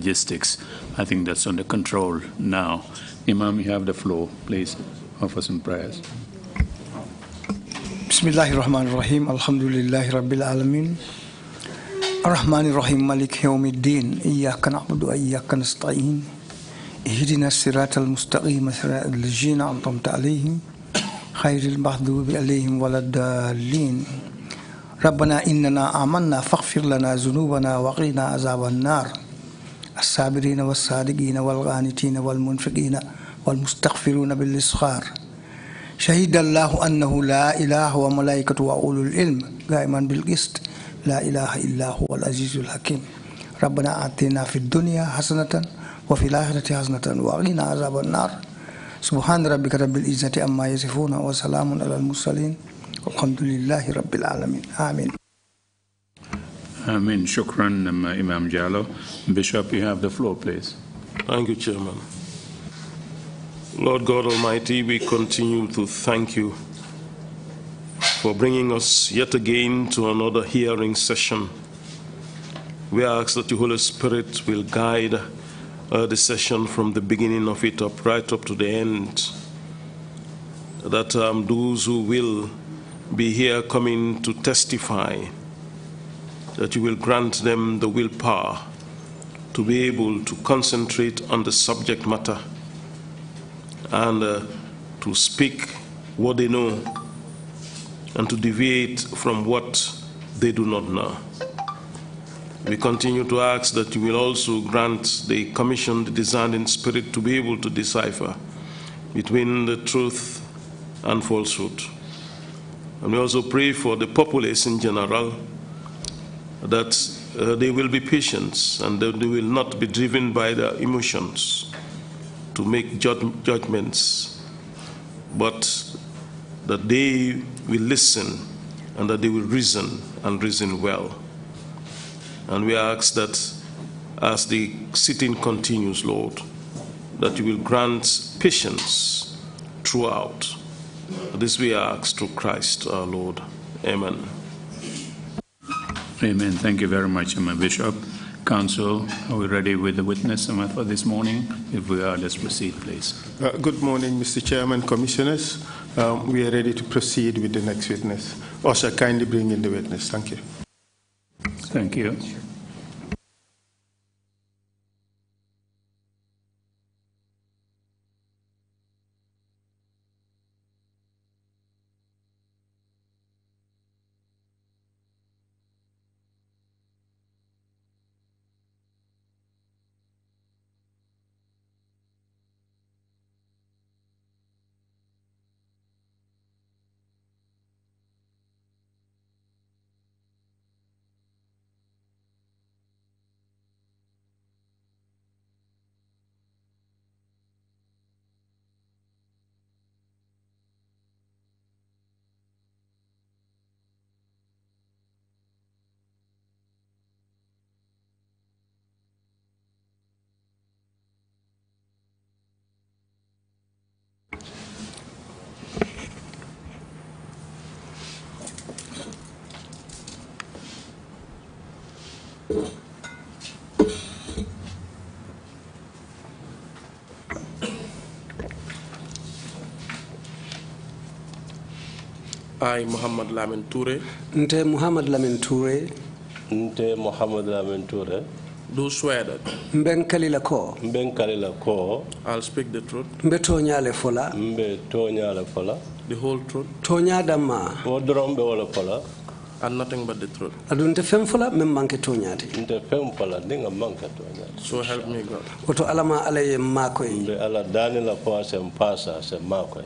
logistics. I think that's under control now. Imam, you have the floor. Please offer some prayers. بسم الله الرحمن الرحيم الحمد لله رب العالمين الرحمن الرحيم مالك يوم الدين إياك نعبد وإياك نستعين اهدنا الصراط المستقيم صراط الذين أنعمت عليهم خير المغضوب عليهم ولا الضالين ربنا إننا آمنا فاغفر لنا ذنوبنا وقنا عذاب النار الصابرين والصادقين والغانتين والمنفقين والمستغفرون بالإسخار شهد الله أنه لا إله وملائكة وأولو العلم قائما بالقسط لا إله إلا هو العزيز الحكيم ربنا آتنا في الدنيا حسنة وفي الآخرة حسنة وقنا عذاب النار سبحان ربك رب العزة أما يصفون وسلام على المرسلين والحمد لله رب العالمين آمين I mean, Shukran, um, Imam Jallo. Bishop, you have the floor, please. Thank you, Chairman. Lord God Almighty, we continue to thank you for bringing us yet again to another hearing session. We ask that the Holy Spirit will guide uh, the session from the beginning of it up right up to the end. That um, those who will be here coming to testify that you will grant them the willpower to be able to concentrate on the subject matter and uh, to speak what they know and to deviate from what they do not know. We continue to ask that you will also grant the commission the discerning spirit to be able to decipher between the truth and falsehood. And we also pray for the populace in general that uh, they will be patient and they will not be driven by their emotions to make judgments, but that they will listen and that they will reason and reason well. And we ask that as the sitting continues, Lord, that you will grant patience throughout. This we ask through Christ our Lord. Amen. Amen. Thank you very much, Emma Bishop. Council, are we ready with the witness for this morning? If we are, let's proceed, please. Uh, good morning, Mr. Chairman, Commissioners. Um, we are ready to proceed with the next witness. Also, kindly bring in the witness. Thank you. Thank you. I, Muhammad Lamin Toure. Nte Muhammad Lamin Toure. Nte Muhammad Lamin Toure. Do swear that. Mbenkali lako. kalila lako. I'll speak the truth. Mbe tonya le fola. Mbe tonya le fola. The whole truth. Tonya dama. Wodrombe wala fola. and nothing but the truth. Adunte fem fola mem manke tonyati. Nte fem fola ninga manke tonyati. So help me God. Oto alama alaye makoy. Mbe ala dani la asem pasa asem makoy.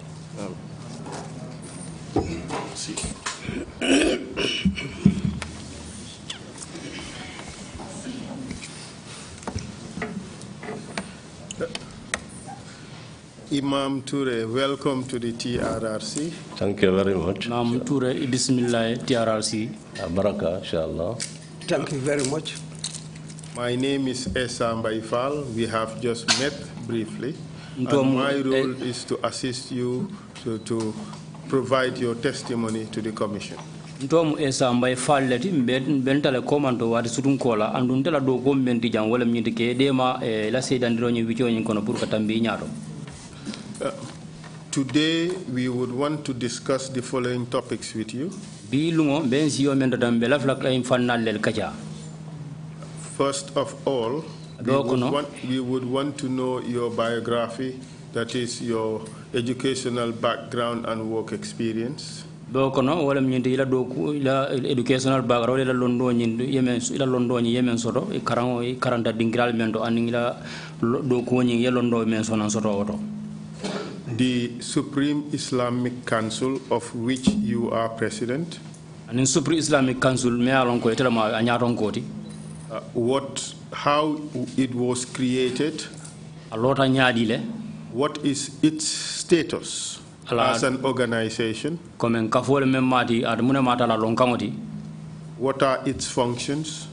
Imam Toure, welcome to the TRRC. Thank you very much. Imam Toure, Bismillah, TRRC. Ah, baraka, inshallah. Thank you very much. My name is Esam Baifal. We have just met briefly. And my role eh. is to assist you to, to provide your testimony to the Commission. ntom esa mbay fallati commando. komanto wati sutunkola andun tela do ko menti jam wala mnyiti ke dema eh, la seydandiro nyi wicio nyi kono pour ka tambi nyaato Today we would want to discuss the following topics with you. First of all, we would, want, we would want to know your biography, that is your educational background and work experience. Bokono wala nyindi ila doku ila educational background ila londo nyindi yemen ila londo nyi yemen soto e karango e karanta dingral mendo aningila doku nyi ila londo men sonan soto oto the Supreme Islamic Council of which you are president. And in Supreme Islamic Council me uh, What how it was created? What is its status as an organization? Komen mata la What are its functions?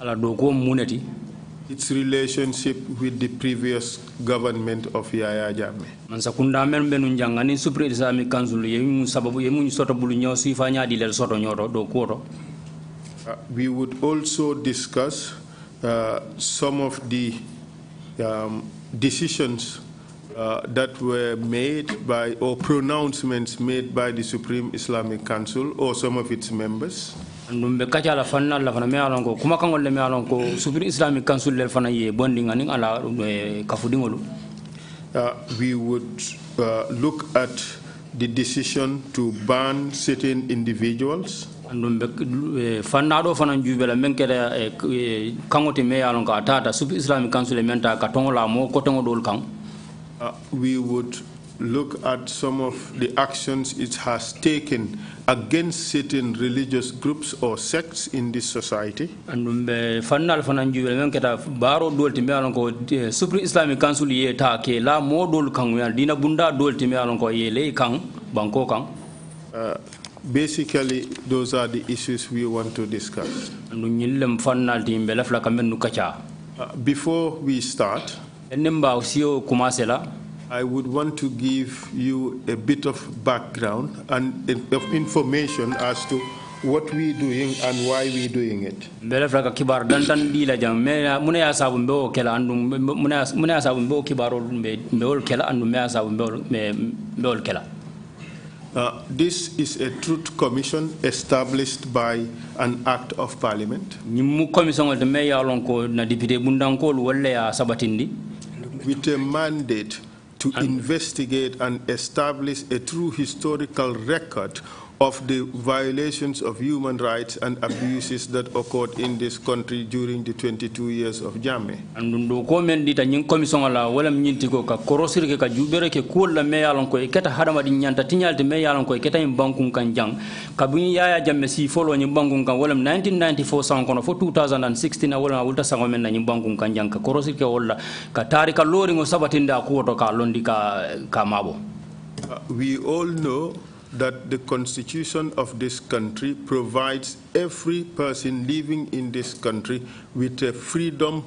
its relationship with the previous government of Yaya Jammeh. Mansa kunda benu supre sababu soto bulu nyo le soto nyoro do koro. Uh, we would also discuss uh, some of the um, decisions uh, that were made by or pronouncements made by the Supreme Islamic Council or some of its members ɗum ɓe kacca ala fanna allah fana mi alon ko kuma kaŋol le mi alon ko sufiri islamique council lel fana ye bondiŋa niŋ ala eh, kafudiŋolu Uh, we would uh, look at the decision to ban certain individuals. andum be eh, fannaɗo fanan juubela min eh, keda kaŋoti me yalon ka tata sufi islamique council e men ka toŋola mo kotoŋoɗol kaŋ uh, we would look at some of the actions it has taken against certain religious groups or sects in this society. And baro eh, Supreme Islamic Council ye ta ke la mo dina bunda ye le uh, Basically, those are the issues we want to discuss. Ndu kacha. Uh, before we start, nimba usio kumasela. I would want to give you a bit of background and of information as to what we doing and why we doing it. Bele fraka kibar di la jam me ya sabu kela andu ya sabu kibar kela andu me ya sabu kela. Uh, this is a truth commission established by an act of parliament. Nimu commission de me ya lonko na wala ya sabatindi. With a mandate to and investigate and establish a true historical record of the violations of human rights and abuses that occurred in this country during the 22 years of Jammeh. do nyin commission la wala ka korosir ke ka jubere ke ko la keta hadama di nyanta ko keta en bankun kan jang ka bu yaya jamme si folo bankun kan wala 1994 kono fo 2016 wala wulta sango men bankun kan jang ka korosir ke wala ka tarika lori ngo sabatinda ko to ka londi ka ka mabo. Uh, we all know that the constitution of this country provides every person living in this country with a freedom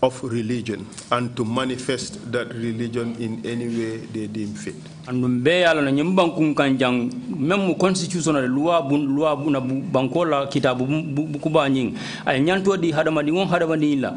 of religion and to manifest that religion in any way they deem fit. And be ala na nyumba kunkanjang memu constitutional loi bun loi buna bankola kitabu bukuba ay nyanto di hadama di won hadama di la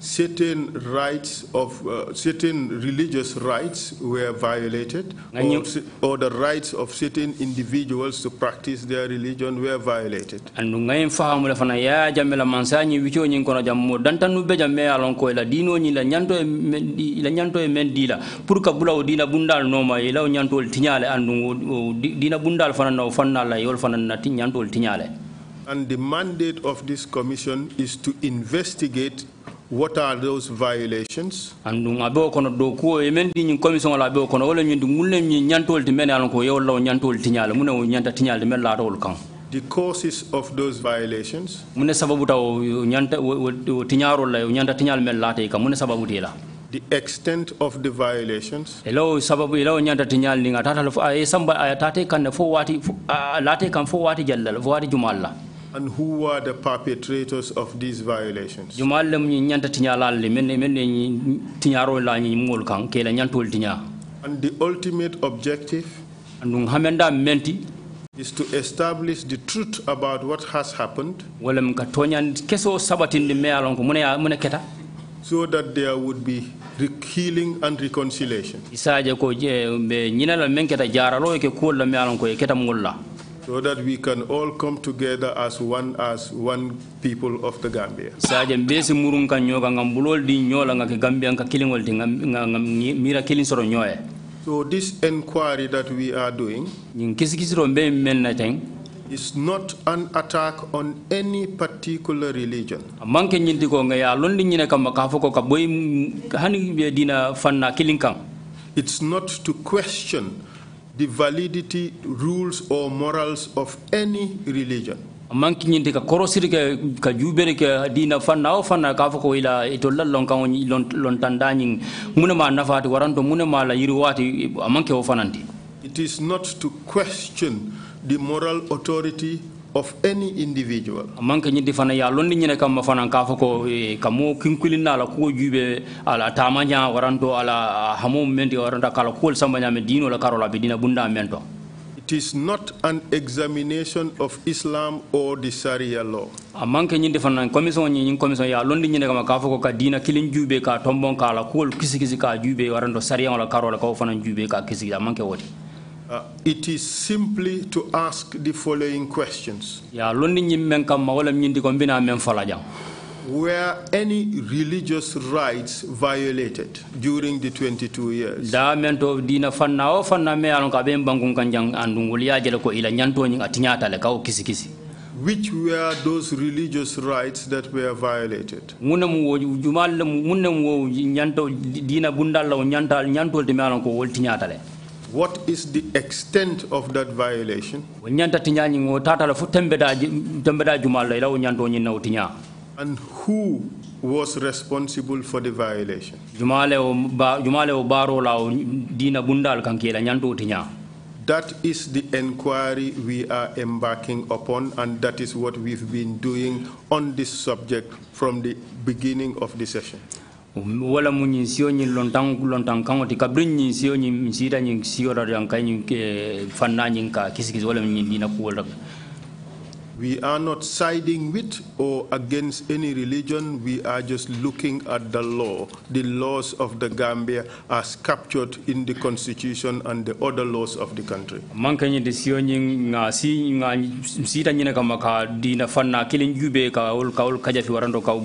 certain rights of uh, certain religious rights were violated or, or, the rights of certain individuals to practice their religion were violated la fana ya dantanu be alon ko la dino la nyanto e la nyanto e pour ka dina bundal tinyale andu dina bundal fana no la yol fana na tinyale and the mandate of this commission is to investigate what are those violations andum kono do ko e men di nyin commission la be kono wala nyin mun len nyin nyantol ti men ko yow law nyantol ti nyaala mun o nyanta ti nyaal de men la tawol kan the causes of those violations mun sababu taw nyanta ti nyaaro la nyanta ti nyaal men la tay kan mun sababu ti la the extent of the violations elo sababu elo nyanta ti nyaal ni ngata tal fo ay e samba ay tate kan fo wati late e kan fo wati jallal fo wati And who were the perpetrators of these violations? ni nyanta tinya lalle menne menne ni la ni mol kan ke la nyantol tinya. And the ultimate objective andung hamenda menti is to establish the truth about what has happened. Walem ka tonyan keso sabatin de mealon ko mune keta. So that there would be healing and reconciliation. Isaje ko je be nyinala jaralo ke ko la mealon ko so that we can all come together as one as one people of the Gambia. di Gambia di mira soro So this inquiry that we are doing is not an attack on any particular religion. nyindi ko ngaya nyine It's not to question the validity rules or morals of any religion ka ke ka ke fanna o fanna ka ma waranto ma la yiri it is not to question the moral authority of any individual man ka nyindi fana ya londi nyine kam ma fana e, ka ko kamo kinkulina la ko jube ala tamanya waranto ala hamo mendi waranta kala ko sambanya me dino la karola be dina bunda mento it is not an examination of islam or the sharia law amman ke nyinde fanan commission nyi nyi commission ya londi nyine kama ka foko ka dina kilin jube ka tombon kala ko kisi kisi ka jube warando sharia la karola ka fana jube ka kisi amman ke wodi Uh, it is simply to ask the following questions. Were any religious rights violated during the 22 years? Which were those religious rights that were violated? what is the extent of that violation and who was responsible for the violation that is the inquiry we are embarking upon and that is what we've been doing on this subject from the beginning of the session wala mu ñiŋ siyo ñiŋ lontaŋ lontaŋ kaŋo ti kabiriŋ ñiŋ sio ñiŋ siita ñiŋ siyora yan eh, ka ñin fannaa ñiŋ ka kisikisi wala ñiŋ diina kuwol rek We are not siding with or against any religion. We are just looking at the law. The laws of the Gambia as captured in the constitution and the other laws of the country. nga si nga jube ka ka kaja fi warando ka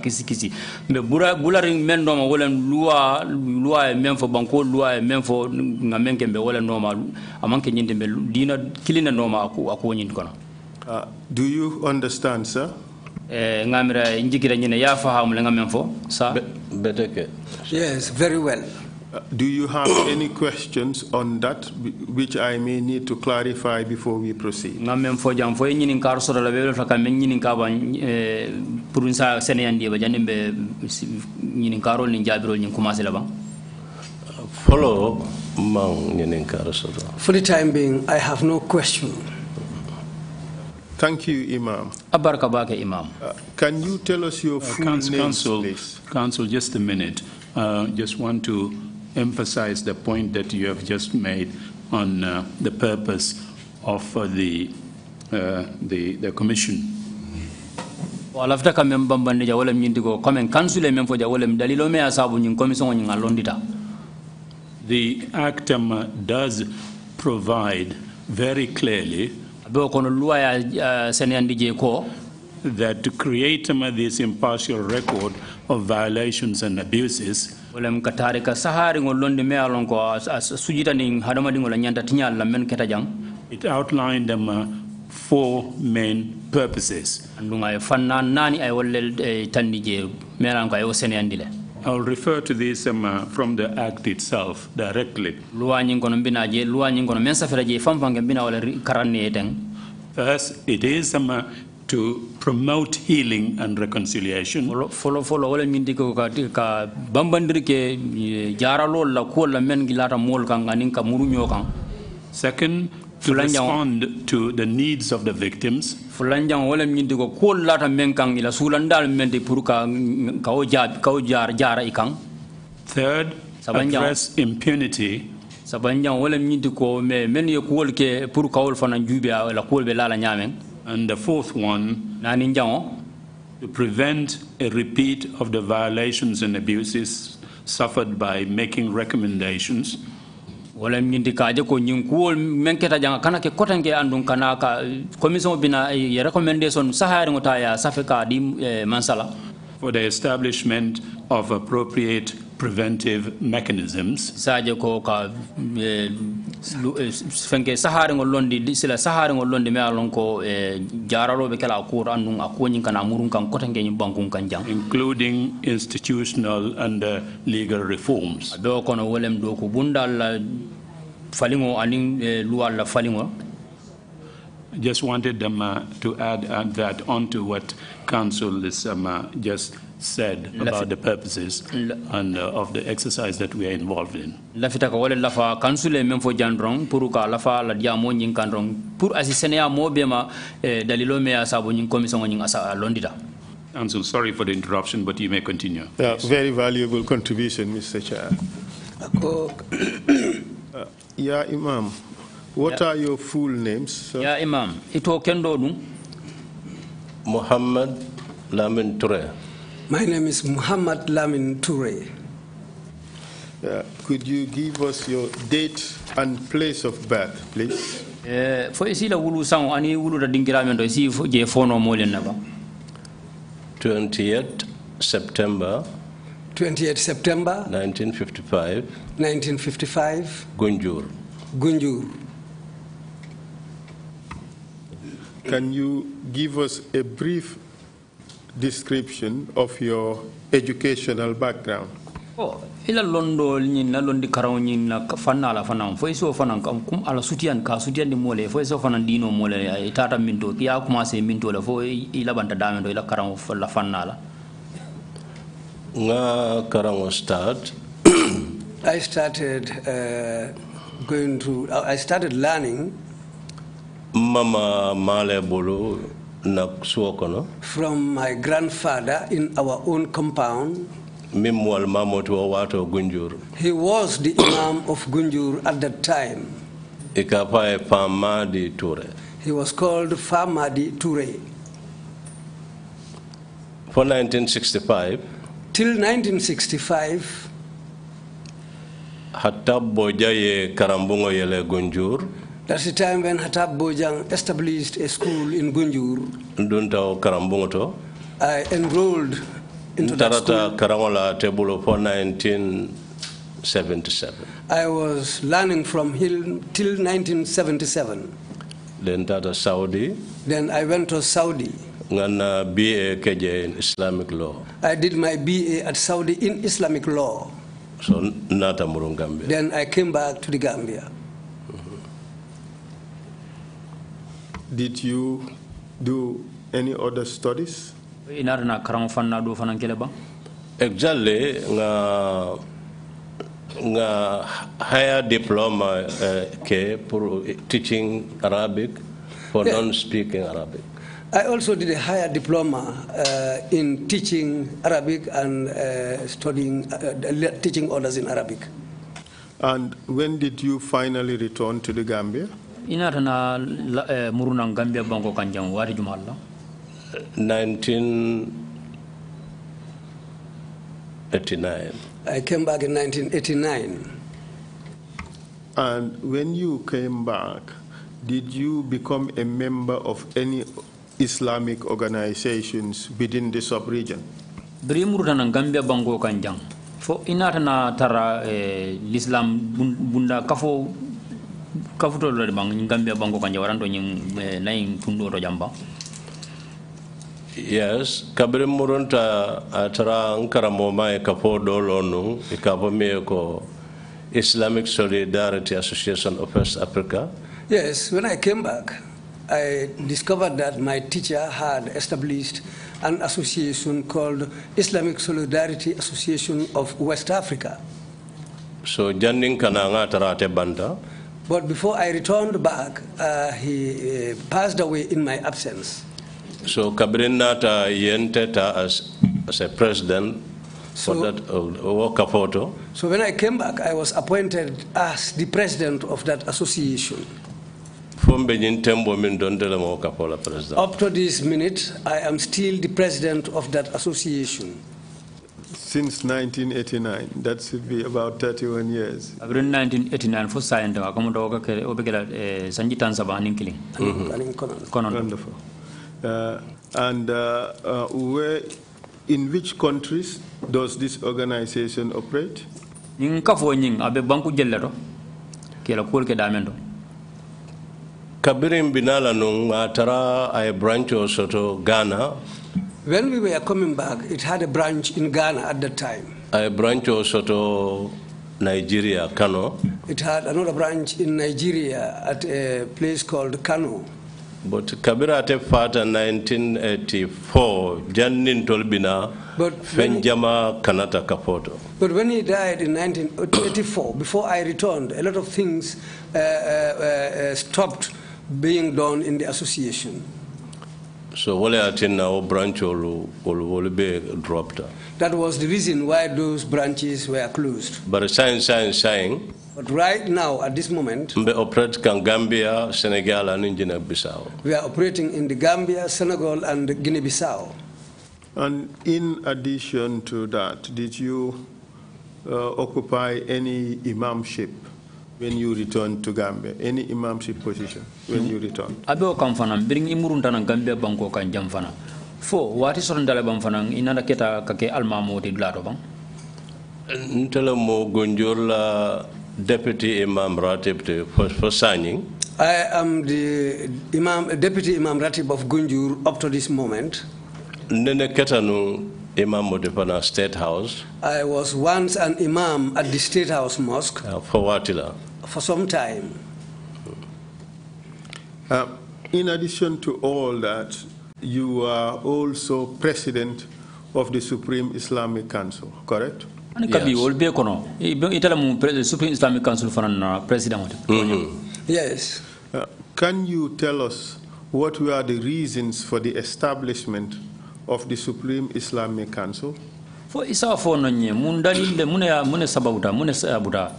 kisi kisi. Me bura bula ring men no ma men fo banko men fo nga men kembe no ma no ma aku aku uh, do you understand, sir? Eh, ngamira njikira ya le fo sa beteke yes very well uh, do you have any questions on that which i may need to clarify before we proceed fo jam fo soro la ka pour sa sene yandi ba be ni commencer la follow mang soro for the time being i have no question Thank you, Imam. Abarakabake, Imam. Uh, can you tell us your uh, full uh, counsel, name, counsel, please? just a minute. Uh, just want to emphasize the point that you have just made on uh, the purpose of uh, the, the, the commission. ka ja comme kansule fo ja dalilo me the actam um, does provide very clearly that to create um, this impartial record of violations and abuses wolem ka ko la keta it outlined them um, uh, four main purposes eh, ko I'll refer to this um, uh, from the act itself directly. First, it is um, uh, to promote healing and reconciliation. Second, to respond to the needs of the victims fulanjang wala ko lata men kang ila sulandal men ka ikang third sabanjang address impunity sabanjang wala nyindi ko me men ye kuol ke pour kawol fana juube ala kuol be lala nyamen and the fourth one nani to prevent a repeat of the violations and abuses suffered by making recommendations wala ñindi kaaje ko ñin kuwol men keta janga kana ke kotanke andun kana ka commission bina eh, ye recommendation sahari ngota ya safe ka di eh, mansala for the establishment of appropriate preventive mechanisms. ko ka eh, eh, sahare ngol londi sila sahare ngol londi me alon ko eh, be kala ko kan bankun kan jang. Including institutional and uh, legal reforms. Do wolem do ko bundal falingo anin la falingo just wanted them um, uh, to add uh, that onto what council is um, uh, just said about the purposes and uh, of the exercise that we are involved in. I'm wole men fo pour ka la diamo nyin pour asi mo be ma eh, dalilo me nyin commission nyin asa londida sorry for the interruption, but you may continue. very valuable contribution, Mr. Chair. uh, yeah, Imam, what yeah. are your full names? Sir? Yeah, Imam, ito kendo dun? Muhammad Lamin Ture. My name is Muhammad Lamin Toure. Uh, could you give us your date and place of birth, please? Eh, fo isi la wulu sango ani wulu da dingiramen do isi je fono molen naba 28 September 28 September 1955 1955 Gunjur Gunjur Can you give us a brief description of your educational background. Oh, ila londo nyinna londi karaw nyinna fanna ala fana fo iso fana kam kum ala sutiyan ka sutiyan di mole fo iso fana dino mole tata minto ya kuma se minto le fo ila banta dame ila karaw la fanna ala nga karaw start i started uh, going to i started learning mama male bolo from my grandfather in our own compound. Mimwal Mamotu Owato Gunjur. He was the Imam of Gunjur at that time. Fama di Ture. He was called Fama di Ture. For 1965. Till 1965. Hatabbo Jaye Karambungo Yele Gunjur. That's the time when Hatab Bojang established a school in Gunjur. Ndunta Karamboto. I enrolled into that school. Karamola Tebulo for 1977. I was learning from him till 1977. Then Tata Saudi. Then I went to Saudi. Ngana BA KJ in Islamic law. I did my BA at Saudi in Islamic law. So Nata Murungambia. Then I came back to the Gambia. did you do any other studies? ina tana karan fanna do fanan kele ba exactly nga nga higher diploma eh, ke for teaching arabic for yeah. non speaking arabic I also did a higher diploma uh, in teaching Arabic and uh, studying, uh, teaching others in Arabic. And when did you finally return to the Gambia? inatana eh, murunan gambia banko kanjan wari juma 1989 i came back in 1989 and when you came back did you become a member of any islamic organizations within the sub-region biri murutanan gambia banko kanjan fo inatana tara eh, l'islam bunda kafo kafuto lo de bang gambia bango kanja warando nyin nayin tundo to jamba yes kabre muronta atara ah, ankara mo mai e e kapo dolo nu ikapo me ko Islamic Solidarity Association of West Africa yes when i came back I discovered that my teacher had established an association called Islamic Solidarity Association of West Africa. So, Janning Kananga Tarate Banda, But before I returned back, uh, he uh, passed away in my absence. So Kabrin uh, entered Yenteta uh, as, as a president so, for that uh, So when I came back, I was appointed as the president of that association. Up to this minute, I am still the president of that association since 1989. That should be about 31 years. Abrin 1989 for science wa ke obegela eh, sanjitan sabani mm-hmm. Wonderful. Uh, and uh, uh, where, in which countries does this organization operate? Ning kafo ning abe banku jellero kela kul ke damendo. Kabirin binala nung atara ay branch osoto Ghana. When we were coming back, it had a branch in Ghana at that time. A branch also to Nigeria, Kano. It had another branch in Nigeria at a place called Kano. But Kabira te in 1984, Janin when Fenjama Kanata Kapoto. But when he died in 1984, before I returned, a lot of things uh, uh, uh, uh stopped being done in the association. So the will be dropped. That was the reason why those branches were closed. But sign, sign, sign. But right now, at this moment, we operate in Gambia, Senegal, and Guinea-Bissau. We are operating in the Gambia, Senegal, and Guinea-Bissau. And in addition to that, did you uh, occupy any imamship? when you return to Gambia, any imamship position when you return? Abe kan biring imurunta na Gambia banko kan jamfana. Fo wati soron dala ban fana inanda kita kake almamo de dulato Ntala mo gonjor la deputy imam ratib for, signing. I am the imam, deputy imam ratib of Gunjur up to this moment. Nene ketanu Imam of State House. I was once an imam at the State House Mosque. Uh, ah, for Watila for some time. Uh, in addition to all that, you are also president of the Supreme Islamic Council, correct? Mm-hmm. yes uh, can you tell us what were the reasons for the establishment of the supreme islamic council For isa fo nonye mun dalil mun ya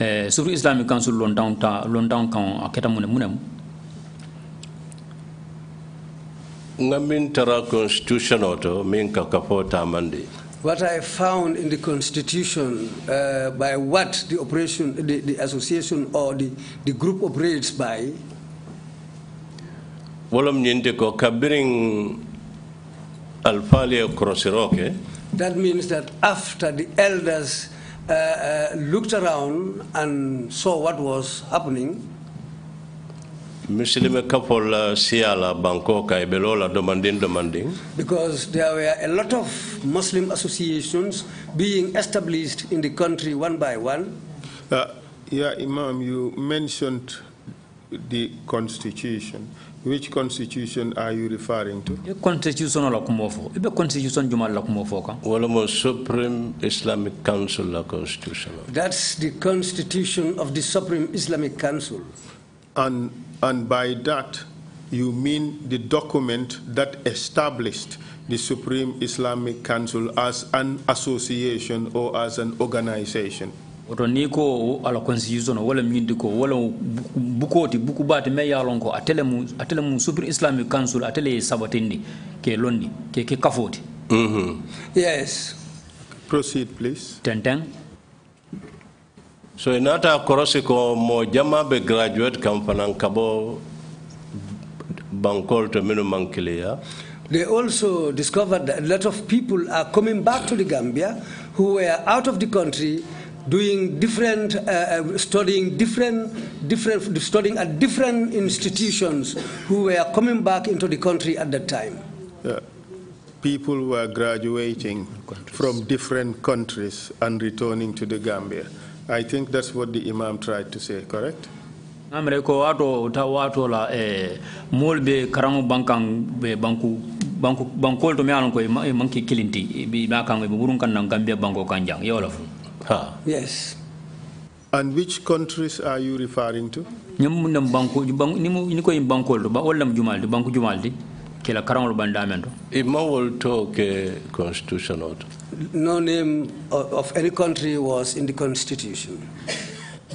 Eh, ta kan a nga min tara constitution min ka what I found in the constitution uh, by what the operation, the, the association or the, the group operates by. ko alfalia That means that after the elders uh, uh, looked around and saw what was happening. Misilime couple uh, Siala, Bangkok, Ibelola, Domandin, Because there were a lot of Muslim associations being established in the country one by one. Uh, yeah, Imam, you mentioned the constitution. Which constitution are you referring to? The constitution la kumo fo. Ibe constitution juma la kumo fo kan. Wala mo Supreme Islamic Council la constitution. That's the constitution of the Supreme Islamic Council. And and by that you mean the document that established the Supreme Islamic Council as an association or as an organization. oto ni ko ala constitution wala ñindi ko wala bukoti bati me yalon ko atele mu atele mu super islamic council atele sabatindi ke londi ke ke kafoti mm -hmm. yes proceed please tenten so inata korosi ko mo jama be graduate kam fanan kabo bankol to minu mankiliya they also discovered that a lot of people are coming back to the Gambia who were out of the country doing different, uh, uh, studying different, different, studying at different institutions who were coming back into the country at that time. Yeah. People were graduating from different countries and returning to the Gambia. I think that's what the Imam tried to say, correct? amre ko wato ta wato la e eh, mol be karamu bankan be banku banku bankol to me alan ko e manki kilinti bi ba kan be burun kan nan gambia banko kanjang yolof Huh. Yes. And which countries are you referring to? ñam nam banko nimu ni koy banko do ba wallam jumaldi banko jumaldi ke la karanol bandamen do e mawol to ke constitution auto no name of any country was in the constitution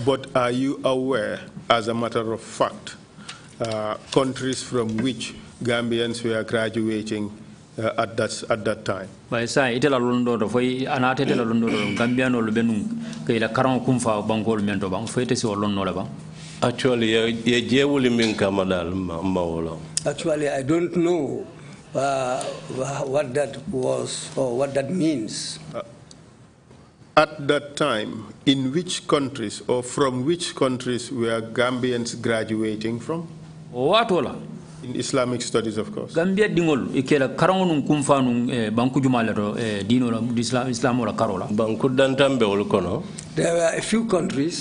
but are you aware as a matter of fact uh, countries from which Gambians were graduating uh, at that at that time bay sa itela londo to foy ana tetela londo to gambiano lo benun kay la karan kum fa bangol men to bang foy tesi londo la bang actually ye jewuli min kamadal mawlo actually i don't know uh, what that was or what that means uh, at that time in which countries or from which countries were gambians graduating from watola in islamic studies of course gambia dingol ikela karango nun kumfa nun eh, banku jumala to eh, dino la islam islam ora karola banku dantambe wol kono there were a few countries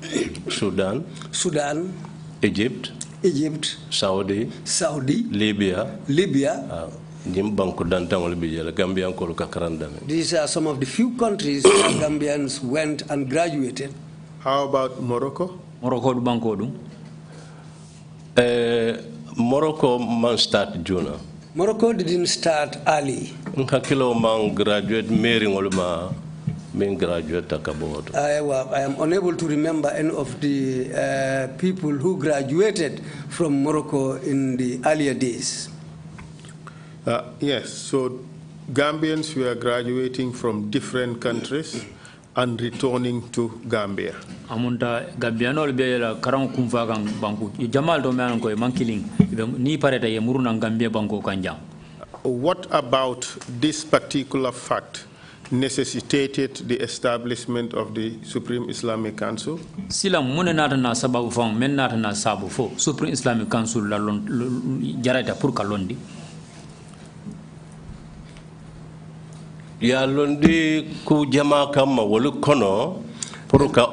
sudan sudan egypt egypt saudi saudi libya libya uh, these are some of the few countries where Gambians went and graduated. How about Morocco? Morocco banko dum. Eh, Morocco man start juna. Morocco didn't start early. Nkakilo man graduate meri ngoluma min graduate akaboto. I, I am unable to remember any of the uh, people who graduated from Morocco in the earlier days. Uh, yes, so Gambians were graduating from different countries and returning to Gambia. Gambiano be la karang kang Jamal me Ni pareta ye muruna Gambia What about this particular fact necessitated the establishment of the Supreme Islamic Council? Sila mune nata na sababu fang men nata na sabu fo Supreme Islamic Council la jarata kalondi. ku jama kono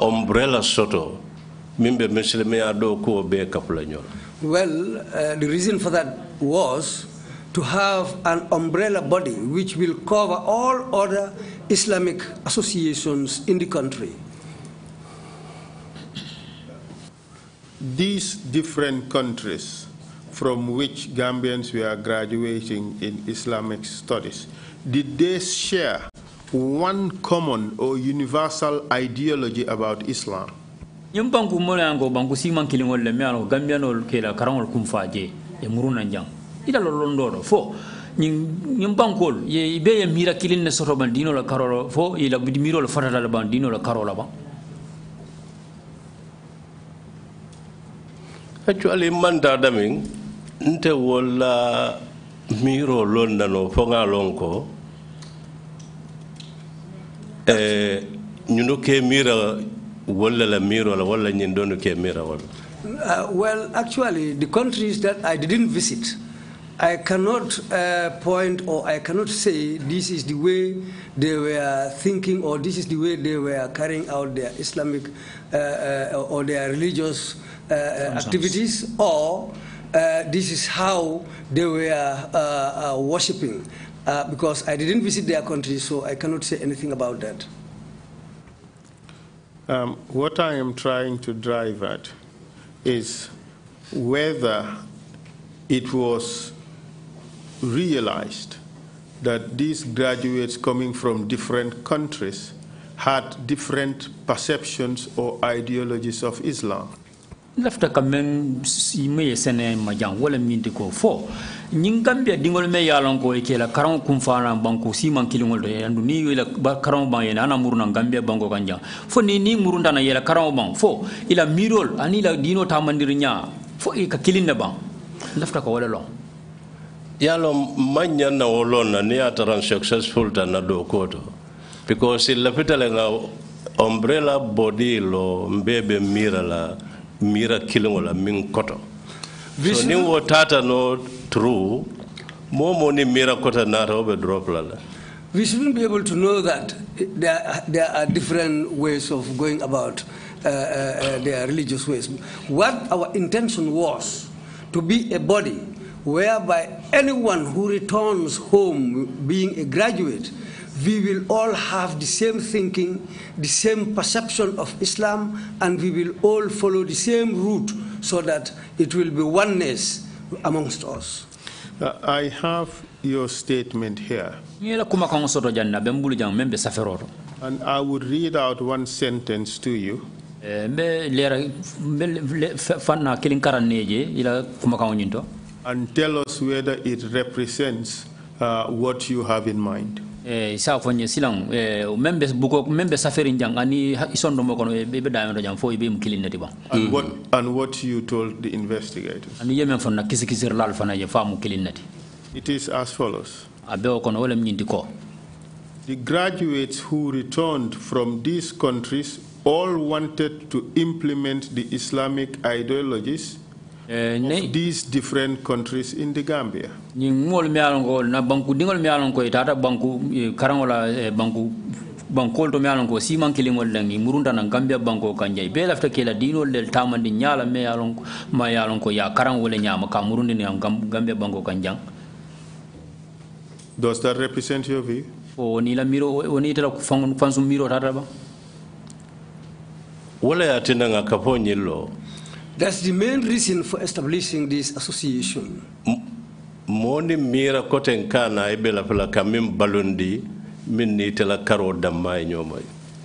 umbrella soto mimbe well uh, the reason for that was to have an umbrella body which will cover all other islamic associations in the country these different countries from which Gambians were graduating in Islamic studies did they share one common or universal ideology about Islam? ñim banku molango banku siman kilingol le miano gambianol kela karangol kum faje e muruna njang ida lo londoro fo ñim bankol ye be ye mira kilin ne soto ban la karolo fo ila miro la fatala ban dino la karola ban actually man da daming nte wala Eh, ke la la ke uh, well actually the countries that i didn't visit I cannot uh, point or I cannot say this is the way they were thinking or this is the way they were carrying out their Islamic uh, uh, or their religious uh, uh, activities or uh, this is how they were uh, uh, worshipping. because I didn't visit their country, so I cannot say anything about that. Um, what I am trying to drive at is whether it was realized that these graduates coming from different countries had different perceptions or ideologies of Islam. lafta kam men mu ye sene ma jan wala min ti ko fo ñin gambia dingol me yalon ko e kela karan kum fana banko si man kilingol do yandu ni wala karan ban yana ana murna gambia banko kanja fo ni ni murunda na yela karan ban fo ila mirol ani la dino ta mandir nya fo e ka kilinda ban lafta ko wala lon yalo manya na wolona ni ataran successful ta na do to because ila pitale nga umbrella body lo mbebe mira la mira la koto so true mira koto drop we shouldn't be able to know that there, there are different ways of going about uh, uh, uh, their religious ways. What our intention was to be a body whereby anyone who returns home being a graduate we will all have the same thinking, the same perception of Islam, and we will all follow the same route so that it will be oneness amongst us. Uh, I have your statement here. And I would read out one sentence to you. Eh, and tell us whether it represents uh, what you have in mind. Eh, isa silan eh, ani eh, fo mu kilin ne and what you told the investigators ani kisi fana kilin ne it is as follows o wala the graduates who returned from these countries all wanted to implement the islamic ideologies Eh, nay these different countries in the Gambia. na banku dingol mi alongo banku eh, karangola eh, banku to mi alon siman kilimol langi murunta nan gambia banko kanja be lafta kela dinol del tamandi nyala me yalon ma yalon ko ya karan le nyama ka murundi ni gambia banko kanjang does that represent your view ni la miro o ni tala fansun miro tata ba wala ya tinanga That's the main reason for establishing this association. Moni mira ibela pela kamim balundi minni tela karo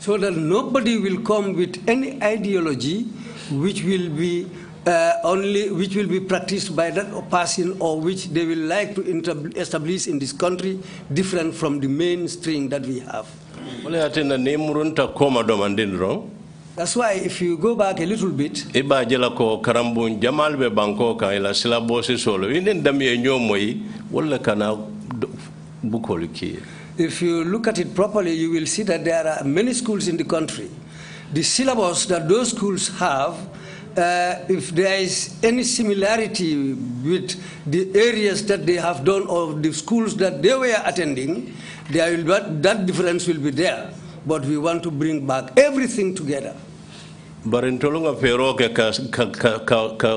So that nobody will come with any ideology which will be uh, only which will be practiced by that person or which they will like to establish in this country different from the mainstream that we have. Wale atina nemurunta koma domandin wrong. That's why if you go back a little bit, iba jela ko karambun jamal be banko ila sila bosi solo wala kana If you look at it properly, you will see that there are many schools in the country. The syllabus that those schools have, uh, if there is any similarity with the areas that they have done or the schools that they were attending, there will, that difference will be there but we want to bring back everything together. Barintolunga pero ka ka ka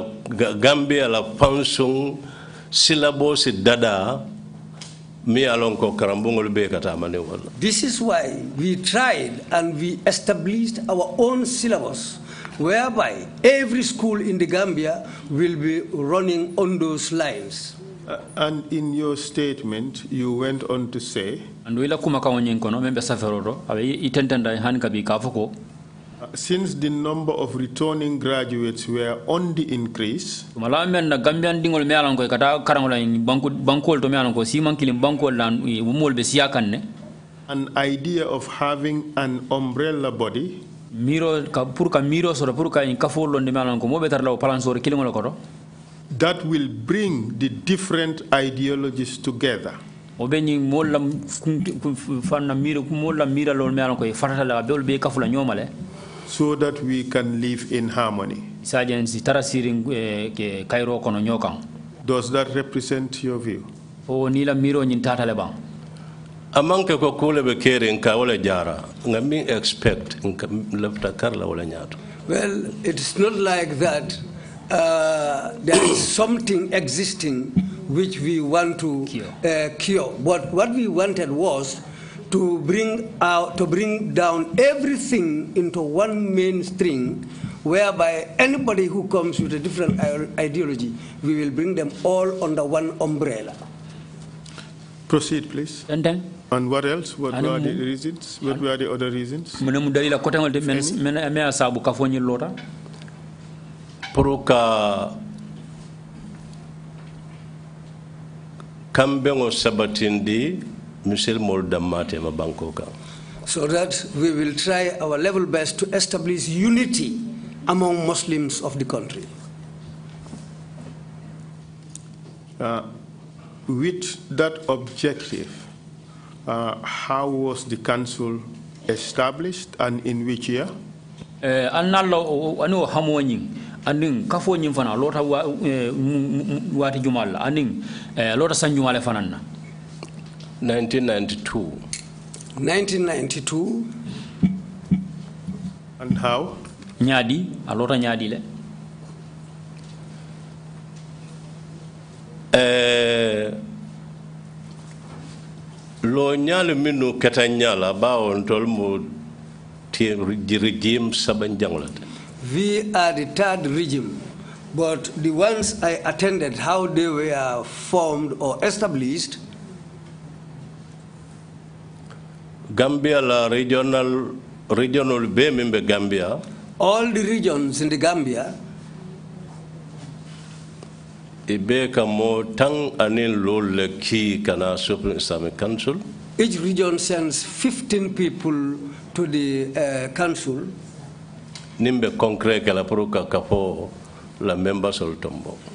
Gambia la pansung syllabus dada mi alonko karambungol be katamane wala. This is why we tried and we established our own syllabus whereby every school in the Gambia will be running on those lines. Uh, and in your statement, you went on to say. And kabi uh, Since the number of returning graduates were on the increase. na kata karangola in me An idea of having an umbrella body. Miro ka miro sora in kafo londe me mo that will bring the different ideologies together. so that we can live in harmony eh, does that represent your view amanke ko kule be kere nka wala jara expect nka lafta karla wala well it's not like that uh, there is something existing which we want to cure. Uh, cure. But what we wanted was to bring out, to bring down everything into one mainstream, whereby anybody who comes with a different ideology, we will bring them all under one umbrella. Proceed, please. And then. And what else? What were the reasons? What were the other reasons? so that we will try our level best to establish unity among muslims of the country uh, with that objective uh, how was the council established and in which year uh, uh, uh anin kafo ñin fana lota waati eh, jumal la anin eh, lota san jumale fanan na 1992 1992 and how ñaadi a lota ñaadi le eh, lo ñaali minnu keta ñaala baawon tol mu ti rejim saban janglata we are the third regime, but the ones I attended, how they were formed or established. Gambia la regional regional be Gambia. All the regions in the Gambia. Ibe kamo tang anil lol ki kana Supreme Islamic Council. Each region sends 15 people to the uh, council nimbe concret kala pour kafo la members ol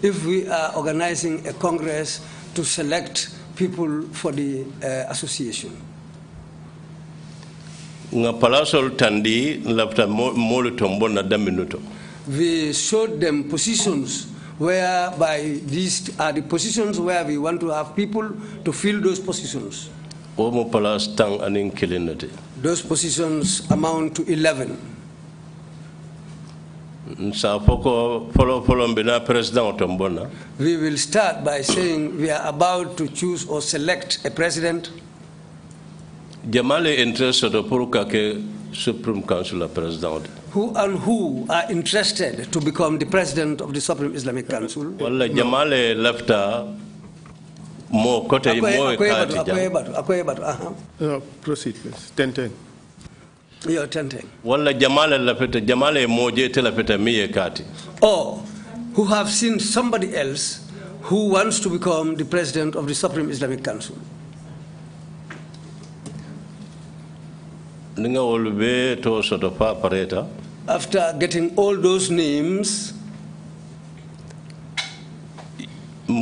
if we are organizing a congress to select people for the uh, association nga palasol tandi lafta molu tombo na daminuto we showed them positions whereby these are uh, the positions where we want to have people to fill those positions Omo aning those positions amount to 11 we will start by saying we are about to choose or select a president. Jamale Supreme Council president. Who and who are interested to become the president of the Supreme Islamic Council? Wala Jamale lefta mo kote mo kati. Uh, proceed, please. Ten ten. yo tenteng Wala jamala lafeta jamala e moje te lafeta mi e kati or who have seen somebody else who wants to become the president of the supreme islamic council ninga olbe to soto pa pareta after getting all those names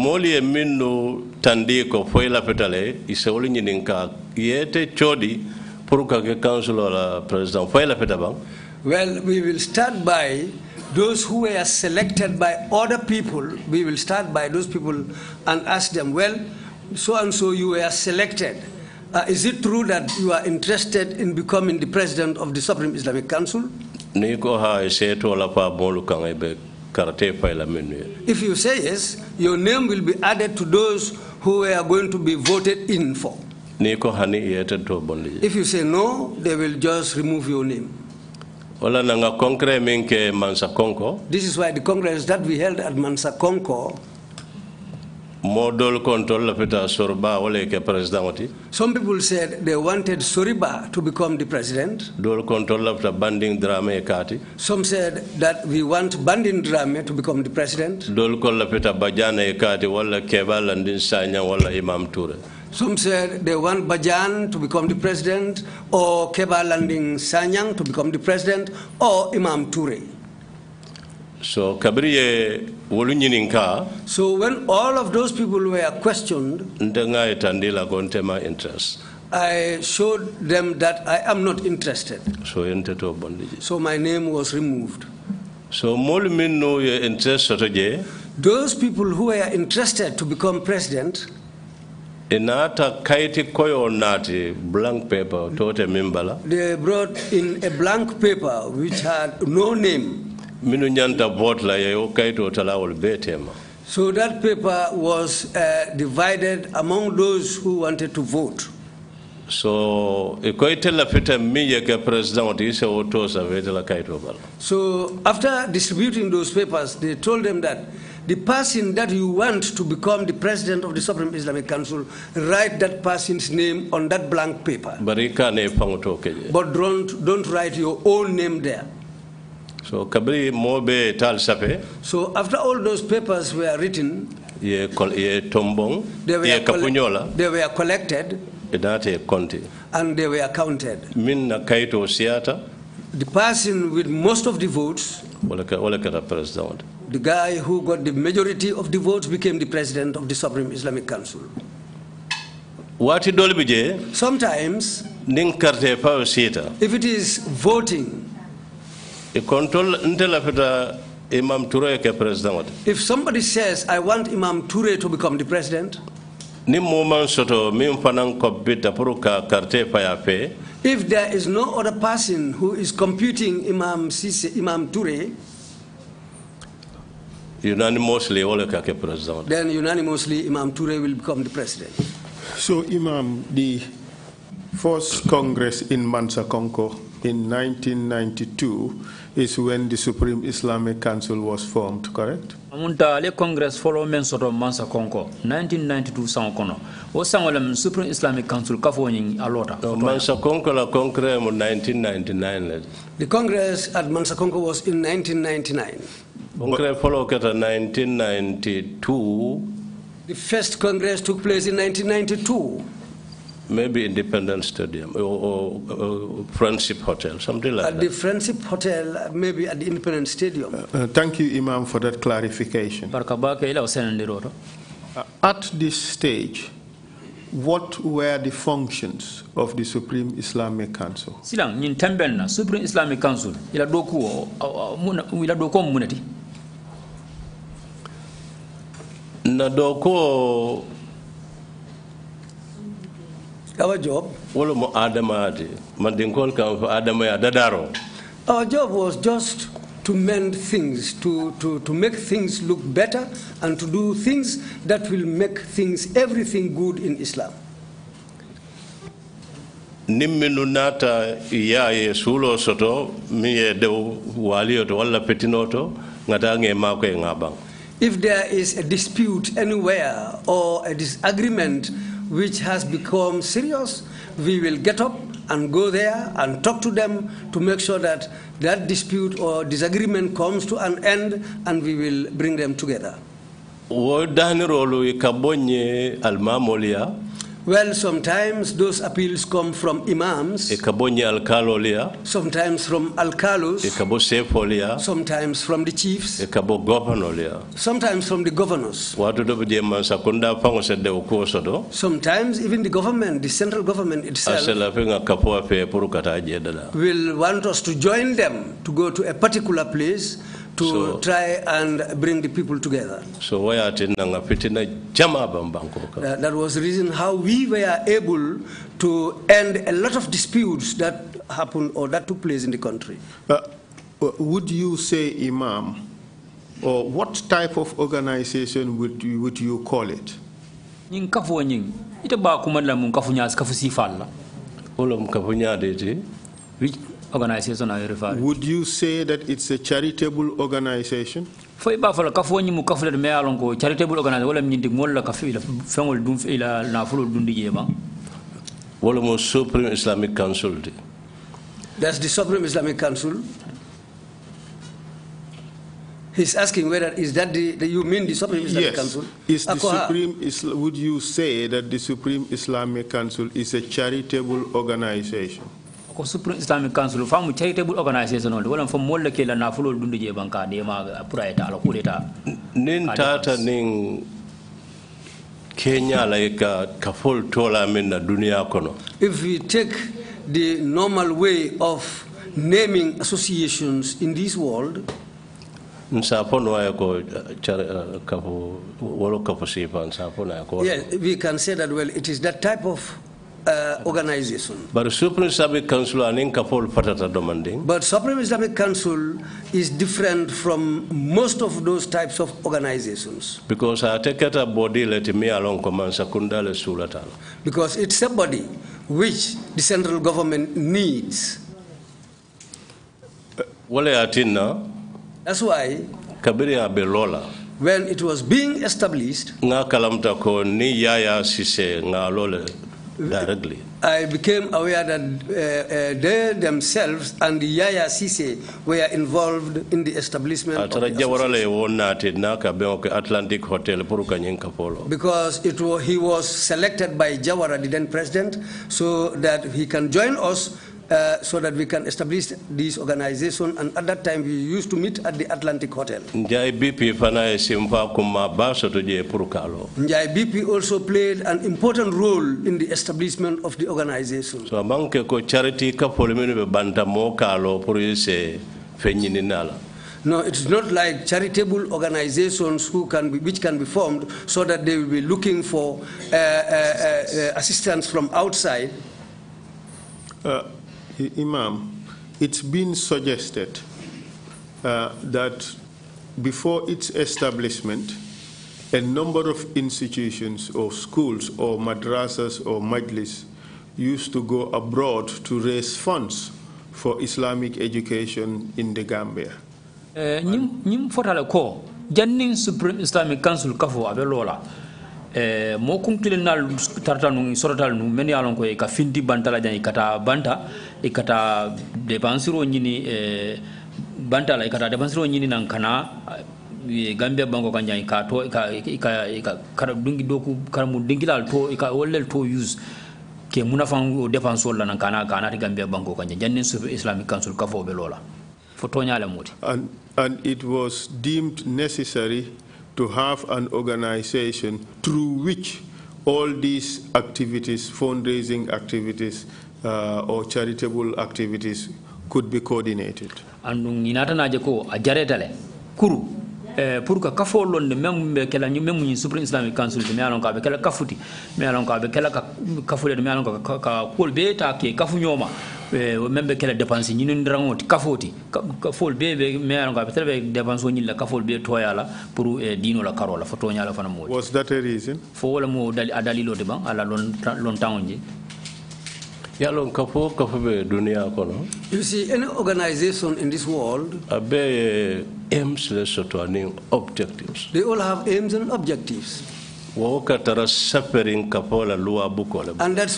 moolu e minu tandiko tandi ko foyi lafita le i sewolu ñinin ka président well we will start by those who were selected by other people we will start by those people and ask them well so and so you were selected uh, is it true that you are interested in becoming the president of the supreme islamic council eh, if you say yes your name will be added to those who are going to be voted in for niko hani to bondi If you say no, they will just remove your name. Wala nanga minke Mansa Konko. This is why the congress that we held at Mansa Konko modol control la wala ke president Some people said they wanted Soriba to become the president. Dol control la fita banding drama kati. Some said that we want banding drama to become the president. Dol kon la fita bajana kati wala kebal landin sanya wala Imam Toure. Some said they want Bajan to become the president, or Keba Landing Sanyang to become the president, or Imam Ture. So kabriye wolunyininka. So when all of those people were questioned, etandila interest. I showed them that I am not interested. So So my name was removed. So molu minno your interest sotoje. Those people who were interested to become president inata kaiti koyo nati blank paper tote mimbala they brought in a blank paper which had no name minu nyanta vote la yayo kaito tala wol betema so that paper was uh, divided among those who wanted to vote so la fita miye ke president ise wotosa vetela kaito bala so after distributing those papers they told them that the person that you want to become the president of the Supreme Islamic Council, write that person's name on that blank paper. But don't, don't write your own name there. So kabri mobe tal sape. So after all those papers were written, ye kol ye tombong, they were, ye kapunyola, they were collected, edate conti, and they were counted. Min na kaito siata. The person with most of the votes, wala ka wala ka president the guy who got the majority of the votes became the president of the Supreme Islamic Council. Wati dolbije. Sometimes. Ninkarte pawsita. If it is voting. control Imam ke If somebody says I want Imam Turey to become the president. If there is no other person who is computing Imam Sisi Imam Toure. Unanimously, president. Then unanimously, Imam Toure will become the president. So, Imam, the first Congress in Mansa Konko in 1992 is when the Supreme Islamic Council was formed, correct? Munta le Congress follow men soto Mansa Konko 1992 sango kono. O sango Supreme Islamic Council kafo nyin alota. Mansa Konko la Congress 1999. The Congress at Mansa Konko was in 1999. 1992. The first Congress took place in 1992. Maybe Independence Stadium or, or, or Friendship Hotel, something like at that. At the Friendship Hotel, maybe at the Independence Stadium. Uh, uh, thank you, Imam, for that clarification. Uh, at this stage, what were the functions of the Supreme Islamic Council? Silang, nyin Supreme Islamic Council, ila doku, uh, uh, ila doku munati. na doko awa job wala mo adama de man den kol kan fo adama ya dadaro our uh, job was just to mend things to to to make things look better and to do things that will make things everything good in islam nimminu naata yaaye suuloo soto miŋ ye dew waaliyo to walla petinoo to ŋata ŋe if there is a dispute anywhere or a disagreement which has become serious, we will get up and go there and talk to them to make sure that that dispute or disagreement comes to an end and we will bring them together. Well, sometimes those appeals come from imams. Sometimes from alcalos. Sometimes from the chiefs. Sometimes from the governors. Sometimes even the government, the central government itself. Will want us to join them to go to a particular place to so, try and bring the people together. So why that, that was the reason how we were able to end a lot of disputes that happened or that took place in the country. Uh, uh would you say, Imam, or what type of organization would you, would you call it? Which organization ay refa would you say that it's a charitable organization foy ba fala kafo ni mu kafle me alon ko charitable organization wala nyindi mol la kafi la fengol dum ila na fulo dundi jema wala mo supreme islamic council de that's the supreme islamic council He's asking whether is that the, the you mean the Supreme Islamic yes. Council? Is the Akoha. Supreme Isla would you say that the Supreme Islamic Council is a charitable organization? ko supreme islamic council charitable organization on wala fam ke la dundu je banka de ma pour nin tata nin kenya la ka tola men na dunia kono if we take the normal way of naming associations in this world uh, uh, we can say that well it is that type of uh, organization. But Supreme Islamic Council anin ka patata demanding. But Supreme Islamic Council is different from most of those types of organizations. Because I take it a body let me along command sakunda le Because it's a body which the central government needs. Uh, wale atina. That's why. Kabiri abelola when it was being established, nga ni yaya sise nga lole directly. I became aware that uh, uh, they themselves and Yaya Sise were involved in the establishment of the association. Atlantic Hotel because it was, he was selected by Jawara, the then president, so that he can join us uh, so that we can establish this organization. And at that time, we used to meet at the Atlantic Hotel. Njai BP also played an important role in the establishment of the organization. So amanke ko charity ka polimini be banta mo kalo puruse fenyini nala. No, it's not like charitable organizations who can be, which can be formed so that they will be looking for uh, uh, uh, uh assistance from outside. Uh, Imam, it's been suggested uh, that before its establishment, a number of institutions or schools or madrasas or majlis used to go abroad to raise funds for Islamic education in the Gambia. ñim eh, fotale ko jannin supreme islamic council kafo abe lola eh, mo kunkilinal tartanun sorotal nu men yalon ko e ka findi bantala jan e kata banta depansiro depansiro nan kana gambia banko ka ka dungi doku to ka to use ke munafan o la nan kana kana ti gambia banko jannin islamic council ka fo be lola fo muti and, and it was deemed necessary to have an organization through which all these activities, fundraising activities, uh, or charitable activities could be coordinated andun inata naje ko a jaretale kuru eh, pour que kafo londe men be kala ñu men ñu supreme islamic council de mealon ka be kala kafuti mealon ka be kala ka kafule de mealon ka ka kol be ta ke kafu ñoma eh, men be kala dépense ñi ñun rangoti kafoti kafol be be mealon ka be tele be dépense ñi la kafol be toyala pour eh, dino la karola foto ñala fana mo was that a reason fo wala mo dali adali lo de ban ala lon lon tan You see, any organization in this world, eh, aims objectives. They all have aims and objectives. And that's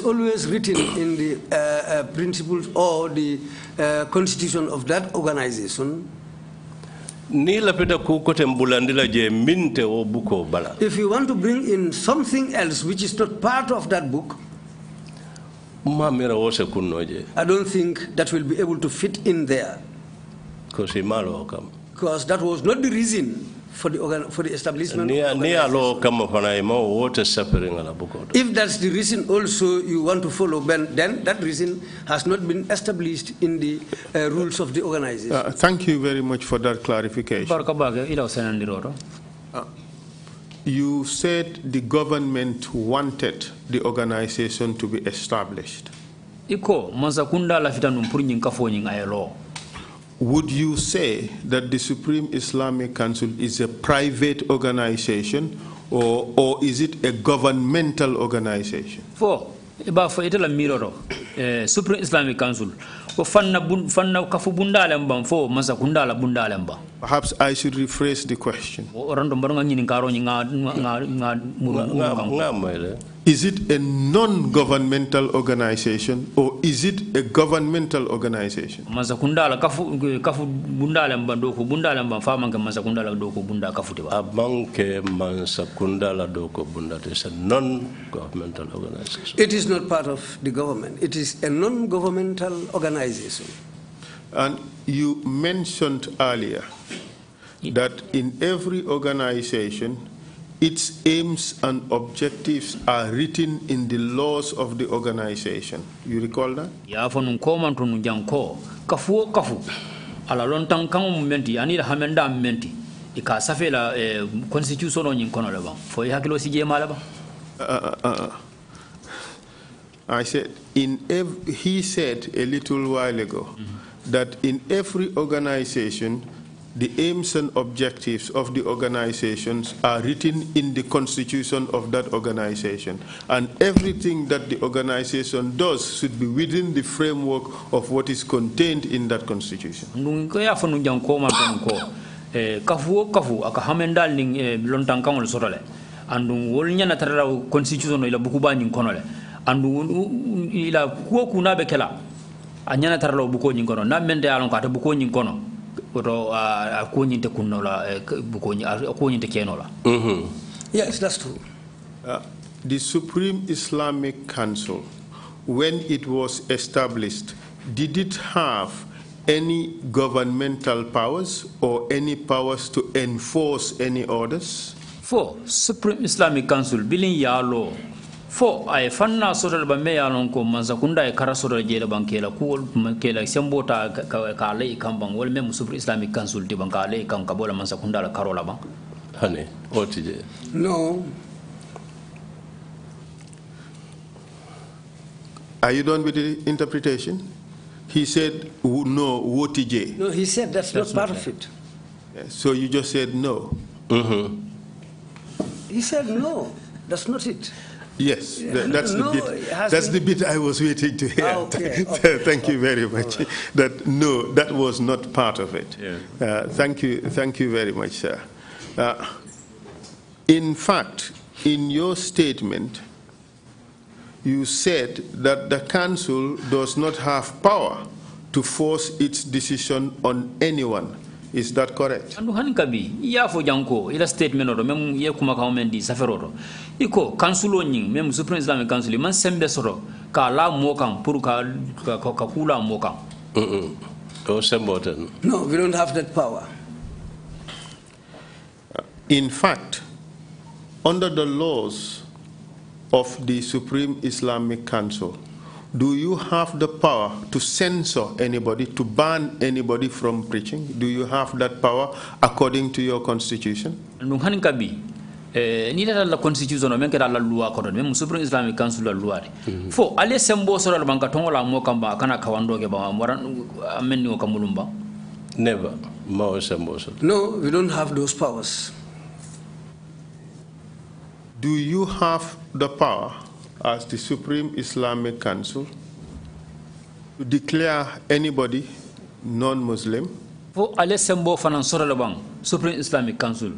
always written in the uh, uh, principles or the uh, constitution of that organization. If you want to bring in something else which is not part of that book, I don't think that will be able to fit in there. Because that was not the reason for the, for the establishment If that's the reason also you want to follow, then that reason has not been established in the uh, rules of the organization. Uh, thank you very much for that clarification you said the government wanted the organization to be established. Iko manzakunda lafita numpuri kafo ayelo. Would you say that the Supreme Islamic Council is a private organization or, or is it a governmental organization? Four. Iba fo itela miroro. Eh, Supreme Islamic Council. ko fanna fanna kafu bundalem bam fo masa kundala bundalem ba perhaps i should rephrase the question o rando ngaro nga nga nga muru nga nga is it a non-governmental organization or is it a governmental organization? Among Mansakundala Doko Bunda, it is a non-governmental organization. It is not part of the government. It is a non-governmental organization. And you mentioned earlier that in every organization its aims and objectives are written in the laws of the organization. You recall that? Yeah, Ya fonu koma tunu janko kafu kafu ala lontan kan menti ani la hamenda menti ika safe la eh, constitution on kono leba. For fo hakilo si jema la uh, uh, uh, I said in he said a little while ago mm -hmm. that in every organization the aims and objectives of the organizations are written in the constitution of that organization. And everything that the organization does should be within the framework of what is contained in that constitution. kafu eh, kafu aka hamendal eh, lontan kangol sotole andu wol nyana constitution ila konole andu ila anyana nyin kono alon ka nyin kono uh, uh, a kunnola a mm-hmm. yes that's true uh, the supreme islamic council when it was established did it have any governmental powers or any powers to enforce any orders for supreme islamic council bilin yaa law fo a ye fanna sotol ba me ye a lon ko mansakunda kara sotol je le ban kela kuwol la sembo ta ka la i kan ban walla même sufre islamique council ti ban ka la i kan ka bo la mansakunda la karo la ban hane o ti je non Are you done with the interpretation? He said, no, wotije. No, he said that's, that's not, part of it. Yeah, so you just said no. Mm -hmm. He said no, that's not it. Yes, that's no, the bit. That's been... the bit I was waiting to hear. Ah, okay, okay. thank you very much. Right. That no, that was not part of it. Yeah. Uh, thank you, thank you very much, sir. Uh, in fact, in your statement, you said that the council does not have power to force its decision on anyone is that correct? Andu hani kabi iya fo janko ila statement oto mem ye kuma ka men di safero oto iko kansulo nyin mem supreme islamic council man sembe soto ka la mo kan pour ka ka kula mo Mm -mm. Oh, sembo No, we don't have that power. Uh, in fact, under the laws of the Supreme Islamic Council, do you have the power to censor anybody, to ban anybody from preaching? Do you have that power according to your constitution? Nung hanin kabi, eh, ni tata la constitution men kera la loi kono men supreme islamic council la loi mm-hmm. fo ale sembo sora la banka tongo la mo kamba kana kawando ke ba moran men ni kamulumba never mo sembo sora no we don't have those powers do you have the power as the Supreme Islamic Council to declare anybody non-Muslim. Fo ale sembo fanan sora le bang Supreme Islamic Council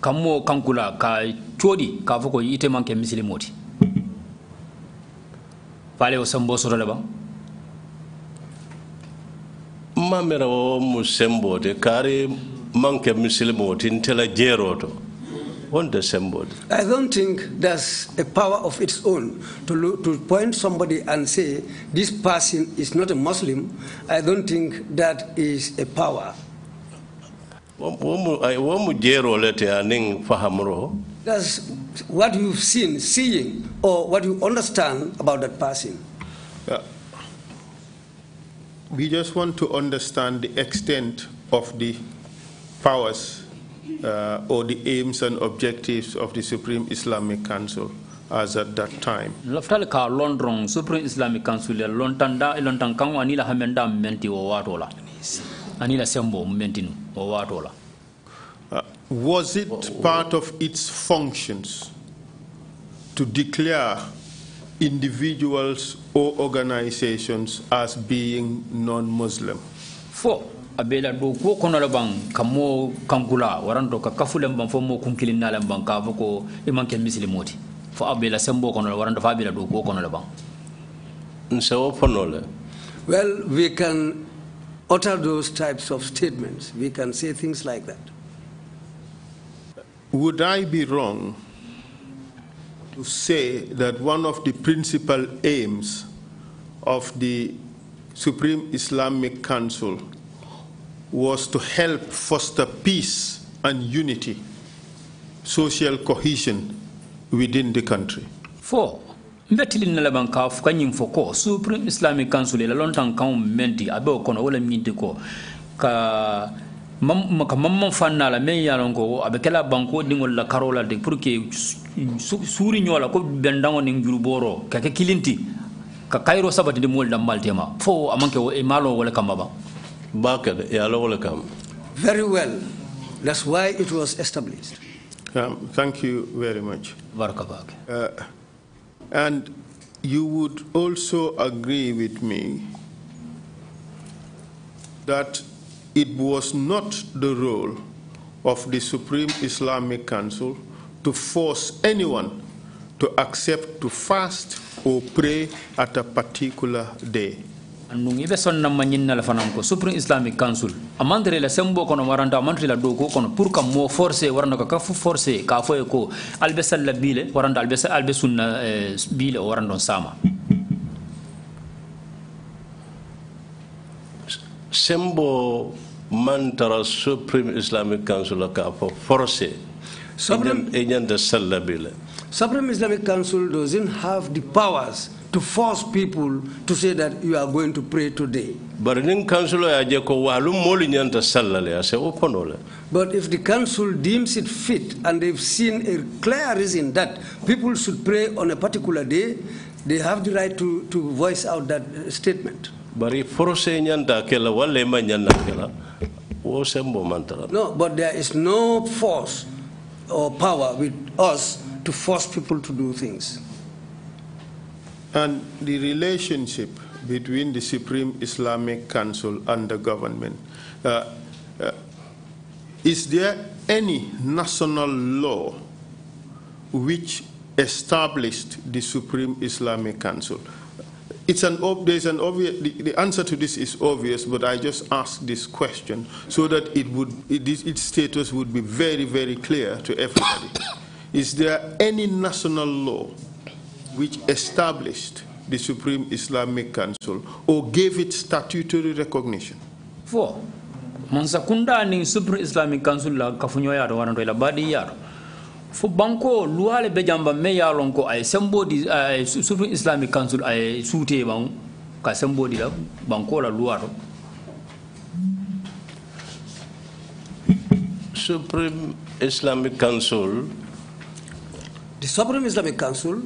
kamo kankula ka chodi ka foko ite manke muslimoti. Fale o sembo sora le bang. Mamera o musembo de kare manke muslimoti ntela jeroto. won't assemble. I don't think there's a power of its own to, to point somebody and say, this person is not a Muslim. I don't think that is a power. That's what you've seen, seeing, or what you understand about that person. Uh, we just want to understand the extent of the powers uh, or the aims and objectives of the Supreme Islamic Council as at that time. Laftale ka London Supreme Islamic Council le lontanda lontan eh, kan ani la hamenda menti o wato la. Ani la sembo menti o wato la. Uh, was it part of its functions to declare individuals or organizations as being non-Muslim? Four a la ko la ban ka kankula ka kafu ban na ban ka ko i fo a la la la ko la ban well we can utter those types of statements we can say things like that would i be wrong to say that one of the principal aims of the Supreme Islamic Council was to help foster peace and unity, social cohesion within the country. Four. mbetilin na banka ka fuka ko supreme islamic council la lontaŋ kaŋo menti a be kono wo le ko ka mam ka mamman fanna la meŋ ye a loŋ ko la banko diŋol la karo de pour que suuri ñoo ko bendaŋo niŋ jurubooroo ka ke kilinti ka kayiro sabatindi moolu dammal tema fo a maŋ ke wo e maa loŋ wo le kamba baŋ very well that's why it was established um, thank you very much uh, and you would also agree with me that it was not the role of the Supreme Islamic Council to force anyone to accept to fast or pray at a particular day. andungi be sonna ma nyinna la fanan ko supreme islamic council amantre la sembo kono waranta amantre la doko kono pour ka mo forcé warna ka fu forcé ka foye ko albe salla bile waranda albe albe sunna bile warandon sama sembo mantara supreme islamic council ka fo forcé supreme e nyanda salla bile supreme islamic council doesn't have the powers to force people to say that you are going to pray today. But if the council deems it fit and they've seen a clear reason that people should pray on a particular day, they have the right to, to voice out that uh, statement. kela wale No, but there is no force or power with us to force people to do things and the relationship between the Supreme Islamic Council and the government. Uh, uh, is there any national law which established the Supreme Islamic Council? It's an, there's an obvious, the, the, answer to this is obvious, but I just ask this question so that it would, it, its status would be very, very clear to everybody. is there any national law which established the Supreme Islamic Council or gave it statutory recognition? Four. Mansa kunda Supreme Islamic Council la kafunyo yaro waranto la badi yaro. Fo banko luale bejamba jamba me yalon ay sembo di ay Supreme Islamic Council ay suute bang ka sembo di la banko la luaro. Supreme Islamic Council the Supreme Islamic Council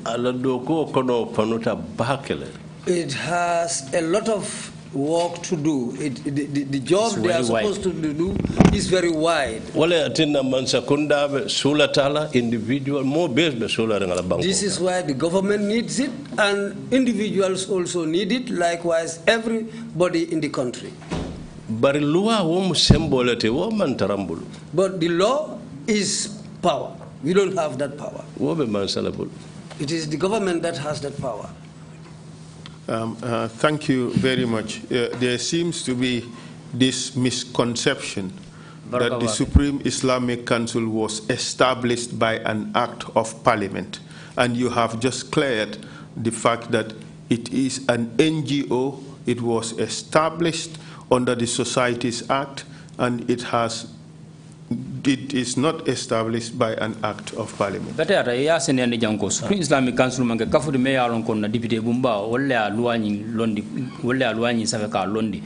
it has a lot of work to do. It, the, the, job they are supposed to do is very wide. This is why the government needs it and individuals also need it, likewise everybody in the country. But the law is power. We don't have that power. It is the government that has that power. Um, uh, thank you very much. Uh, there seems to be this misconception that the Supreme Islamic Council was established by an act of parliament. And you have just cleared the fact that it is an NGO, it was established under the Societies Act, and it has it is not established by an act of parliament batata ya sene ne janko su islamic council manke kafude me yalon kon na député bumba wala luwani londi wala luwani safa ka londi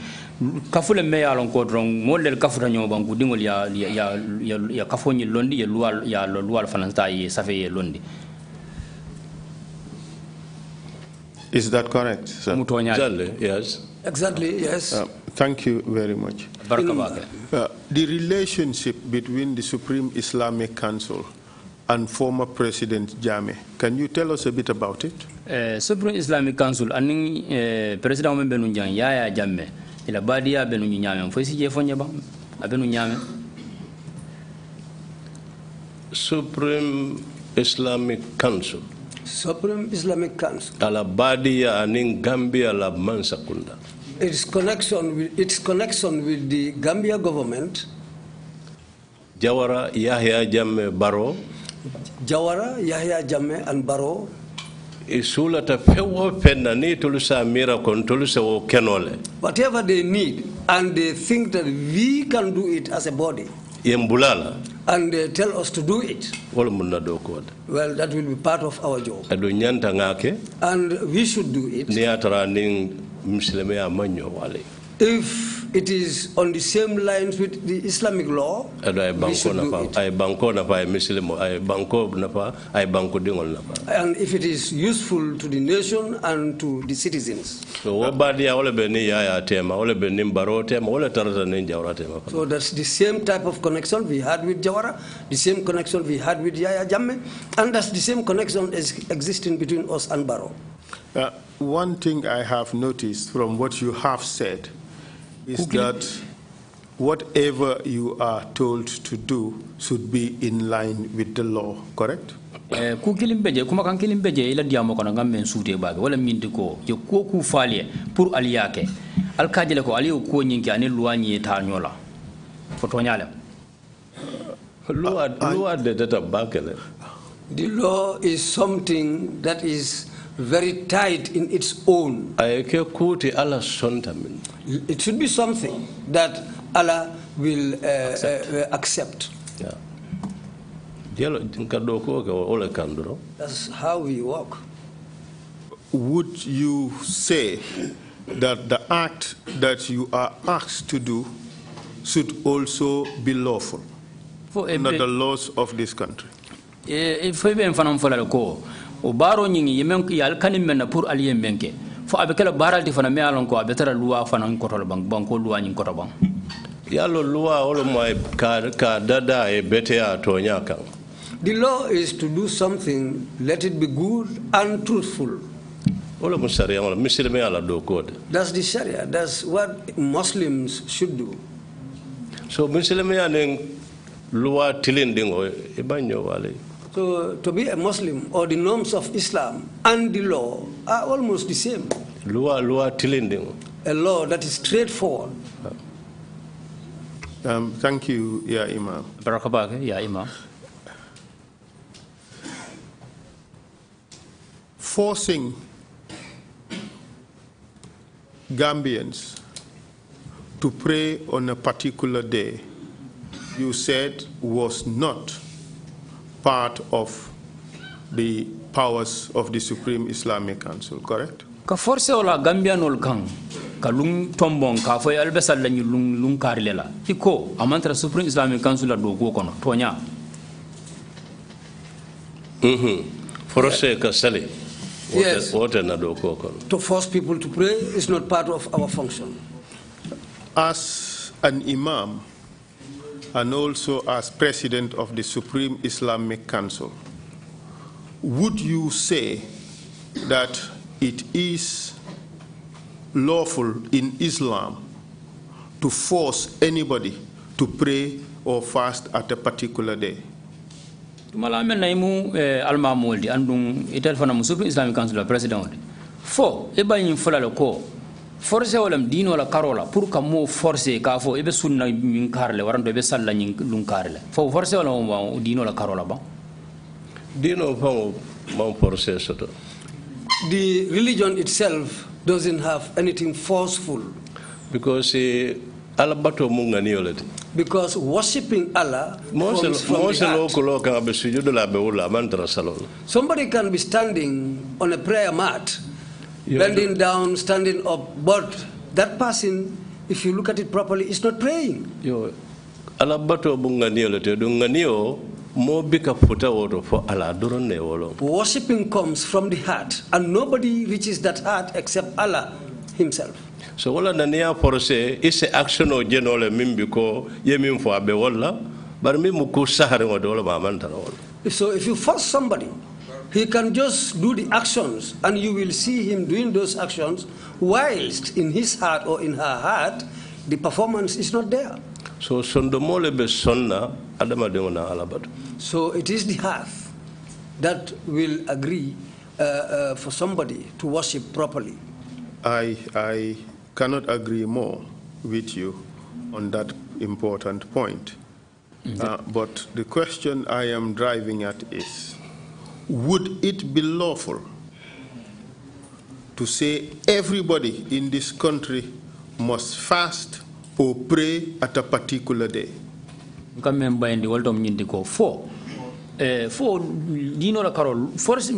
kafule me yalon ko dron molle kafu nyo bangu dingol ya ya ya, ya kafoni londi ya luwal ya luwal fananta ye safa ye londi is that correct sir Mutonya. yes Exactly, yes. Uh, thank you very much. Uh, the relationship between the Supreme Islamic Council and former President Jame, can you tell us a bit about it? Uh, Supreme Islamic Council, aning uh, President Mbenu Njang, Yaya Jame, ila badia benu nyame, mfoisi jefonye ba, abenu Supreme Islamic Council. Supreme Islamic Council. Ala badia aning Gambia la mansakunda. its connection with, its connection with the Gambia government. Jawara Yahya Jamme Baro. Jawara Yahya Jamme and Baro. Isulata fewo penna ni tulusa mira kon tulusa wo kenole. Whatever they need and they think that we can do it as a body. Yembulala. and uh, tell us to do it. Well, that will be part of our job. And we should do it. If it is on the same lines with the Islamic law. And And if it is useful to the nation and to the citizens. So tema, tema, So that's the same type of connection we had with Jawara, the same connection we had with Yaya Jamme, and that's the same connection is existing between us and Baro. Uh, one thing I have noticed from what you have said is that whatever you are told to do should be in line with the law, correct? Eh, ku kilim beje kuma kan kilim beje ila diamo kono ngam men suute baake wala minde ko je ko ku faaliye pour aliyake alkaajele ko aliyo ko nyinki ani luwanyi ta nyola luwa eh, luwa ah, ah. de data ba le the law is something that is very tight in its own. It should be something that Allah will uh, accept. Uh, uh accept. Yeah. That's how we walk. Would you say that the act that you are asked to do should also be lawful under the laws of this country? Eh, o baaro ñiŋ ye meŋ ye ali kaniŋ na pour ali ye meŋ ke fo a be ke la baaraal ti fana me ye a loŋ ko a be tara luwa fanaŋ koto le baŋ banko luwa ñiŋ koto baŋ ye a loŋ luwa wo lemu a ka, ka dada a ye beteya a tooñaa kaŋ The law is to do something, let it be good and truthful. That's the Sharia. That's what Muslims should do. So Muslims ne luwa tilin tilindingo ibanyo wale. to, to be a Muslim or the norms of Islam and the law are almost the same. Lua, lua tilinding. A law that is straightforward. Um, thank you, Ya Imam. Barakabaka, Ya Imam. Forcing Gambians to pray on a particular day, you said, was not part of the powers of the Supreme Islamic Council, correct? ka forcé o la gambiyanol kan ka luŋ tombon k'a fo ali be salla ñi luŋ la i ko a supreme islamic council la dookuo kono tooña mhm forcé ka sali yes. wote na dookuo kono to force people to pray is not part of our function as an imam and also as president of the Supreme Islamic Council, would you say that it is lawful in Islam to force anybody to pray or fast at a particular day? tumala men nay mu eh, alma moldi andum itel fana mu supreme islamic council president fo e bayin fulalo ko forcé o dino la karola, la pour ka moo forcé k'a fɔ i be sunna min kaari le waranto i be salla ñin lun kaari fo forcé o lam dino la karola ba. Dino diino mo man forcé soto the religion itself doesn't have anything forceful because uh, eh, alabato munga niyo leti because worshiping Allah be comes from Mose the heart. Somebody can be standing on a prayer mat bending down, standing up. But that person, if you look at it properly, is not praying. Yo, alabato bunganio lete dunganio mo bika futa woto for Allah durone wolo. Worshipping comes from the heart, and nobody reaches that heart except Allah Himself. So wala nania forse is action o jenole mimbiko yemin fo abe wala, but mi muku sahare wala mamantara wala. So if you force somebody he can just do the actions, and you will see him doing those actions, whilst in his heart or in her heart, the performance is not there. So sondomole be sonna adama dengona alabat. So it is the heart that will agree uh, uh, for somebody to worship properly. I I cannot agree more with you on that important point. Mm-hmm. uh, but the question I am driving at is would it be lawful to say everybody in this country must fast or pray at a particular day? Kamen bayndi waltom nyindi ko fo eh, fo dino la karol force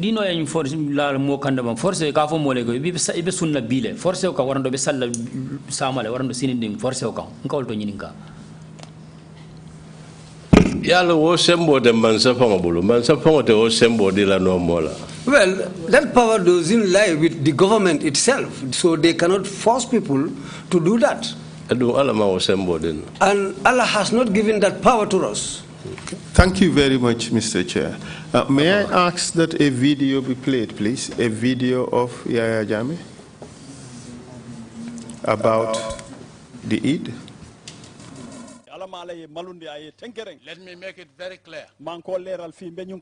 dino ya force la mo kandama force ka fo mole ko be sunna bile force ka warando be salla samale warando sinindin force ka ngawol to nyininka wo sembo de mansa bulu mansa wo sembo de la well that power doesn't lie with the government itself so they cannot force people to do that and allah has not given that power to us Thank you very much, Mr. Chair. Uh, may I ask that a video be played, please? A video of Yaya Jami about the Eid? mala ye malundi aye tenkereng let me make it very clear manko leral fi be nyun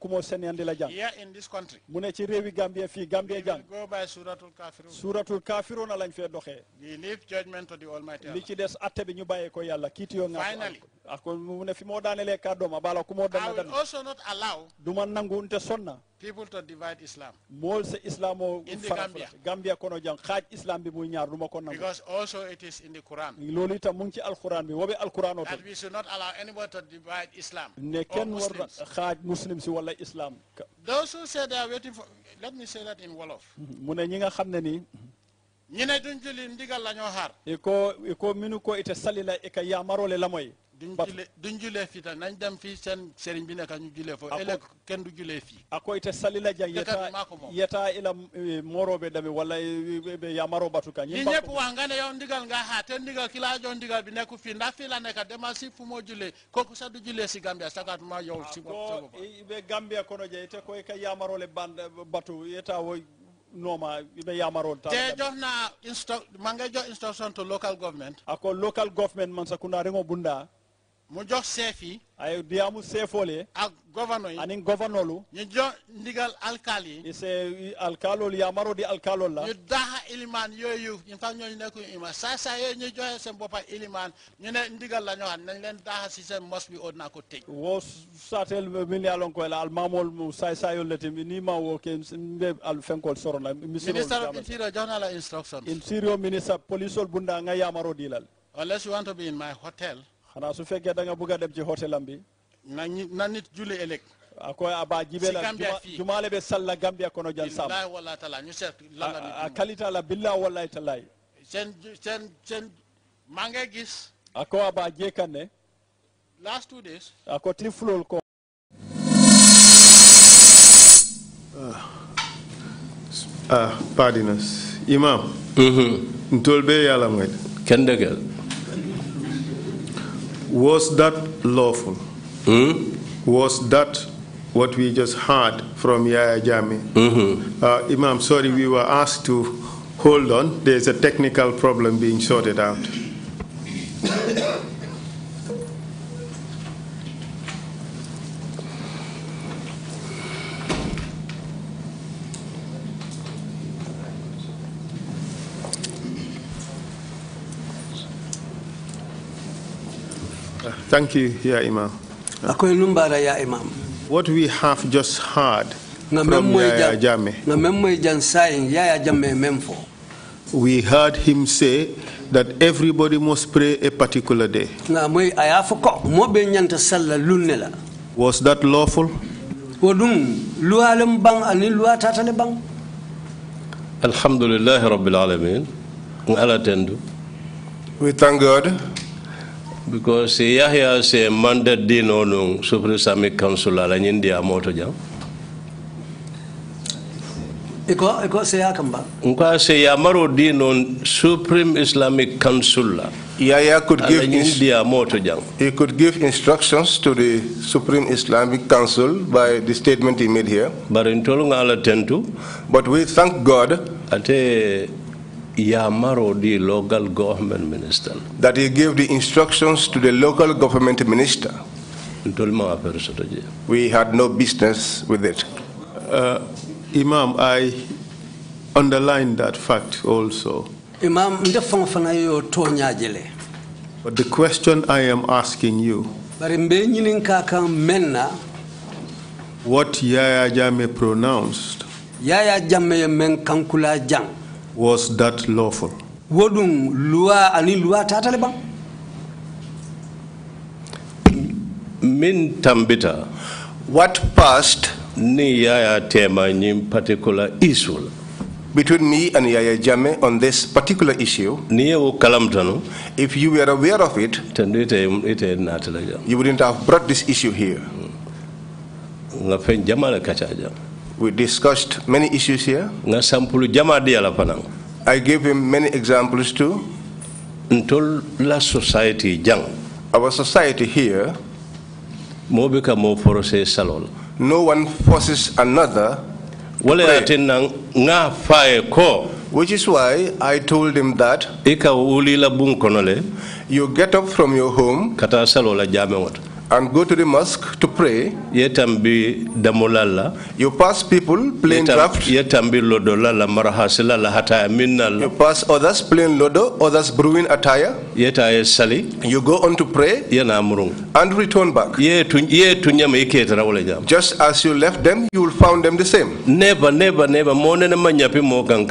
la jang here in this country mune ci rewi gambia fi gambia jang go by suratul kafirun suratul li ci dess atté bi ñu ko yalla kiti nga finally ako mu ne fi moo daanelee kàddoom abala ku moo dana dana I will also not allow duma nangu nte sonna people to se islam o in the Gambia Gambia kono jang xaaj islam bi muy ñaar duma ko nangu because in the loolu itam mu ngi ci alquran bi wobe alquran o that we should not allow anyone to divide Islam ne kenn war xaaj muslim si wala islam those who say they are waiting for mu ne ñi nga xam ne ni ñi ne duñ julli ndigal lañoo ñoo xaar iko iko minu ko ite salila e ka yamarole lamoy duñ julee duñ julee fii tan nañ dem fii seen sëriñ bi nekk ñu julee foofu ele kenn du julee fii ako ite salila jang yeta yeta ila eh, moroɓe ɗami walla ɓe eh, yamaro batu ka ñi ñëpp wax nga ne yow ndigal nga xaar te ndigal ki laa jox ndigal bi nekku fii ndax fii la nekk dema si fu moo julee kooku sa du julee si Gambia sakatuma yow si bopp be Gambia kono je ko koy ka yamarole bande batu yeta woy noma be yamarol ta te johna instruct manga jo to local government ako local government man sakunda rengo bunda mu jox chef yi ay diyaamu chefol yi ak gouverneur yi ani gouverneur lu ñu jox ndigal alkaal yi i se alkaalol yaamaro di alkaalol la ñu daaxa ilimaan yooyu in fact ñooñu nekkuñu ilimaan saa saa yooyu ñu joxe seen boppa iliman. ñu ne ndigal la ñoo xam nañ leen daaxa si seen mos bi oo naa ko tëj wo saatel min yaa lon koy la almaamool mu saay saayol le tim ni ma wo ke mbe al fenkol soron la ministre of interior jox instructions. la instruction interior ministre policeol bunda nga yaamaro di lal unless you want to be in my hotel xanaa su fekkee danga nga bëgg a dem ci hôtelam bi na na nit julli ëllëg akoy ah, aba ah, jibe la jumaale be salla gambia kono jan sam billahi la ah, la kalita la sen sen sen maa gis ako aba jekanne last two ntol be yàlla ngay kenn dëggal Was that lawful? Mm? Was that what we just heard from Yaya Jami? Mm -hmm. uh, Imam, sorry, we were asked to hold on. There's a technical problem being sorted out. Thank you, Ya Imam. What we have just heard from Yaya Jame, we heard him say that everybody must pray a particular day. Was that lawful? Alhamdulillah Rabbil Alameen. We thank God because yahya a mandate, dino nun Supreme Islamic council ala nyindi ya moto jam iko iko se ya kamba nko se ya maro on supreme islamic council la yahya could give India ya moto jam he could give instructions to the supreme islamic council by the statement he made here But in barintolo ngala tentu but we thank god ate Yamaro, the local government minister. That he gave the instructions to the local government minister. We had no business with it. Uh, Imam, I underline that fact also. Imam, but the question I am asking you what Yaya Jame pronounced. Yaya Jame menkankula jang. Was that lawful? Wodun loi ani loi tatale ban. Min tambita. What passed ni Yaya Tema ni particular issue? Between me and Yaya Jame on this particular issue, if you were aware of it, you wouldn't have brought this issue here. We discussed many issues here. Nga sampulu jama panang. I gave him many examples too. Ntol la society jang. Our society here. Mo bika mo force salol. No one forces another. Wale atinang nga fae ko. Which is why I told him that. Ika uli la bunkonole. You get up from your home. Kata salola jame watu and go to the mosque to pray. Yetambi damulala. You pass people playing Yetam, craft. Yetambi lodo lala marahasilala hataya minnala. You pass others playing lodo, others brewing attire. Yetaya sali. You go on to pray. Yenamurung. And return back. Just as you left them, you will find them the same. Never, never, never. And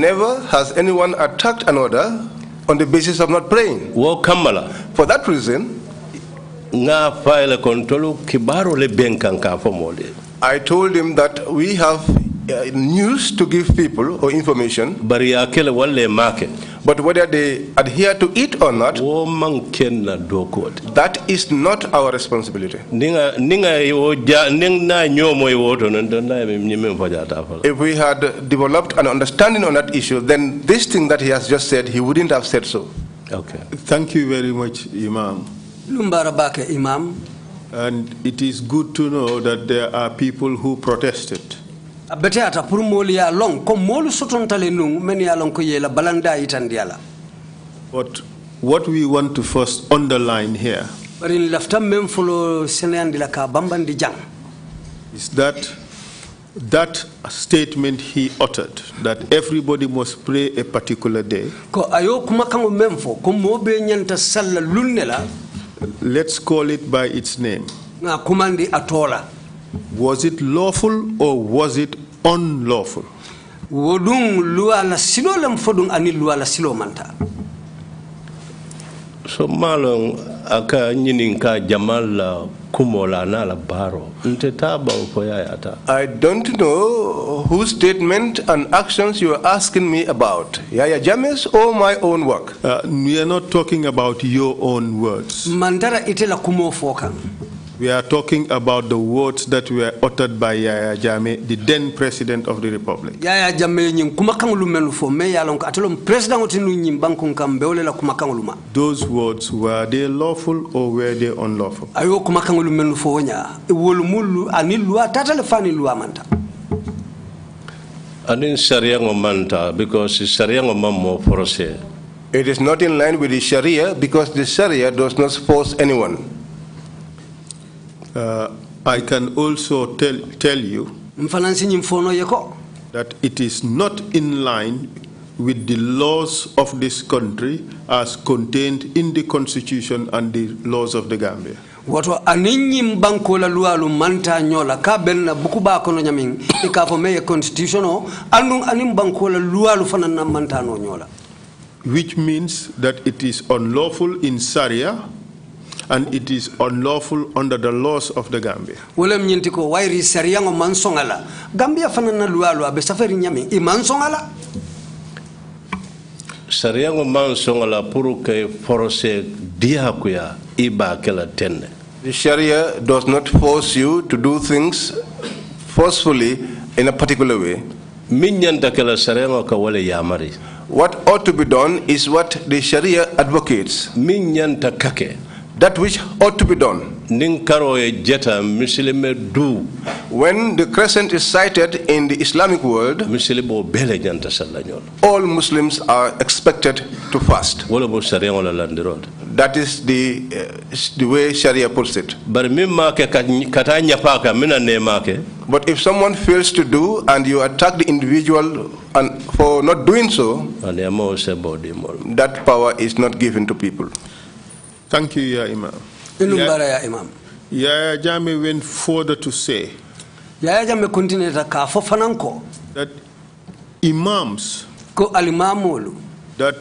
never has anyone attacked another on the basis of not praying. For that reason, nga kon tolu le benkan ka i told him that we have uh, news to give people or information kele walle make but whether they adhere to it or not wo man kenna that is not our responsibility ninga ninga yo ja nyomo yo to non don na fa if we had developed an understanding on that issue then this thing that he has just said he wouldn't have said so okay thank you very much imam and it is good to know that there are people who protested. Beteata pour ya long comme mol sotontale nung men ya long ko yela balanda itandiala. But what we want to first underline here is that that statement he uttered that everybody must pray a particular day. Ko ayo kuma kango nyanta Let's call it by its name. Na kumandi atola. Was it lawful or was it unlawful? Wodung luala silo lam fodung ani luala silo manta. so malon aka nyinin ka jamal la kumo la na la baro nte taba ufoyayata i don't know whose statement and actions you are asking me about yaya james or my own work uh, we are not talking about your own words mandara itela kumo fokan we are talking about the words that were uttered by Yaya Jame, the then president of the republic. Yaya Jame nyim kumakangulu melu fo me yalon atolom president otinu nyim bankun kambeole la kumakanguluma. Those words were they lawful or were they unlawful? Ayo kumakangulu melu fo nya wolumulu anilwa tatale fani luwa manta. Anin sharia ngomanta because sharia ngomamo force. It is not in line with the sharia because the sharia does not force anyone. Uh, I can also tell, tell you that it is not in line with the laws of this country as contained in the constitution and the laws of the Gambia. woto aninyin banko la lualu manta nyola? ka benna bukuba kono ñamin e ka fo meye constitution o andun anin banko la luwalu fanan na mantano nyola, which means that it is unlawful in sharia and it is unlawful under the laws of the Gambia. Wolem nyinti ko wairi seriango mansongala. Gambia fanana lualu abe safari nyami imansongala. Seriango mansongala puru ke force dihakuya iba kela tenne. The Sharia does not force you to do things forcefully in a particular way. What ought to be done is what the Sharia advocates that which ought to be done. When the crescent is sighted in the Islamic world, all Muslims are expected to fast. That is the, uh, the way Sharia puts it. But if someone fails to do and you attack the individual and for not doing so, that power is not given to people. Thank you, Ya Imam. Ilumbara, Ya Imam. Yaya Jami went further to say Yaya Jami continued ka fofananko that imams ko that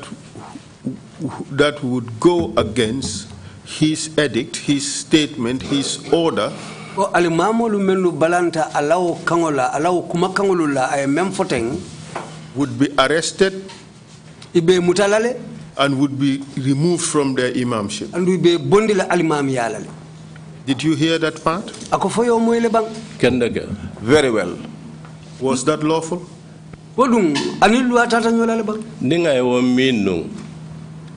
that would go against his edict, his statement, his order ko alimamulu menu balanta alaw kangola alaw kuma kangolula ay mem would be arrested ibe mutalale and would be removed from their imamship. Andu be bondila alimam yalale. Did you hear that part? Ako foyo moyle bang. Kendaga. Very well. Was that lawful? Wodum anilu atata nyolale bang. Ninga ewo minu.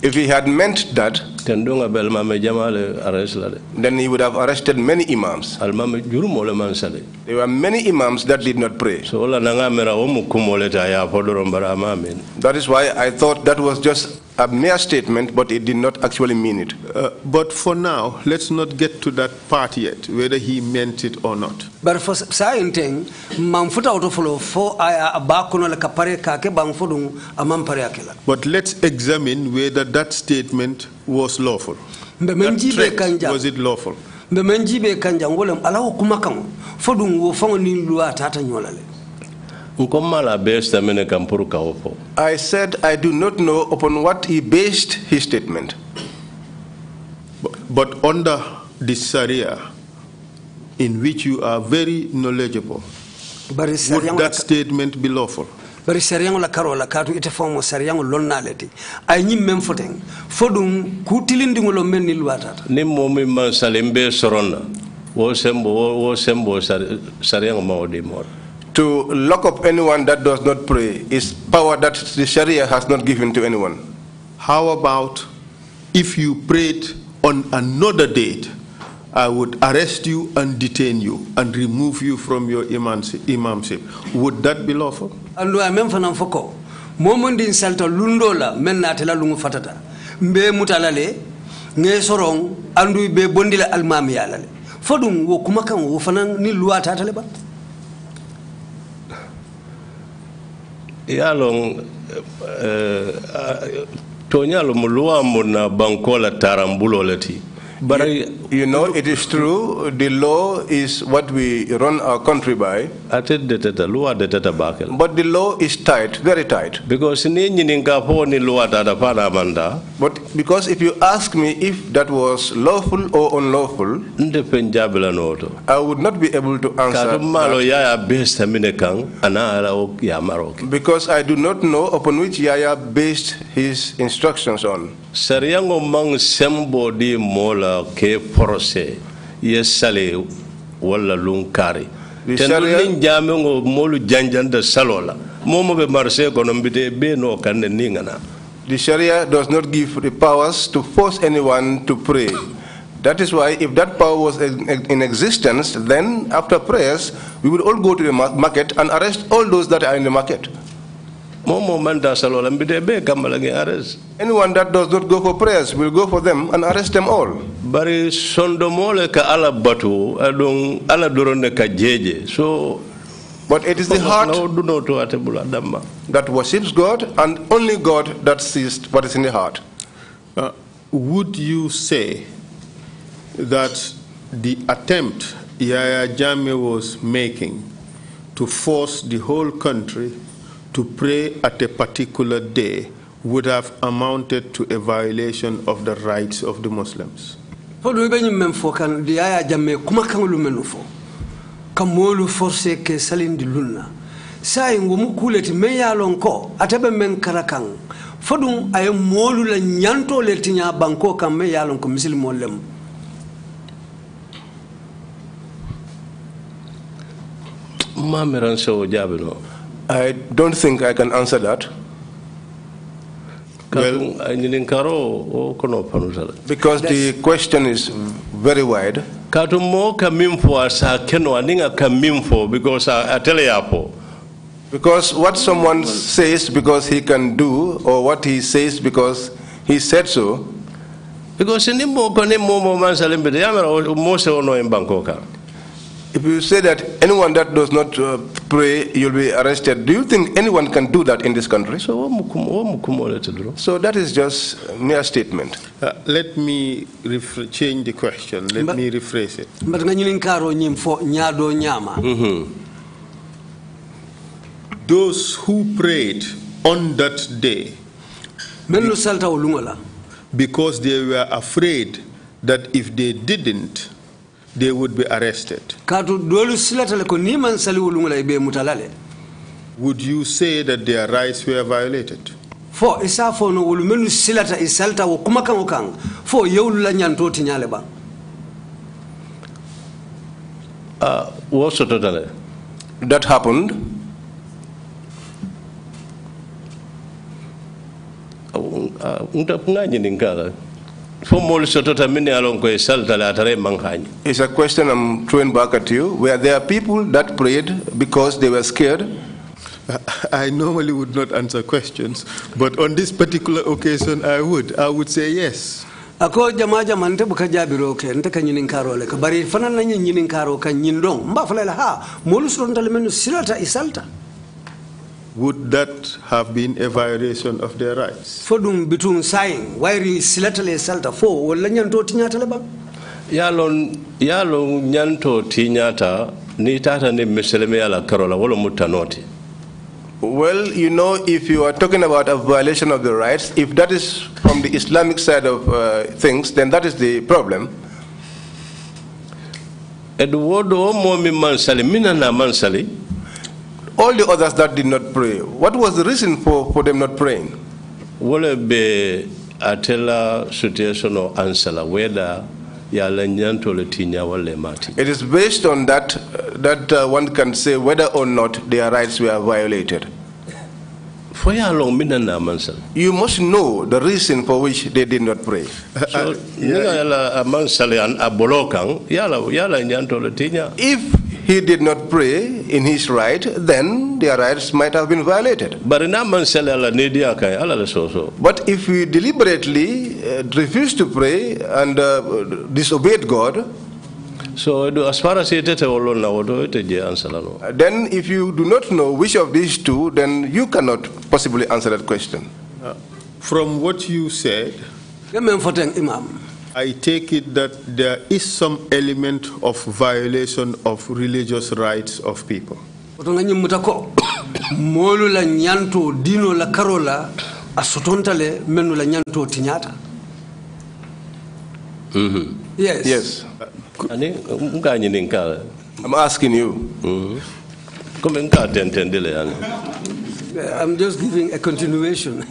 If he had meant that, then he would have arrested many imams. There were many imams that did not pray. So That is why I thought that was just a mere statement, but it did not actually mean it. Uh, but for now, let's not get to that part yet, whether he meant it or not. But for saying Mamfuta autofolo fo abakuno le kapare kake bangfudung amampare akela. But let's examine whether that statement was lawful. That was it lawful? Mbe menjibe kanja ngolem alawo kumakango fodung wo fango ni luata hata nyolale. I said I do not know upon what he based his statement. But under the Sharia, in which you are very knowledgeable, would that statement be lawful? bari sariyaŋo la karoo la kaatu ite faŋo sariyaŋo lonnaa le ti a ye ñiŋ meŋ fo teŋ fo duŋ kuu tilindiŋo lo meŋ niŋ luwaataata niŋ moo miŋ maŋ bee soroŋ na wo sembo wo sembo sariyaŋo ma wo to lock up anyone that does not pray is power that the Sharia has not given to anyone. How about if you prayed on another date, I would arrest you and detain you and remove you from your imamship. Would that be lawful? Allah men fanan foko. Momon din salta lundola men natela lungu fatata. Mbe mutalale ne sorong andu be bondila almami yalale. Fodum wo kumakan wo fanan ni luwa tatale yalon uh, eh, uh, eh, ah, toñalo mo luwamo na bankola tarambulo lati But you, you know, it is true. The law is what we run our country by. law deteta bakel. But the law is tight, very tight. Because po ni law manda. But because if you ask me if that was lawful or unlawful, I would not be able to answer. Karumalo yaya based ana ala Because I do not know upon which Yaya based his instructions on sariya ŋo maŋ sembo di moo la ka i porose i ye sali walla lunkaari tendu jaame ŋo moolu janjanta salo la moo mo be kono bee noo ne ŋa na The Sharia does not give the powers to force anyone to pray. That is why, if that power was in existence, then after prayers, we would all go to the market and arrest all those that are in the market. Anyone that does not go for prayers will go for them and arrest them all. Bari sondomole ka ala batu ala durone ka jeje. So but it is the heart that worships God and only God that sees what is in the heart. Uh, would you say that the attempt Yaya Jame was making to force the whole country to pray at a particular day would have amounted to a violation of the rights of the Muslims. hoɗum ɓe ñim men fo kan yaya jamme kuma kaŋolu menu fo ka moolu forcé ke salindi meŋ sayi ngomu kuleti men yalon ko ataɓe men kara kan fo ɗum aye moolu la ñanto le tiña banko kan men yalon ko misilmol lem mamiran sewo jaabi noo I don't think I can answer that. Well, oh, because the question is very wide. Because what someone says because he can do, or what he says because he said so. Because nimbo kone momo mansalimbele mo se ono imbangoka. If you say that anyone that does not uh, pray, you'll be arrested, do you think anyone can do that in this country? So, that is just mere statement. Uh, let me change the question. Let but, me rephrase it. But mm -hmm. Those who prayed on that day, because they were afraid that if they didn't, they would be arrested. Katu dolu silatale ko ni man sali wulungala ibe mutalale. Would you say that their rights were violated? Fo isa fo no wulu menu silata isalta wo kuma kan kan fo yewlu la nyanto tinyale ba. Uh, wo sototale. That happened. Uh, uh, It's a question I'm throwing back at you. Were there people that prayed because they were scared? I normally would not answer questions, but on this particular occasion I would. I would say yes. ako jama jama nte buka jaabiro ke nte ka le ka bari fana na ñin ka ñin mba fala la ha molu sotontale men silata i salta would that have been a violation of their rights? Fodum bitun saying, why silatale salta fo, wala nyanto tinyata leba? Yalon, yalon nyanto tinyata, ni tata ni meseleme yala karola, wala mutanoti. Well, you know, if you are talking about a violation of the rights, if that is from the Islamic side of uh, things, then that is the problem. Eduwodo mo mi mansali, mina na mansali, all the others that did not pray, what was the reason for, for them not praying? Wole be atela situation or answer whether it is based on that that uh, one can say whether or not their rights were violated. You must know the reason for which they did not pray. So, uh, uh, yeah. If he did not pray in his right, then their rights might have been violated. But if we deliberately uh, refuse to pray and uh, disobeyed God, so as far as then if you do not know which of these two, then you cannot possibly answer that question. Uh, from what you said, I take it that there is some element of violation of religious rights of people. molu la nyanto dino la karola menu la nyanto tinyata mm -hmm. yes yes i'm asking you come mm-hmm. i'm just giving a continuation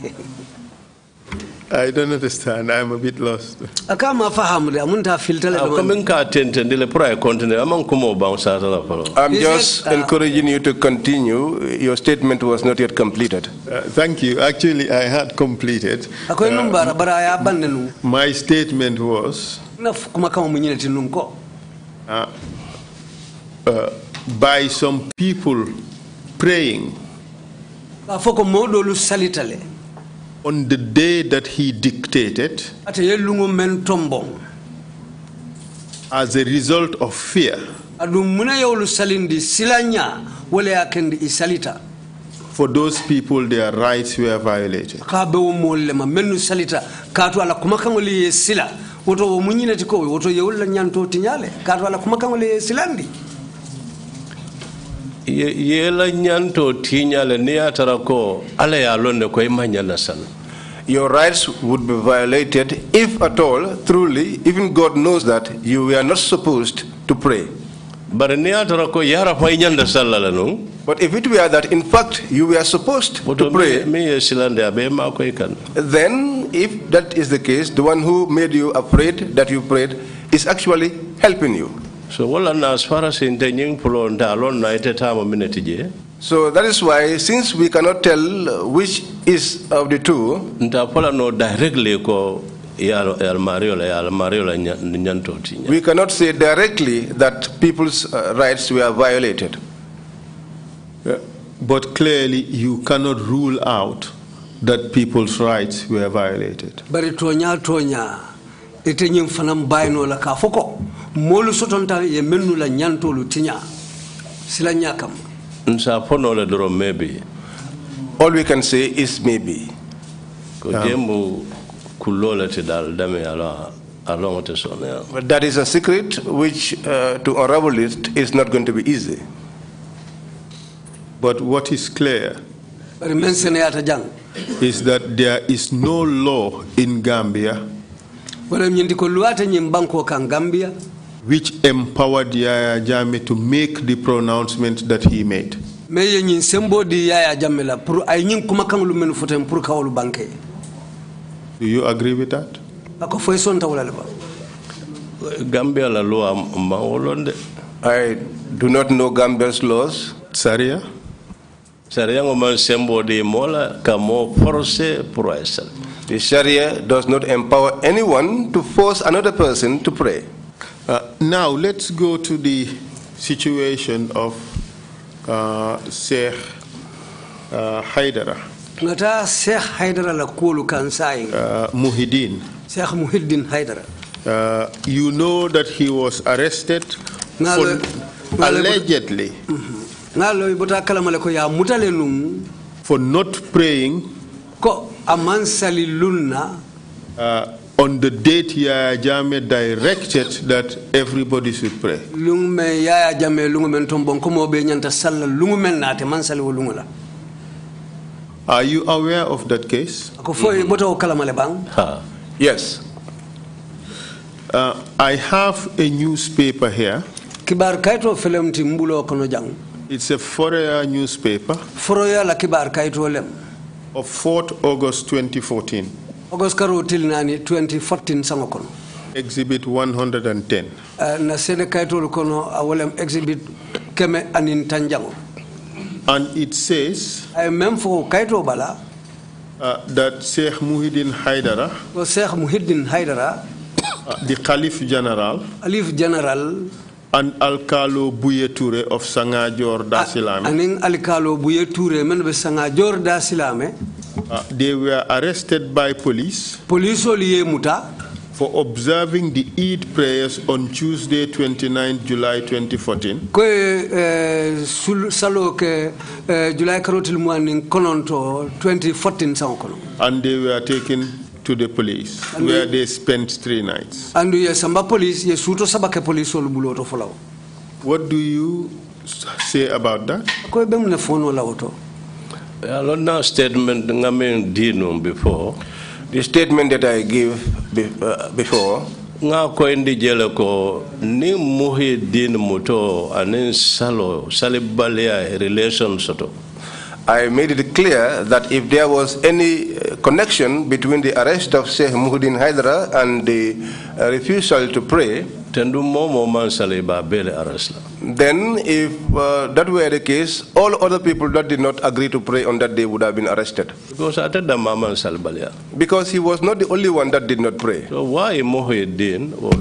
I don't understand. I'm a bit lost. Akama fahamu le amunta filter le. Ah, Kamen ka attend le pura kontende amang kumo bounce la palo. I'm just uh, encouraging you to continue. Your statement was not yet completed. Uh, thank you. Actually, I had completed. Akoy uh, numbara bara ya bandenu. My statement was na kuma kama mwenyele tinunko. Uh, by some people praying. Afoko modo lu salitale on the day that he dictated, as a result of fear, for those people, their rights were violated. yela nyanto tiñale ni yatara ko ala ya londe koye mañala sala your rights would be violated, if at all, truly, even God knows that you were not supposed to pray. But if it were that in fact you were supposed to pray, then if that is the case, the one who made you afraid that you prayed is actually helping you. So, as far as intending, alone, night time, a minute, so that is why, since we cannot tell which is of the two, we cannot say directly that people's uh, rights were violated. But clearly, you cannot rule out that people's rights were violated. Bari tonya tonya, ite nyim fanam bayno la kafoko, molu sotonta ye mennu la nyantolu tinya, sila nyakam nsa fono le doro maybe all we can say is maybe ko jembo um, kullo le te dal dame ala along with the But that is a secret which, uh, to unravel it, is not going to be easy. But what is clear is that there is no law in Gambia which empowered Yaya Jammeh to make the pronouncement that he made. Meye ñin sembo di Yaya Jammeh la pour ay ñing kuma kan lu men fotem pour kawlu banke. Do you agree with that? Ako foy son tawla le ba. Gambia la loi ma wolonde. I do not know Gambia's laws. Saria? Saria ngoma sembo di mola kamo force pour The Sharia does not empower anyone to force another person to pray. Uh, now let's go to the situation of uh, Sheikh uh, Haidara. Ngata Sheikh Haidara la kulu kansai. Uh, Muhyiddin. Sheikh Muhyiddin Haidara. Uh, you know that he was arrested for allegedly mm-hmm. for not praying Ko uh, on the date Yaya Jame directed that everybody should pray. Lungume Yaya Jame be nyanta na te lungula. Are you aware of that case? Yes. Uh, I have a newspaper here. Kibar kaito film kono jang. It's a Foroya newspaper. Foroya la kibar kaito lem. Of 4th August 2014. Ogoskaro tilnani 2014 sango Exhibit 110. Uh, na sene kaytol kono awolem uh, exhibit keme anin And it says I uh, mem for kayto bala uh, that Sheikh Muhyiddin Haidara well, Sheikh Muhyiddin Haidara uh, the Caliph General Caliph General an alkalo buye ture of sanga jor da silame anin alkalo buye ture men be sanga jor da silame uh, they were arrested by police police oliye muta for observing the Eid prayers on Tuesday 29 July 2014. Kwe eh, sul salo ke eh, July karotil mwanin kononto 2014 sa kono. And they were taken to the police and where they spent three nights. And the samba police yes suto sabake police follow. What do you say about that? Ko be mne woto. I statement ngamen before. The statement that I give uh, before nga ko indi jele ko ni muhi din muto anin salo salibaliya relation soto I made it clear that if there was any uh, connection between the arrest of Sheikh Muhyiddin Hydra and the uh, refusal to pray, then if uh, that were the case, all other people that did not agree to pray on that day would have been arrested. Because he was not the only one that did not pray. So why Muhyiddin oh,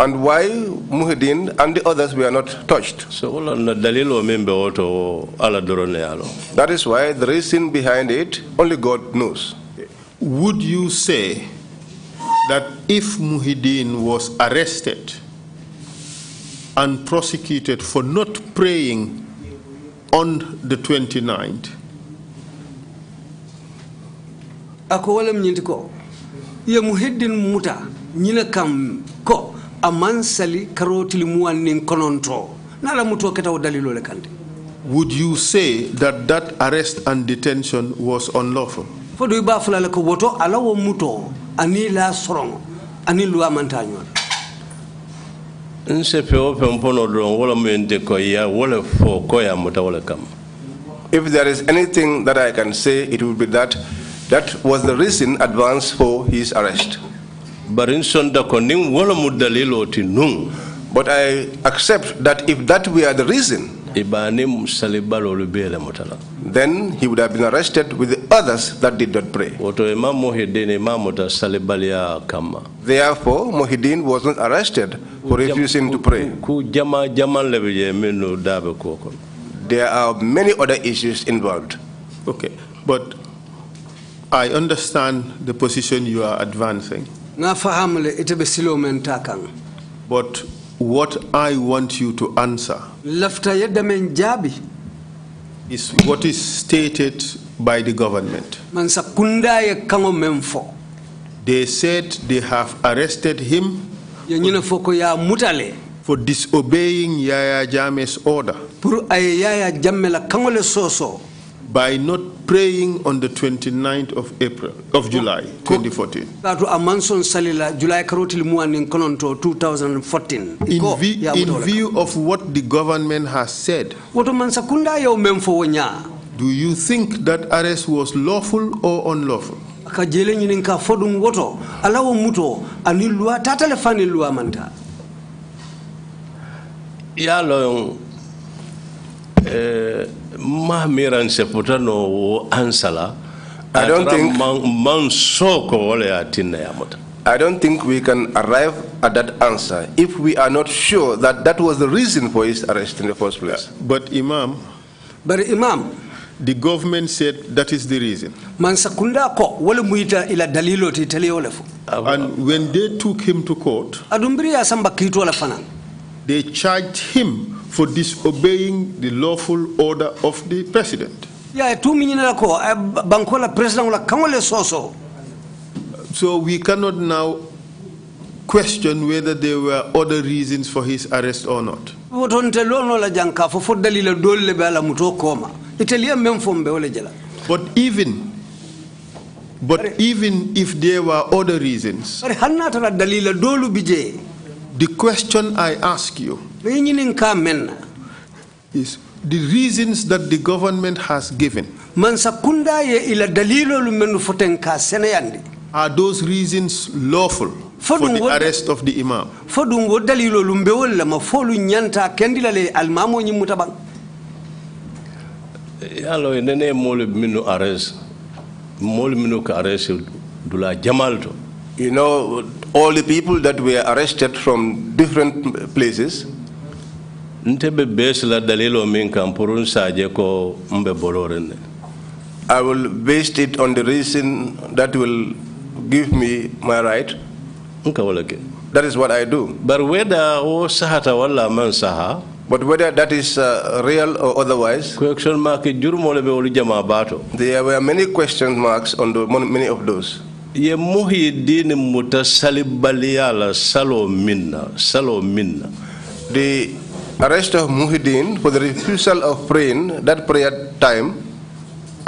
and why Muhyiddin and the others were not touched. That is why the reason behind it, only God knows. Would you say that if Muhyiddin was arrested and prosecuted for not praying on the 29th, ako walam ñinti ko ye muhiddin muta ñina kam ko amansali karotili kononto nala dalilo le would you say that that arrest and detention was unlawful fodo iba fulale ko woto alawo muto ani la sorongo ani luwa nse wala ko ya wala fo ko ya muta wala kam if there is anything that i can say it would be that that was the reason advanced for his arrest barin but i accept that if that were the reason then he would have been arrested with the others that did not pray. Therefore, Mohideen was not arrested for refusing to pray. There are many other issues involved. Okay, but I understand the position you are advancing. But what I want you to answer is what is stated by the government. They said they have arrested him for disobeying Yaya Jame's order by not praying on the 29th of April of July 2014. kononto 2014. In, vi in view of what the government has said. Do you think that arrest was lawful or unlawful? ka fodum woto muto ani tatale fani no mamiranseputanoo ansala I don't think I don't think we can arrive at that answer if we are not sure that that was the reason for his arrest in the first place. Yeah. Uh, but Imam, but Imam, the government said that is the reason. Man sakunda ko wale muita ila dalilo titeleolefu. And when they took him to court, adumbiria samba kitu alafana. they charged him for disobeying the lawful order of the president. Eh, so we cannot now question whether there were other reasons for his arrest or not. But even but even if there were other reasons the question I ask you is the reasons that the government has given. Are those reasons lawful for the arrest of the imam? yalo eh, arrest ka arrest dula you know, all the people that were arrested from different places. I will base it on the reason that will give me my right. That is what I do. But whether But whether that is uh, real or otherwise, There were many question marks on the, many of those ye muhyiddin muta salibaliya la salo minna salo minna the arrest of muhyiddin for the refusal of praying that prayer time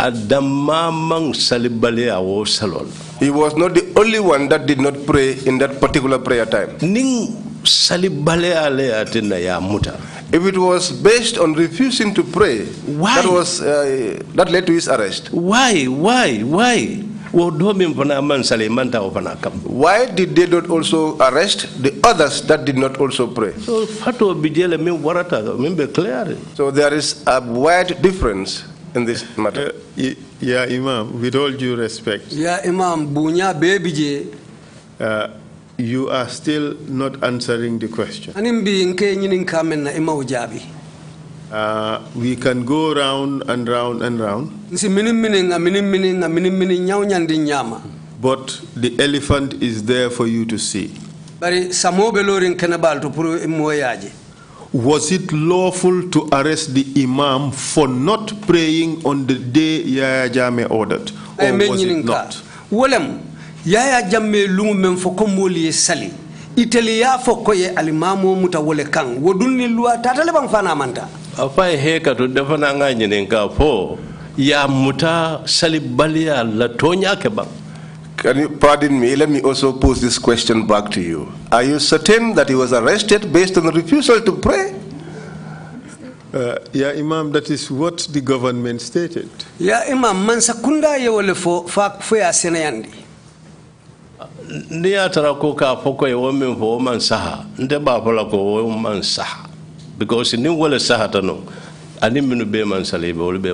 adamamang salibaliya wo salol he was not the only one that did not pray in that particular prayer time ning salibaliya le atina ya muta if it was based on refusing to pray why? that was uh, that led to his arrest why why why why did they not also arrest the others that did not also pray? So there is a wide difference in this matter. Uh, yeah, Imam, with all due respect. Yeah, Imam, bunya baby uh, you are still not answering the question. Uh, we can go round and round and round. But the elephant is there for you to see. Was it lawful to arrest the imam for not praying on the day Yaya Jame ordered? Or eh, was it not? Wolem, Yaya Jame lumu memfokomoli sali. Italia fokoye alimamu mutawole kang. Wodunni lua tatalebang fanamanta afa heka to nga ka fo ya muta la ke can you pardon me let me also pose this question back to you are you certain that he was arrested based on the refusal to pray uh, yeah, Imam, that is what the government stated. Yeah, Imam, man sakunda ye wole fo fa fo ya senayandi. Ni atara ko ka fo ko ye wo min fo man saha, nde ba fo la ko wo man saha because ni wala sahata ani minu be man wala be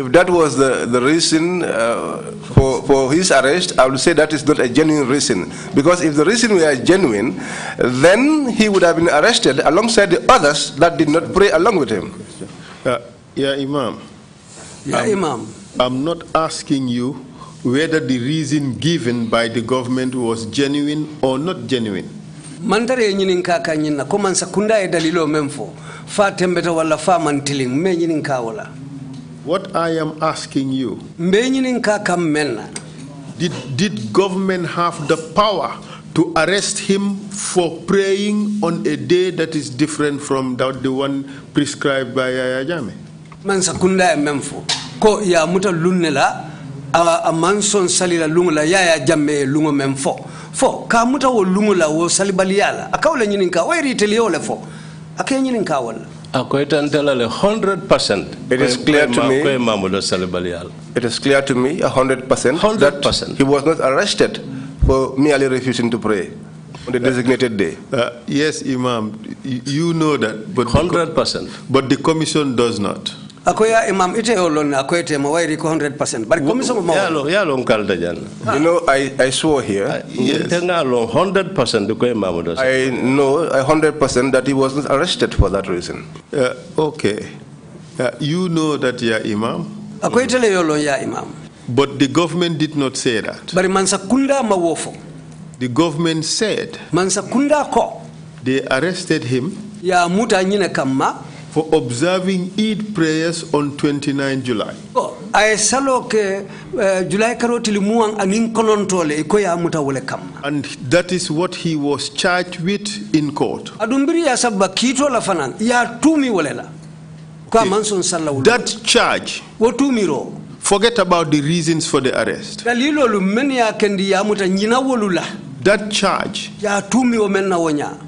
if that was the, the reason uh, for, for his arrest, I would say that is not a genuine reason. Because if the reason were genuine, then he would have been arrested alongside the others that did not pray along with him. Uh, yeah, Imam. Yeah, I'm, Imam. I'm not asking you whether the reason given by the government was genuine or not genuine. mantare e ñinin ka ka ñinna comme sa kunda e dalilo même fo fa tembeta walla fa mantiling me ñinin ka wala what i am asking you mbe ñinin ka kam menna did did government have the power to arrest him for praying on a day that is different from that, the one prescribed by Yaya Jame. Man sakunda e memfo ko ya muta lunne la a man sɔn sali la la y'a y'a jamme ye luŋo k'a muta wo la wo le 100 percent it is clear to me it is clear to me 100 percent 100 percent he was not arrested for merely refusing to pray on the uh, designated day? Uh, yes, Imam, you know that. But 100%. The but the commission does not akoya imam ite olon akoyete mo wayri ko 100% bari comme so mo yalo yalo kalda jan you know i i swore here I, ah, yes tenga lo 100% ko imam do i know 100% that he wasn't arrested for that reason uh, okay uh, you know that ya imam akoyete le yolo ya imam but the government did not say that bari man sakunda mawofo the government said man sakunda ko they arrested him ya muta nyine kamma for observing Eid prayers on 29 July. Oh, ay salo ke eh, July karoti limuang anin konontole ikoya amuta wole And that is what he was charged with in court. Adumbiri ya sabba kito la fanan ya tumi wole la. Kwa manson sallahu. That charge. Wo Forget about the reasons for the arrest. Kalilo lumeni ya kendi ya amuta nyina wolula. that charge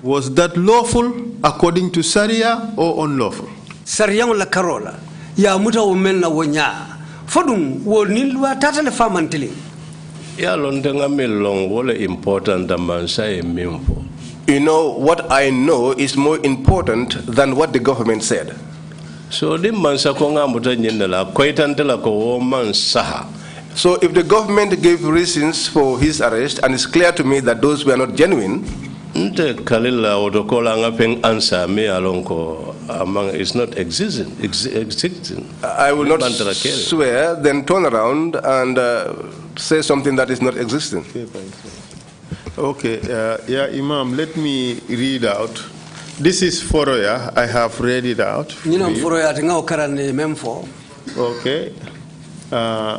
was that lawful according to Sharia or unlawful? Sharia la karola ya muta umenna wonya fodum wo nilwa tatale famantili ya londenga melong wole important amansa e mimfo you know what i know is more important than what the government said so dim mansa ko ngamuta nyinna la koitantela ko wo saha So if the government gave reasons for his arrest and it's clear to me that those were not genuine, nte kalila otokola nga peng answer me alonko among is not existing existing i will not swear then turn around and uh, say something that is not existing okay uh, yeah imam let me read out this is foroya i have read it out you know foroya tinga okarane memfo okay uh,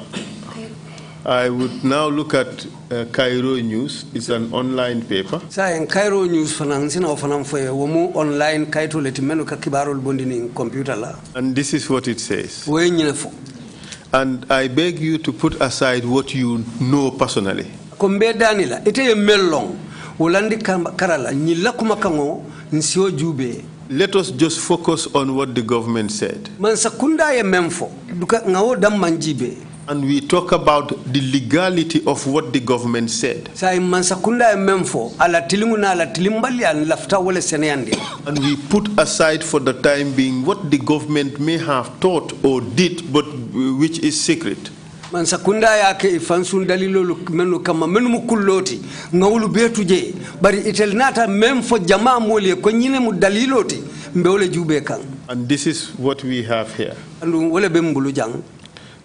I would now look at uh, Cairo News. It's an online paper. in Cairo News fanan sina o fanan foye wo mu online kaito leti menu ka kibarol bondini computer la. And this is what it says. And I beg you to put aside what you know personally. Ko danila ite ye mellong wolandi karala nyilla kuma kango nsio jube. Let us just focus on what the government said. Man sakunda duka ngao dam manjibe and we talk about the legality of what the government said. and we put aside for the time being what the government may have thought or did, but uh, which is secret. and this is what we have here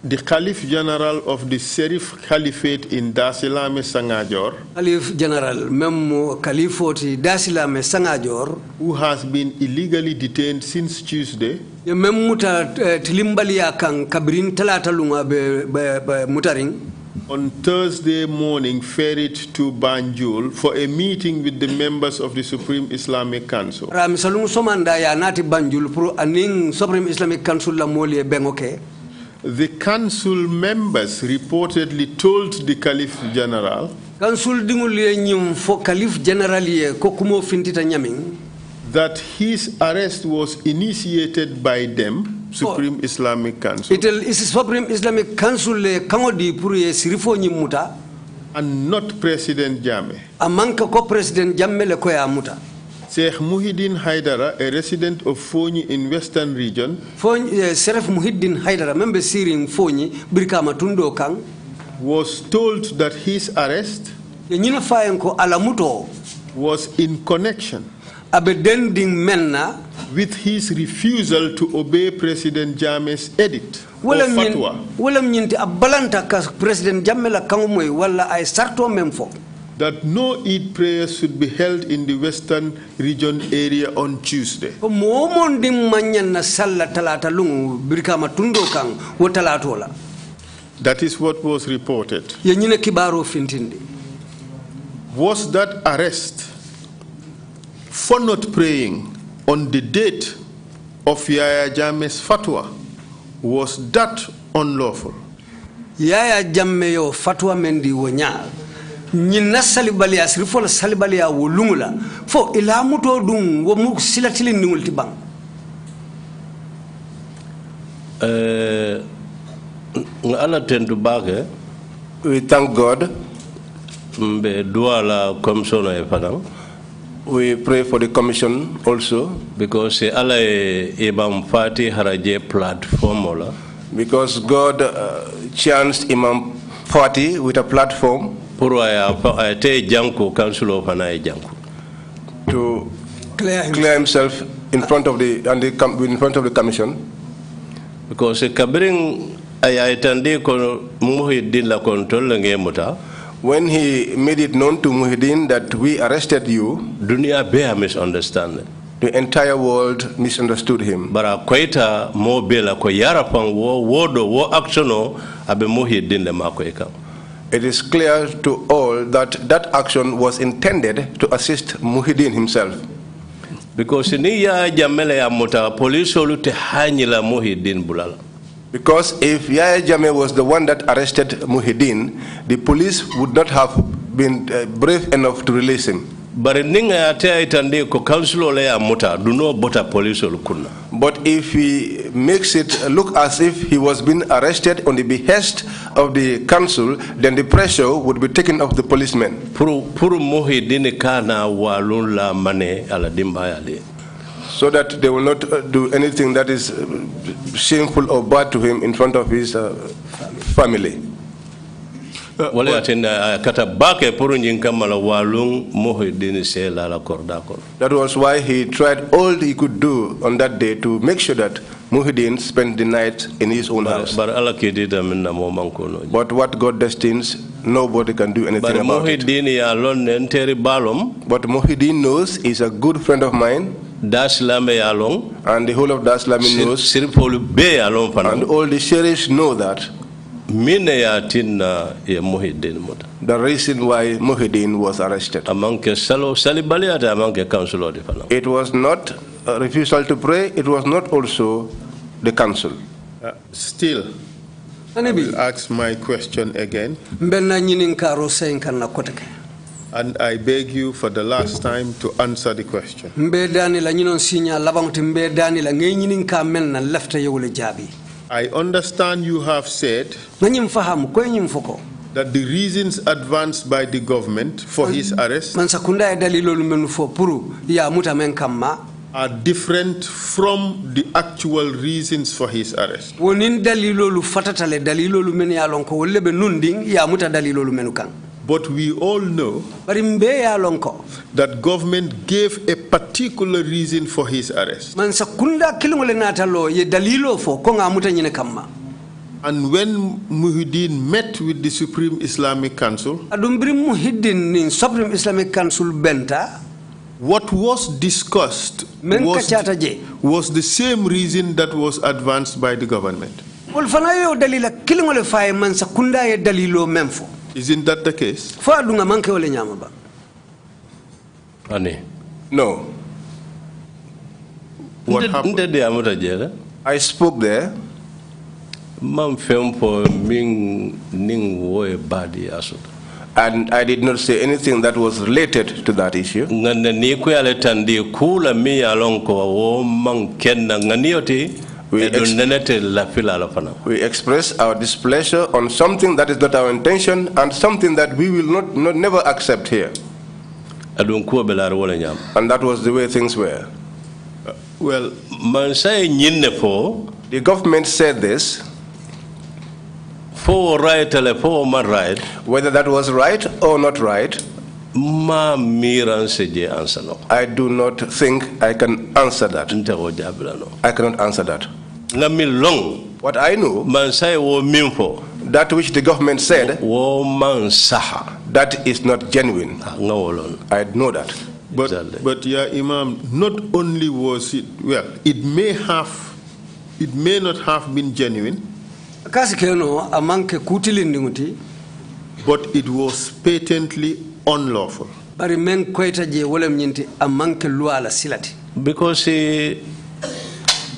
the Caliph General of the Serif Caliphate in Dasilame Sangajor, Caliph General Memo Caliphate Dasilame Sangajor, who has been illegally detained since Tuesday, Memuta eh, Tilimbalia Kang Kabrin be Mutaring. On Thursday morning, ferried to Banjul for a meeting with the members of the Supreme Islamic Council. Ram Salung Somanda ya nati Banjul pro aning Supreme Islamic Council la moli bengoke the council members reportedly told the caliph general council dingul ye ñim fo caliph general ye ko kumo fintita ñamin that his arrest was initiated by them oh. supreme islamic council itel is supreme islamic council le di pour ye sirifo ñim muta and not president jame amanka ko president jamme le ko ya muta Sheikh Muhyiddin Haidara, a resident of Fonyi in Western Region. Fonyi, eh, Muhyiddin Haidara, member Syria in Fonyi, Birkama Tundo Kang, was told that his arrest was in connection with his refusal to obey President James' edict or fatwa. Wala nyinti abalanta ka President Jammeh la kangomoy wala ay sarto mem that no Eid prayers should be held in the western region area on Tuesday. That is what was reported. Was that arrest for not praying on the date of Yaya Jame's fatwa? Was that unlawful? Yaya Jamme yo fatwa mendi wonyal la fo silatili eh, nga ala we thank god mbe dua la commissiono e fanaŋ we pray for the commission also because ala ibam fati haraje platform la because god uh, chanced imam fati with a platform pour a euh, euh, te council of fana janko to clear himself, clear himself in front of the and the in front of the commission because kabring aya itandi ko muhiddin la control nge muta when he made it known to muhiddin that we arrested you dunia bear misunderstand the entire world misunderstood him bara kwaita mo bela ko yarafan wo wodo wo actiono abe muhiddin le mako ekan it is clear to all that that action was intended to assist Muhyiddin himself. Because niya jamele ya police olute hanyila Muhyiddin bulala. Because if Yaya Jame was the one that arrested Muhyiddin, the police would not have been uh, brave enough to release him. But if he makes it look as if he was being arrested on the behest of the council, then the pressure would be taken off the policemen. So that they will not uh, do anything that is uh, shameful or bad to him in front of his uh, family wala kata bake kamala walung la korda that was why he tried all he could do on that day to make sure that Muhyiddin spent the night in his own house. But what God destines, nobody can do anything but about Teri it. But Muhyiddin knows is a good friend of mine. Daslame along and the whole of Daslame knows. And all the sheriffs know that. The reason why Muhyiddin was arrested. It was not a refusal to pray, it was not also the council. Uh, still, I will ask my question again. And I beg you for the last time to answer the question. I understand you have said nanyi mfahamu kwenye mfuko that the reasons advanced by the government for his arrest ya dalilo lumenufo puru ya muta menkamma are different from the actual reasons for his arrest wonin fatatale dalilolu men ya lonko wolle be nundin ya muta menu kan But we all know that government gave a particular reason for his arrest. And when Muhyiddin met with the Supreme Islamic Council, what was discussed was, was the same reason that was advanced by the government. Isn't that the case? Fa dunga manke wala nyama ba. Ani. No. What happened? I spoke there. Man for ming ning woe badi asuta. And I did not say anything that was related to that issue. Ngana ni kuyale tandi kula mi alonko wo man kenna nganioti. We, ex we express our displeasure on something that is not our intention and something that we will not, not never accept here. And that was the way things were. Well, the government said this. For right, for right. Whether that was right or not right. I do not think I can answer that. I cannot answer that nga min long what i know man say wo min fo that which the government said wo man saha that is not genuine ah, nga wo lol i know that but but ya yeah, imam not only was it well it may have it may not have been genuine kasi ke no amang ke kutili but it was patently unlawful bari men kwaita je wolem nyinti amang ke luala silati because he. Eh,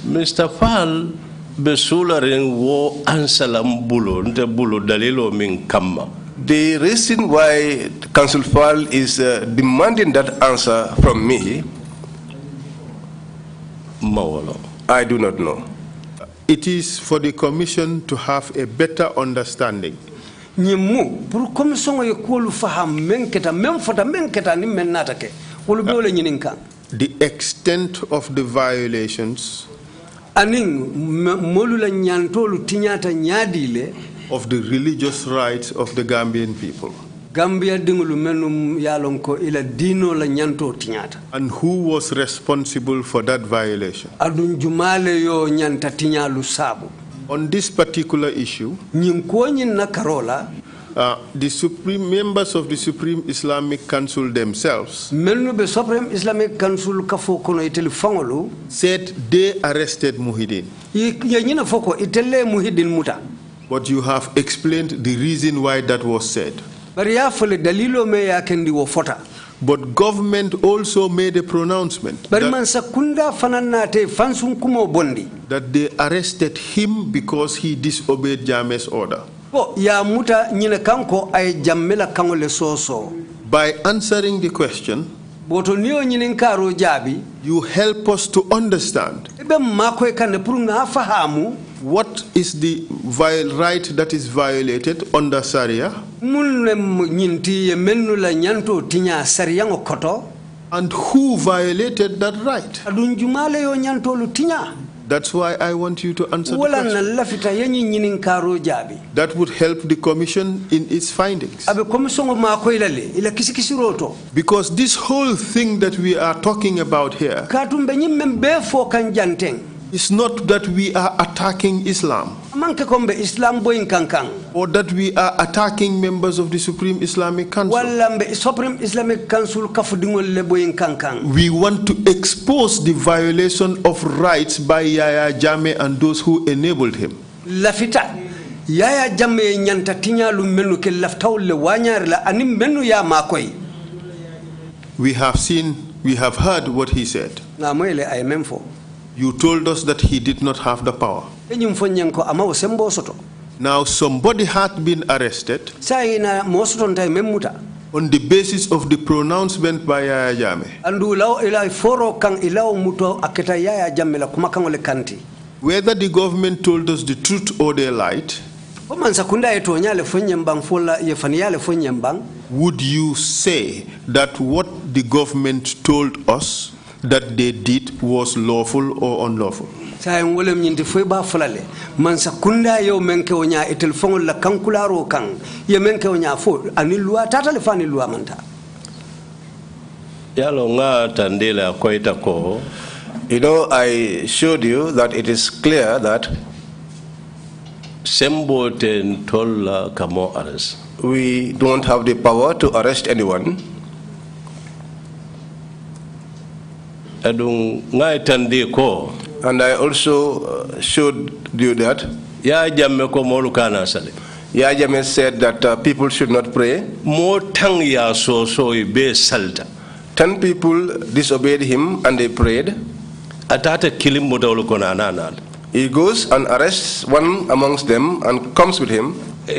Mr. Fall be sularen wo ansalam bulo nte bulo dalilo min kamma the reason why council Fall is uh, demanding that answer from me mawolo i do not know it is for the commission to have a better understanding ñimu pour commission ye kuolu faham men keta men ni men natake wolu uh, the extent of the violations la of the religious rights of the Gambian people. Gambia dingulu menum yalon ko ila dino la nyanto tinyata. And who was responsible for that violation? Adun jumale yo ñanta tinyalu sabu. On this particular issue, nyin ko nyin na karola Uh, the supreme members of the Supreme Islamic Council themselves Supreme Islamic Council said they arrested Muhyiddin. But you have explained the reason why that was said. But government also made a pronouncement that, that they arrested him because he disobeyed Jame's order. ko ya muta ñine kanko ay jammela kaŋo le soosoo by answering the question boto jaabi you help us to understand e pour nga fahamu what is the right that is violated under sharia ñinti ye mennu la ñanto tiña sharia koto and who violated that right jumale yo ñantolu tiña That's why I want you to answer That would help the commission in its findings. Because this whole thing that we are talking about here it's not that we are attacking Islam. Islam Or that we are attacking members of the Supreme Islamic Council. We want to expose the violation of rights by Yaya Jame and those who enabled him. Lafita. Yaya Jame nyanta tinyalu menu ke laftawle wanyar anim menu ya makoy. We have seen, we have heard what he said. Na mwele ay memfo. You told us that he did not have the power. Now somebody had been arrested on the basis of the pronouncement by Yaya Jame. Whether the government told us the truth or they lied, would you say that what the government told us that they did was lawful or unlawful. sayen wolem ñinde foy ba fulale man sa kunda yo menke ke wonya e telephone la kankularo kan ye men ke wonya fo ani loi tata le fani loi manta yalo nga tandela koita ko you know i showed you that it is clear that sembo ten tolla kamo arrest we don't have the power to arrest anyone and i also uh, showed you that ya jamme ko molu kana sale ya jamme said that uh, people should not pray mo tang ya so so be salta 10 people disobeyed him and they prayed atata kilim modolu kona nanal he goes and arrests one amongst them and comes with him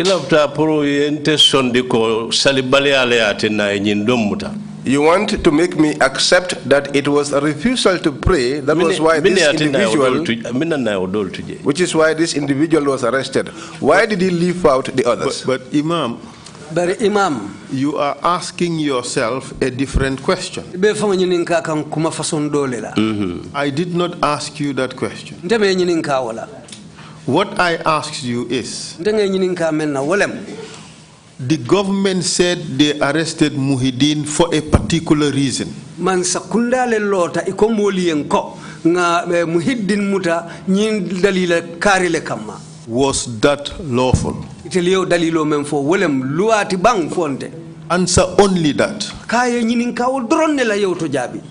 ilafta pro yente sondi ko salibale ale atina nyin dommuta you want to make me accept that it was a refusal to pray. That was why this individual, which is why this individual was arrested. Why did he leave out the others? But, but Imam, but Imam, you are asking yourself a different question. Mm-hmm. I did not ask you that question. What I asked you is The government said they arrested Muhyiddin for a particular reason. Man sakundale lota iko ikomoli yenko nga eh, Muhyiddin muta nyin dalila karile kama. Was that lawful? itelio dalilo memfo welem luati bang fonte. Answer only that. Kaya nyinin kawo dron ne la yewto jabi.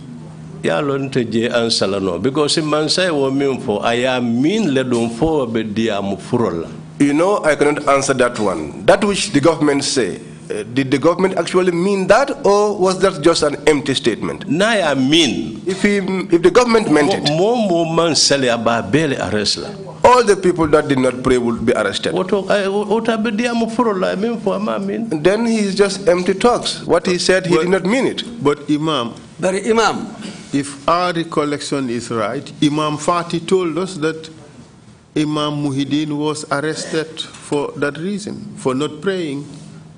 ya lonte je an salano because man say wo min fo aya min le don fo be dia mu furola You know, I cannot answer that one. That which the government say, uh, did the government actually mean that, or was that just an empty statement? Nay, I mean. If, he, if the government meant it. All the people that did not pray would be arrested. Eh, then he is just empty talks. What he said, he but, did not mean it. But Imam. But Imam. If our recollection is right, Imam Fati told us that Imam Muhyiddin was arrested for that reason, for not praying.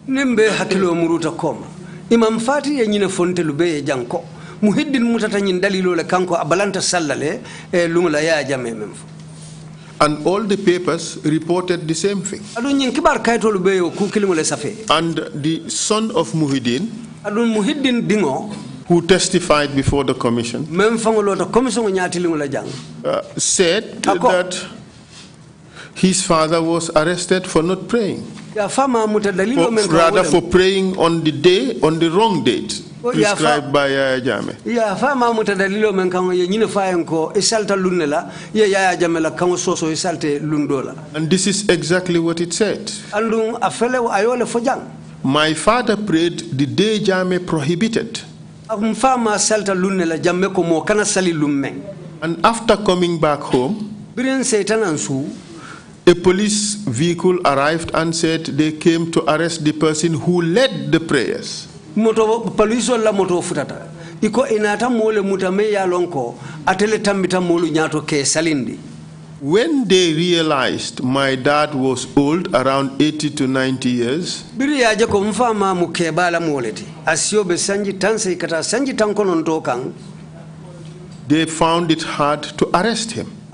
Nimbe hatilo muruta koma. Imam Fati ya nyine fonte lubeye janko. Muhyiddin mutata nyin dalilo le kanko abalanta sallale e lumla ya jame memfo. And all the papers reported the same thing. Adun nyin kibar kayto lubeye ku kilimo le And the son of Muhyiddin Adun Muhyiddin dingo who testified before the commission, uh, said that his father was arrested for not praying. For, rather for praying on the day, on the wrong date oh, prescribed by Yaya uh, Jame. Ya fa ma muta dalilo men kan ye nyine fayen ko isalta lunne la ye Jame la kan soso isalte lundo la. And this is exactly what it said. Andung afele ayole fojang. My father prayed the day Jame prohibited. Am fa ma salta lunne la jamme ko sali lumme. And after coming back home, Biren seitan ansu a police vehicle arrived and said they came to arrest the person who led the prayers. Moto police la moto futata. Iko inata mole mutame ya lonko atele tambita nyato ke salindi. When they realized my dad was old, around 80 to 90 years, biri tanse ikata sanji tankono They found it hard to arrest him.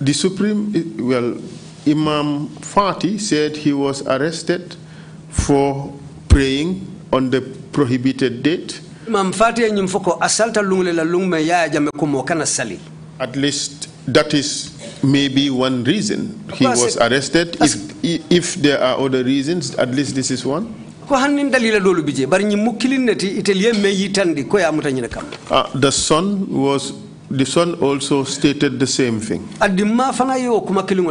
the Supreme, eh, well, Imam Fati said he was arrested for praying on the prohibited date. Imam Fati nyum asalta lungle la lungme ya jame kumo kana sali. At least that is maybe one reason he was arrested. If, if there are other reasons, at least this is one. ko hannin dalila dolu bije bari nyi mukkilin nati italiyen me yitandi ko ya mutanyina kam. Ah, the son was the Sun also stated the same thing. All the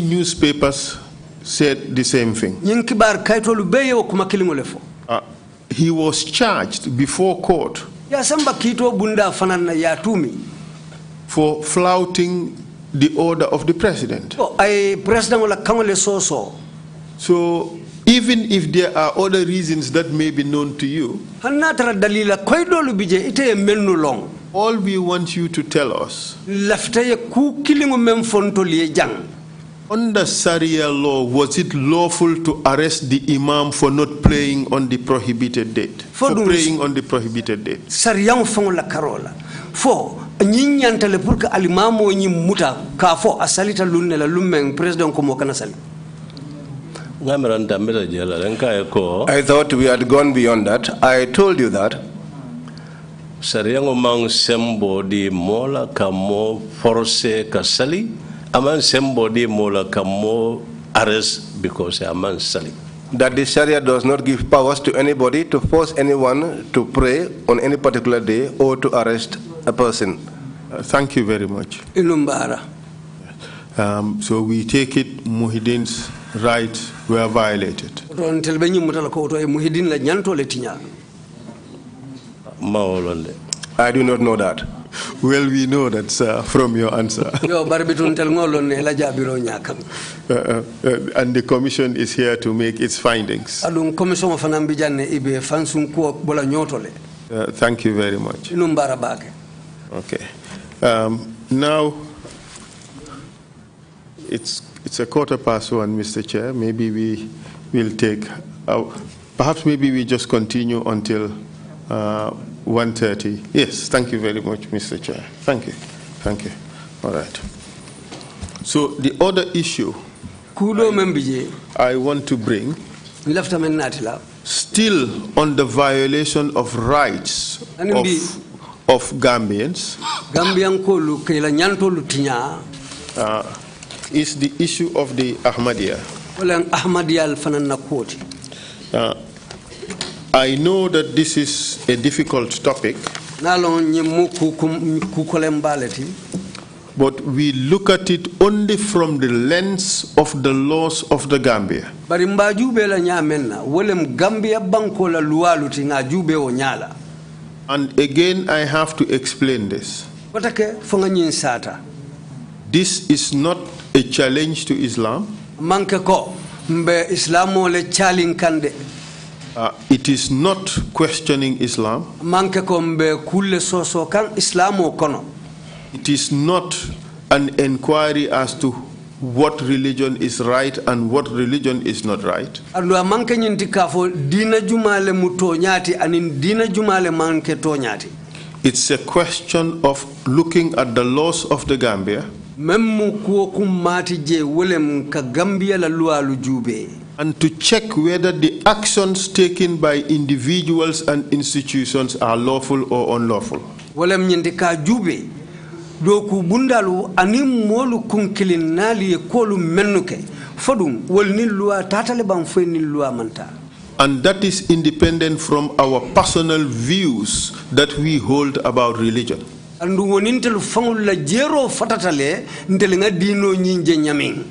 newspapers said the same thing. Uh, he was charged before court for flouting the order of the president. Oh, so even if there are other reasons that may be known to you, all we want you to tell us. Laftaye ku kilingu mem fontoli jang. Under Sharia law, was it lawful to arrest the imam for not praying on the prohibited date? For, for praying on the prohibited date. Sharia fon la karola. For ñiŋ ñantale pour que alimamoo ñiŋ muta ka fo a salita la luŋ président ko moo kana sali I thought we had gone beyond that. I told you that sariyaŋo maŋ sembo di moo la ka moo forose ka sali a maŋ sembo di moo la ka moo arrest because a maŋ sali that the Sharia does not give powers to anybody to force anyone to pray on any particular day or to arrest a person. Uh, thank you very much. Um, so we take it muhiddin's rights were violated. I do not know that. Well, we know that, sir, from your answer. Uh, uh, uh, and the commission is here to make its findings. Uh, thank you very much. Okay. Um, now, it's, it's a quarter past one, Mr. Chair. Maybe we will take, uh, perhaps maybe we just continue until uh, 1.30. Yes, thank you very much, Mr. Chair. Thank you. Thank you. All right. So the other issue I, I want to bring still on the violation of rights of, of Gambians uh, is the issue of the Ahmadiyya. Uh, I know that this is a difficult topic. But we look at it only from the lens of the laws of the Gambia. And again, I have to explain this. This is not a challenge to Islam. Uh, it is not questioning Islam. It is not an inquiry as to what religion is right and what religion is not right. It's a question of looking at the laws of the Gambia. Memu je wolem ka Gambia la and to check whether the actions taken by individuals and institutions are lawful or unlawful. Walam nyende ka jube doku bundalu anim molu kunkilin nali kolu mennuke fodum wolni luwa tatale ban feni luwa manta. And that is independent from our personal views that we hold about religion. Andu wonintel fangul la jero fatatale ntelenga dino nyinje nyaming.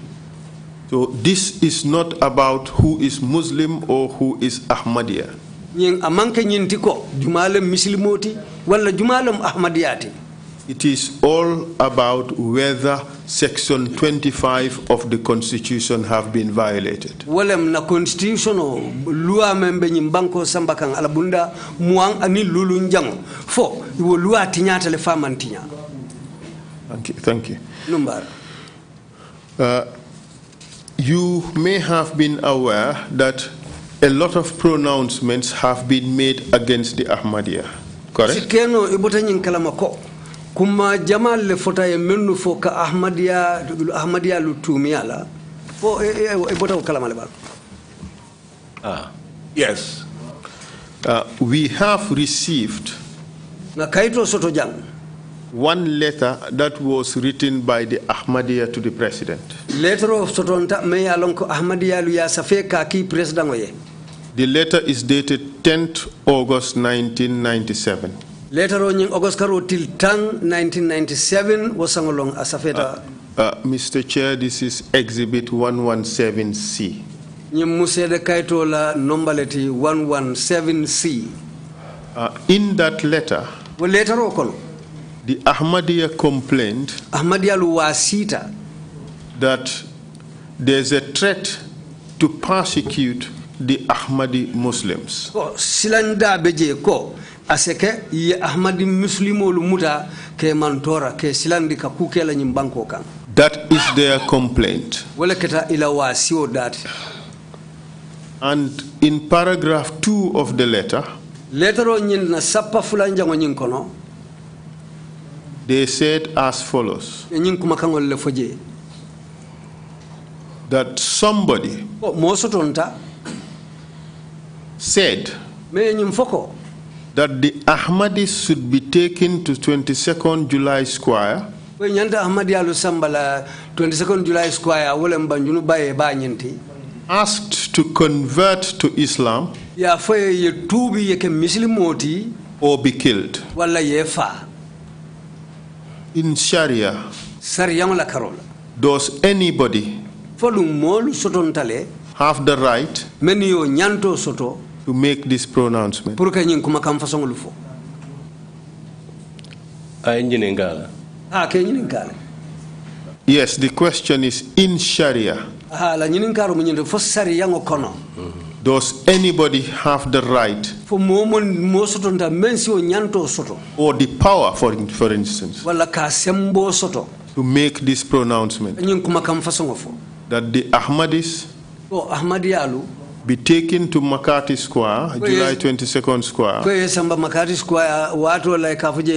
So this is not about who is Muslim or who is Ahmadiyya. ñing amanke ñinti ko jumalem muslimoti wala jumalem ahmadiyati it is all about whether section 25 of the constitution have been violated walem na constitution o loi membe ñim banko sambakan alabunda muang ani lulu njango fo wo loi tiñata le famantiña thank you thank you numbara uh, you may have been aware that a lot of pronouncements have been made against the Ahmadiyya, correct? Sikeno ibutanyin kalama ko kuma jamal le fota ye mennu fo ka Ahmadiyya Ahmadiyya lu tumiala fo ibuta kalama le ba. Ah, yes. Uh, we have received. Na kaito soto jang one letter that was written by the Ahmadiyya to the president. Letter of Sotonta me alonko Ahmadiyya lu ya safe kaki president The letter is dated 10th August 1997. Letter on August till 10 1997 was along asafeta. Uh, uh, Mr. Chair, this is Exhibit 117C. Nyimusede kaito la number 117C. Uh, in that letter. Well, letter the Ahmadiyya complained Ahmadiyya luwasita that there's a threat to persecute the Ahmadi Muslims. Ko silanda beje ko aseke ye Ahmadi Muslimo muta ke mantora ke silandi ka kukela nyimbanko kan. That is their complaint. Wala keta ila wasio that. And in paragraph 2 of the letter, letter o yin na sappa fulanjango nyin kono they said as follows that somebody said that the Ahmadis should be taken to 22nd July Square. Asked to convert to Islam or be killed. in sharia sariyaŋola karola does anybody folum moolu sotontale have the right men yo ñanto soto to make this pronouncement pour que ñing kuma kam façonŋolu fo ay ah, ñininkaala a ah, ke ñininkaala yes the question is in sharia ala ah, ñininkaaro mu ñinde fo sariyaŋo kono mm -hmm. Does anybody have the right or the power, for, for instance, to make this pronouncement that the Ahmadis be taken to Makati Square, July 22nd Square,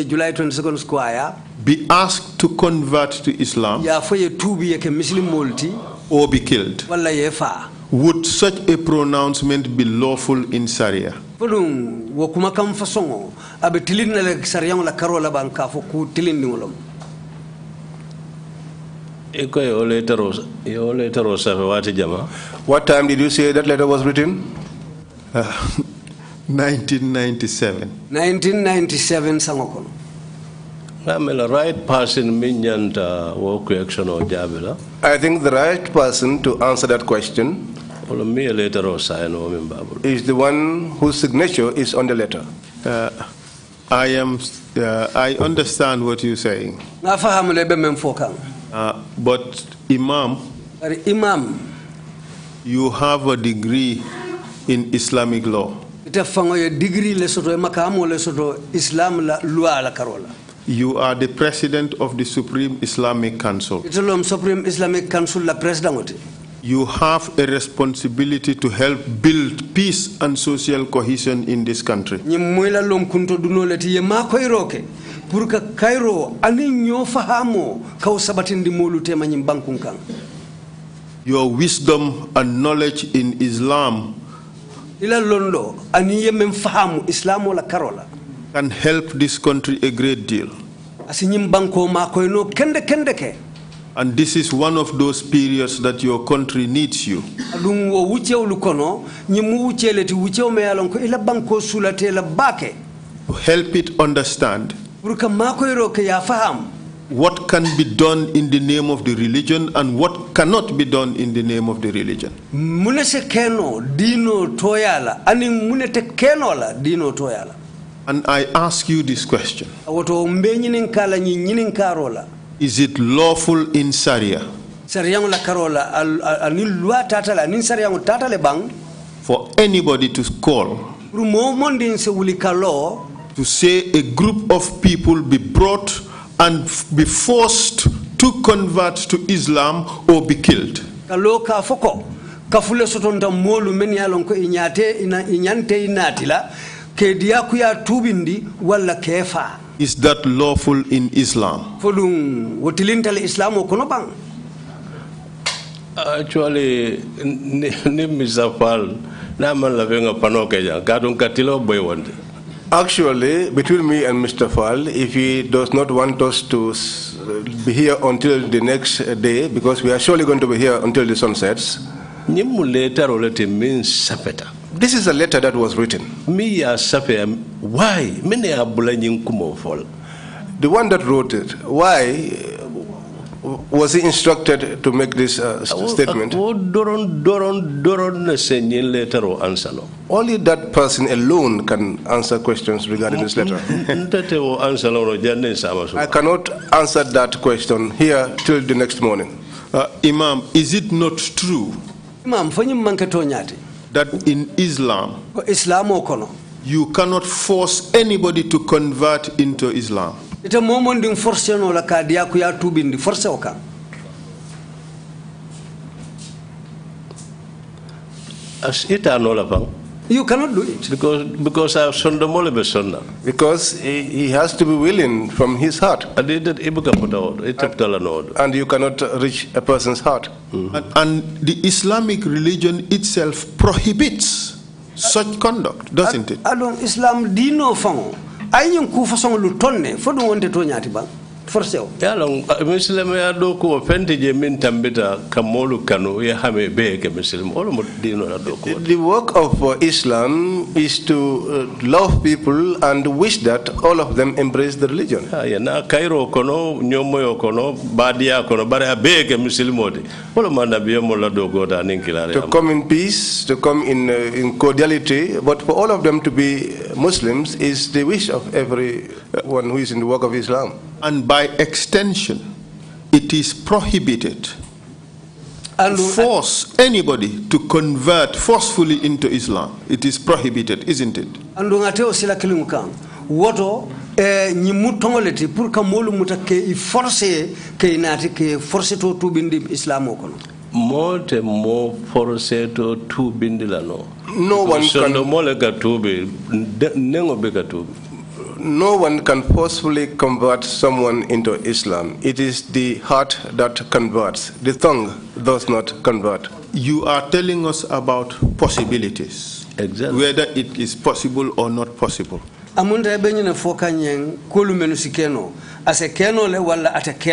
July 22nd Square, be asked to convert to Islam or be killed. Would such a pronouncement be lawful in Sharia? Fulun wo kuma kan fason abe tilin na Sharia la karo la ban ka ku tilin ni wolom. Iko yo letter yo letter sa wati jama. What time did you say that letter was written? Uh, 1997. 1997 sangokono. I mean, the right person I think the right person to answer that question is the one whose signature is on the letter. Uh, I am. Uh, I understand what you're saying. Uh, but Imam. Imam. You have a degree in Islamic law. You are the president of the Supreme Islamic Council. Supreme Islamic Council la president you have a responsibility to help build peace and social cohesion in this country. pour ka kayro fahamo kaw sabatindi molu your wisdom and knowledge in islam ila londo ani yemen fahamu islam la karola can help this country a great deal asi ñim banko kende kende ke And this is one of those periods that your country needs you. kono ti wuccew me yalon ko ila banko sulate la bake. Help it understand. Pour que makoyro ke ya faham. What can be done in the name of the religion and what cannot be done in the name of the religion. keno dino toyala ani keno la dino toyala. And I ask you this question. mbe kala ñi karola. Is it lawful in Sharia? Sariyangu la karola anil loi tata la nin sariyangu tata le bang. For anybody to call. Rumo mondi se law To say a group of people be brought and be forced to convert to Islam or be killed. Kaloka foko kafule sotonta molu men yalon inyate ina inyante inatila kediya kuya tubindi wala kefa. Is that lawful in Islam? Islam Actually, Actually, between me and Mr. Fall, if he does not want us to be here until the next day, because we are surely going to be here until the sun sets. means this is a letter that was written. Me asafe why mene abulanyi fall. The one that wrote it, why uh, was he instructed to make this uh, statement? Only that person alone can answer questions regarding this letter. I cannot answer that question here till the next morning. Uh, Imam, is it not true? Imam, fanyi nyati that in Islam, you cannot force anybody to convert into Islam. Ita momon din force no la ka dia ku ya tubin di force o As ita no la bang. You cannot do it. Because, because I have Sonda Molebe Sonda. Because he, he has to be willing from his heart. And, and you cannot reach a person's heart. Mm -hmm. and, and the Islamic religion itself prohibits such conduct, doesn't it? Adon Islam dino fang. Ayin kufa song lu tonne fo dum wonte to ñaati bang forcé o yalon ya ɗo ko je min tambita kammolu hame be ke mo ɗo ko the work of uh, islam is to uh, love people and wish that all of them embrace the religion ya na kairo kono kono kono bare be ke ma la ɗo nin kilare to come in peace to come in uh, in cordiality but for all of them to be muslims is the wish of everyone who is in the work of islam and by extension, it is prohibited to force anybody to convert forcefully into Islam. It is prohibited, isn't it? woto sila eh, ñimmu toŋoleti pour que moolu muta ke i forcé ke i naati ke forcé to tuubindi islam o kono moo te moo forcé to tuubindi la no one sondo moo le ka tuubi be ka tuubi no one can forcefully convert someone into Islam. It is the heart that converts. The tongue does not convert. You are telling us about possibilities. Exactly. Whether it is possible or not possible. amunda ase ate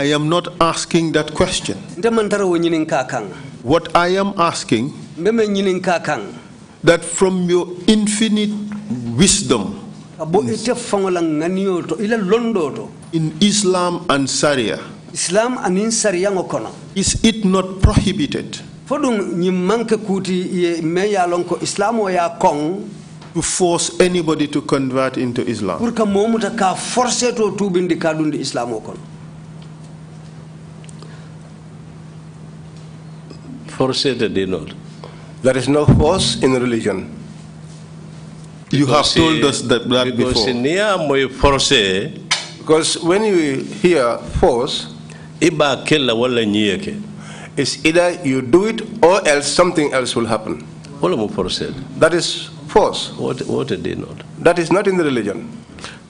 i am not asking that question what i am asking mbeme ñinin that from your infinite wisdom in Islam and Sharia, Islam and Sharia is it not prohibited? to force anybody to convert into Islam. Pour que momuta to tubindi kadundi Islam okon. Forcer de There is no force in religion. You have told us that, that because before. Eh, because when you hear force, it's either you do it or else something else will happen. That is force. What, what did they not? That is not in the religion.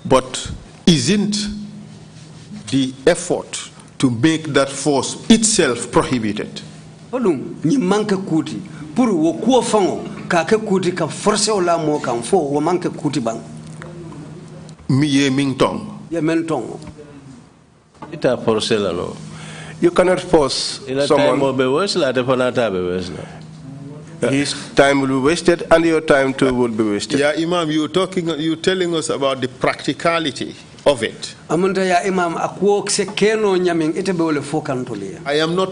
But isn't the effort to make that force itself prohibited? Olum, ni manke kuti, puru wo fango, kake kɛ kuti ka forsew la mɔɔ kan fo wo man kuti ban mi ye min tɔn ye min tɔn i forse la nɔ you cannot force ila someone time be waste la te fana ta be waste la uh, his time will be wasted and your time too will be wasted yeah imam you talking you telling us about the practicality of it. I am not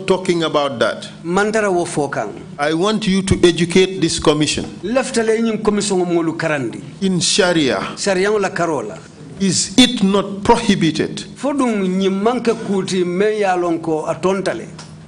talking about that. I want you to educate this commission. In Sharia, is it not prohibited?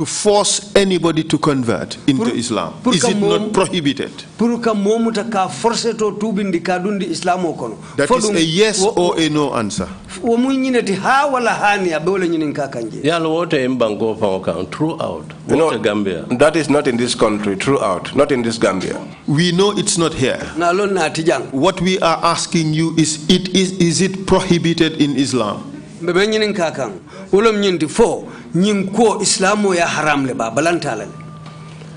to force anybody to convert into Islam? Is it not prohibited? Puruka ka ka force to tubin di kadun Islam o That is a yes or a no answer. Wo mu nyine ti ha wala ha ni abole nyine ka kanje. Ya lo wote embango pa o kan throughout. You know, Gambia. That is not in this country throughout. Not in this Gambia. We know it's not here. Na lo na ti jang. What we are asking you is it is is it prohibited in Islam? Mbe nyine ka wolom ñindi fo ñin ko islamo ya haram le ba balanta la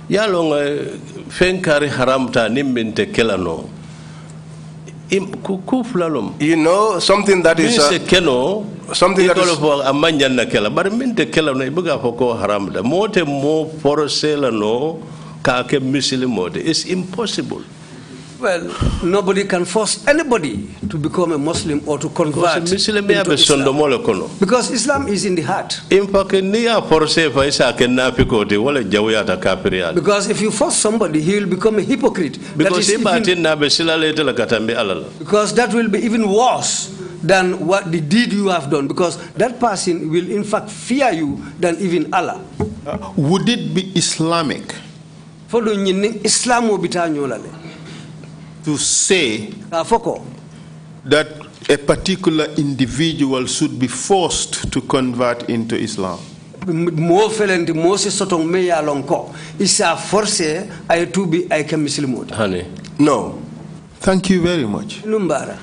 ya longa eh, fenkari ta nimbinte kelano flalom you know something that is uh, keno something that is a amanya na kela bar minte kela no ibuga foko haram da mote mo forcela no ka ke muslim mode is impossible Well, nobody can force anybody to become a Muslim or to convert into Islam. Because Islam is in the heart. Because if you force somebody, he will become a hypocrite. Because, that even, because that will be even worse than what the deed you have done because that person will in fact fear you than even Allah. Uh, would it be Islamic? will be lale to say that a particular individual should be forced to convert into Islam. moo felendi moo i sa be ay tuubi ay hani no thank you very much lumbara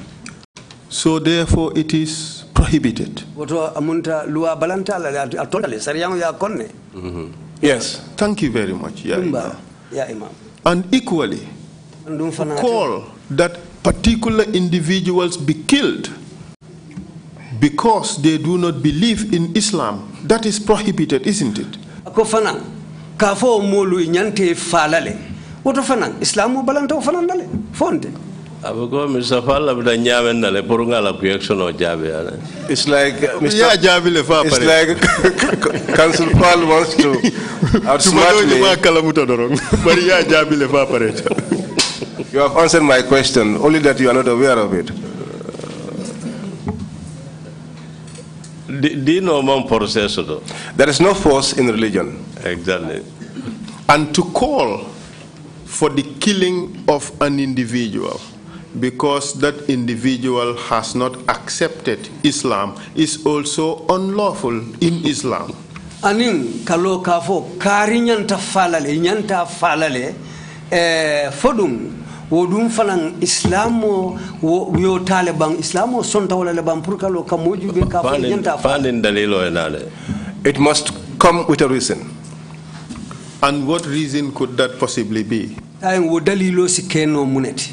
so therefore it is prohibited woto amunta konne yes thank you very much ya ya imam and equally to call that particular individuals be killed because they do not believe in Islam. That is prohibited, isn't it? Kofana, kafo molu nyante falale. Woto fana, Islamu balanta o fanan nale. fonde. Abuko Mr. Fala bda nyame nale porunga la reaction o jabe It's like uh, Mr. Yeah, jabe le fa It's like Council Paul wants to outsmart me. Tumadoni wa kalamuta dorong. Bari ya jabe le fa you have answered my question, only that you are not aware of it. There is no force in religion. Exactly. And to call for the killing of an individual because that individual has not accepted Islam is also unlawful in Islam. Anin kalo kafo kari nyanta falale nyanta falale eh, fodum islam yo islam le pour kam ka dalilo it must come with a reason and what reason could that possibly be ayen wo dalilo si kenno muneti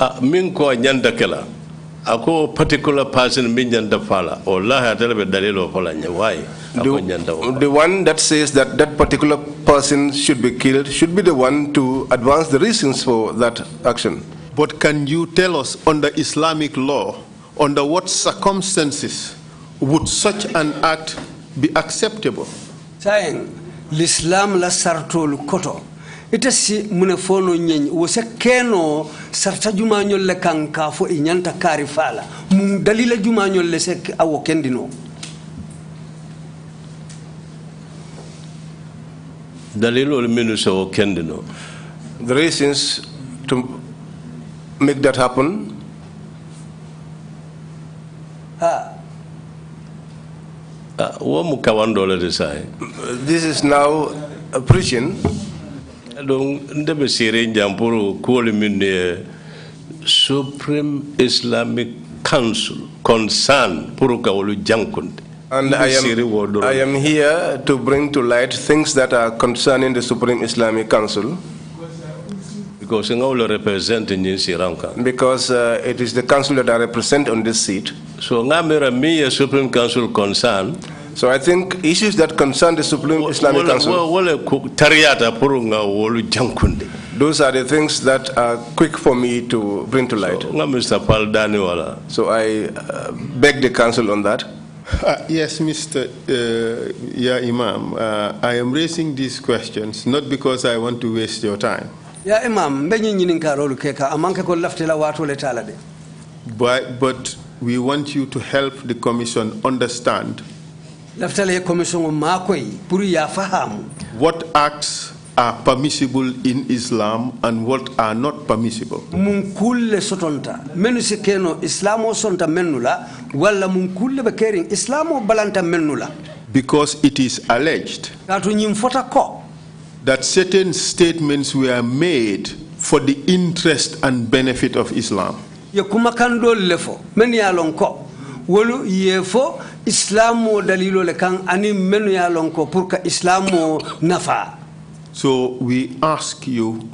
a ah, min ko ñanda kela ako particular person min nyanda fala wallahi atele be dalilo fala nya why the, the one that says that that particular person should be killed should be the one to advance the reasons for that action but can you tell us under islamic law under what circumstances would such an act be acceptable saying l'islam la sartul koto itasi mune fono nyenyi wose keno sarta juma le kanka fo e nyanta kari fala mun dalila juma le sek awo kendino dalilo le minu se o kendino the reasons to make that happen ha uh, wo mu kawandole de sai this is now a preaching donc séré supreme islamic council concern pour kawolu jankunde And I am, I am here to bring to light things that are concerning the Supreme Islamic Council. Because, because uh, it is the council that I represent on this seat. So, Supreme Council concern. So I think issues that concern the Supreme Islamic Council. Those are the things that are quick for me to bring to light. So I uh, beg the Council on that. Uh, yes, Mr. Uh, yeah, Imam, uh, I am raising these questions not because I want to waste your time. Ya Imam, but we want you to help the Commission understand what acts are permissible in Islam and what are not permissible. sotonta keno islamo menula wala islamo balanta menula. Because it is alleged that certain statements were made for the interest and benefit of Islam. Ye lefo men ya wolu ye islamu dalilo le kan ani menu ya lon ko pour que islamu nafa so we ask you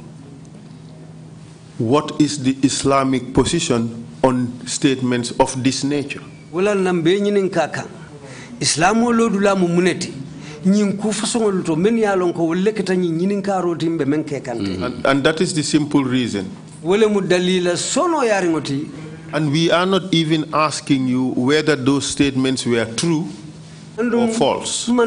what is the islamic position on statements of this nature wala nambe nyinin kaka lo dula mu muneti ñin ku façon to men ya lon ko wolle kata ñin ñinin karo timbe men ke kante and that is the simple reason wala mu dalila sono yaringoti And we are not even asking you whether those statements were true or false. All we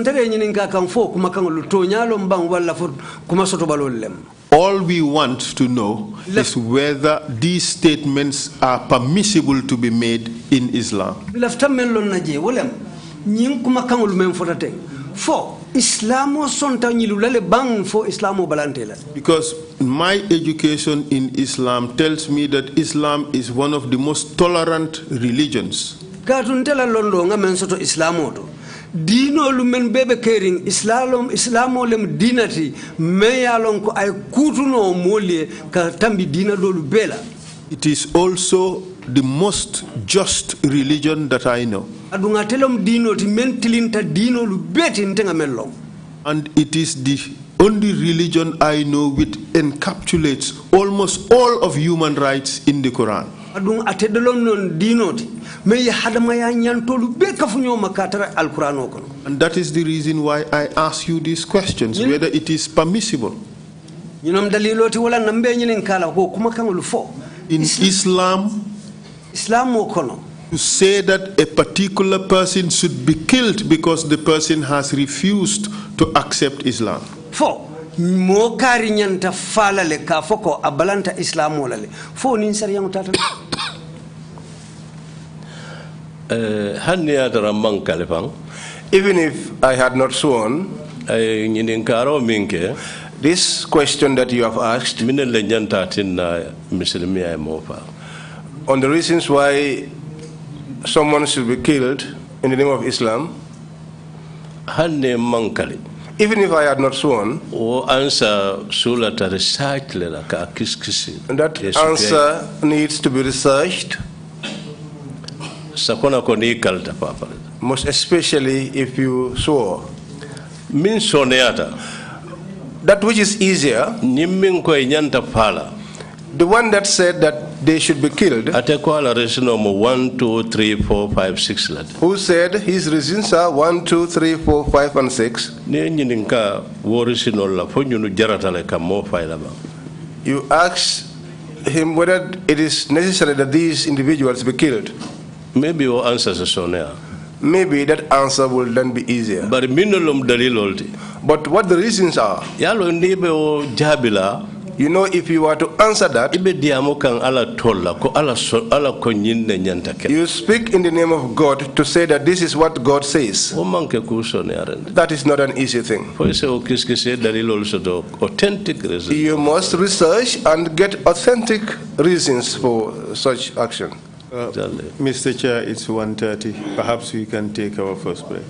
want to know is whether these statements are permissible to be made in Islam fo islamo sonta le bang fo islamo balantela because my education in islam tells me that islam is one of the most tolerant religions katuntela londo nga men soto islamo to diinolu men beɓe Islamo islalom islamolem diinati meyalon ko ay kuutuno mooli ka tambi diina dolu beela it is also the most just religion that i know ti men tilinta beeti men and it is the only religion I know which encapsulates almost all of human rights in the Quran. non hadamaya ñantolu be kafuñoma katara alquran o kono and that is the reason why i ask you these questions whether it is permissible ñinom daliloti wala nambe ñinen kala ko kuma fo in islam islam o kono to say that a particular person should be killed because the person has refused to accept Islam. Four. mo kari ñanta falale ka fo ko a balanta islamo la le fo nin sariyaŋo tatan eh, hanni yatara man kale even if i had not sworn ñininkaro eh, min ke this question that you have asked minen le ñanta tinna misilimiya e moo faa on the reasons why someone should be killed in the name of Islam? Hande mankali. Even if I had not sworn, o answer That answer needs to be researched. kalta Most especially if you swore. Min soneata. That which is easier. pala. The one that said that they should be killed. Atakwala Resinomo 1, 2, 3, 4, 5, 6. Lad. Who said his reasons are 1, 2, 3, 4, 5, and 6. You ask him whether it is necessary that these individuals be killed. Maybe your answer is so there maybe that answer will then be easier. But minimum dalil But what the reasons are? Yalo nibe o jabila. You know, if you were to answer that, you speak in the name of God to say that this is what God says. That is not an easy thing. You must research and get authentic reasons for such action. Uh, Mr. Chair, it's 1.30. Perhaps we can take our first break.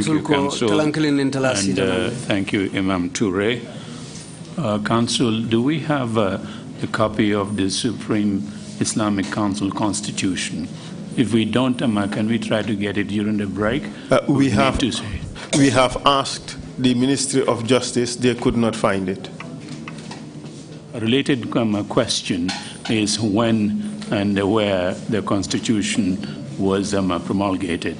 Thank you, Council. And uh, thank you, Imam Toure. Uh, Council, do we have uh, a copy of the Supreme Islamic Council Constitution? If we don't, Amma, can we try to get it during the break? Uh, we, have, to say? we have asked the Ministry of Justice, they could not find it. A related um, question is when and where the Constitution was um, promulgated,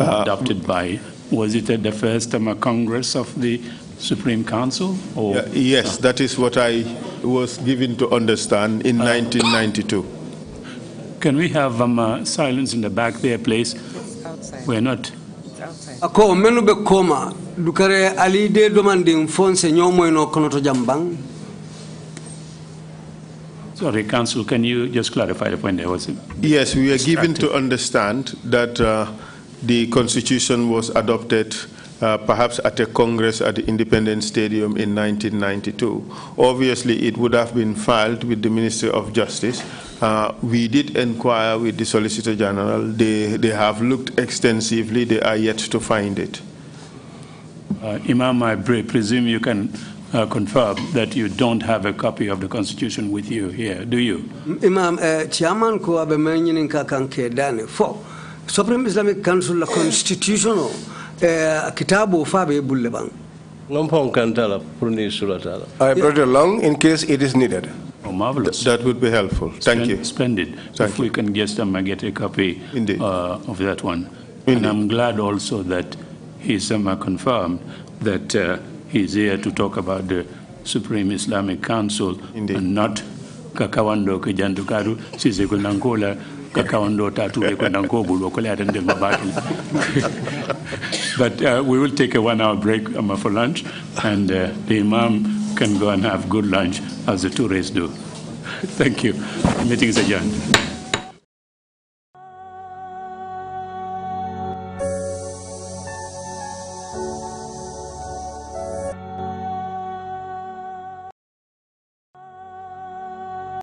uh, adopted by was it at the first um, Congress of the Supreme Council? Or? yes, that is what I was given to understand in uh, 1992. Can we have um, uh, silence in the back there, please? We're not. ako menu be koma dukare ali de demanding fonse jambang Sorry, Council, can you just clarify the point there was? Yes, we are given to understand that uh, the Constitution was adopted uh, perhaps at a Congress at the Independence Stadium in 1992. Obviously, it would have been filed with the Ministry of Justice. Uh, we did inquire with the Solicitor General. They, they have looked extensively. They are yet to find it. Uh, Imam, I presume you can uh, confirm that you don't have a copy of the Constitution with you here, do you? Imam, eh, chairman ko abe menyini kakan for. Supreme Islamic Council la constitution eh, kitabu fabe bulle bang. Lompong kantala puni sulatala. I brought along in case it is needed. Oh, marvelous. Th that would be helpful. Thank Spend you. Splendid. Thank if you. we can get them, I get a copy uh, of that one. Indeed. And I'm glad also that he somehow confirmed that uh, he's here to talk about the Supreme Islamic Council Indeed. and not Kakawando Kijantukaru Sisekunankola kaka ondo tatuwe kwenda nkobulwa okolera tende mabaki but uh, we will take a one hour break um, for lunch and uh, the imam can go and have good lunch as the tourists do thank you meeting is adjourned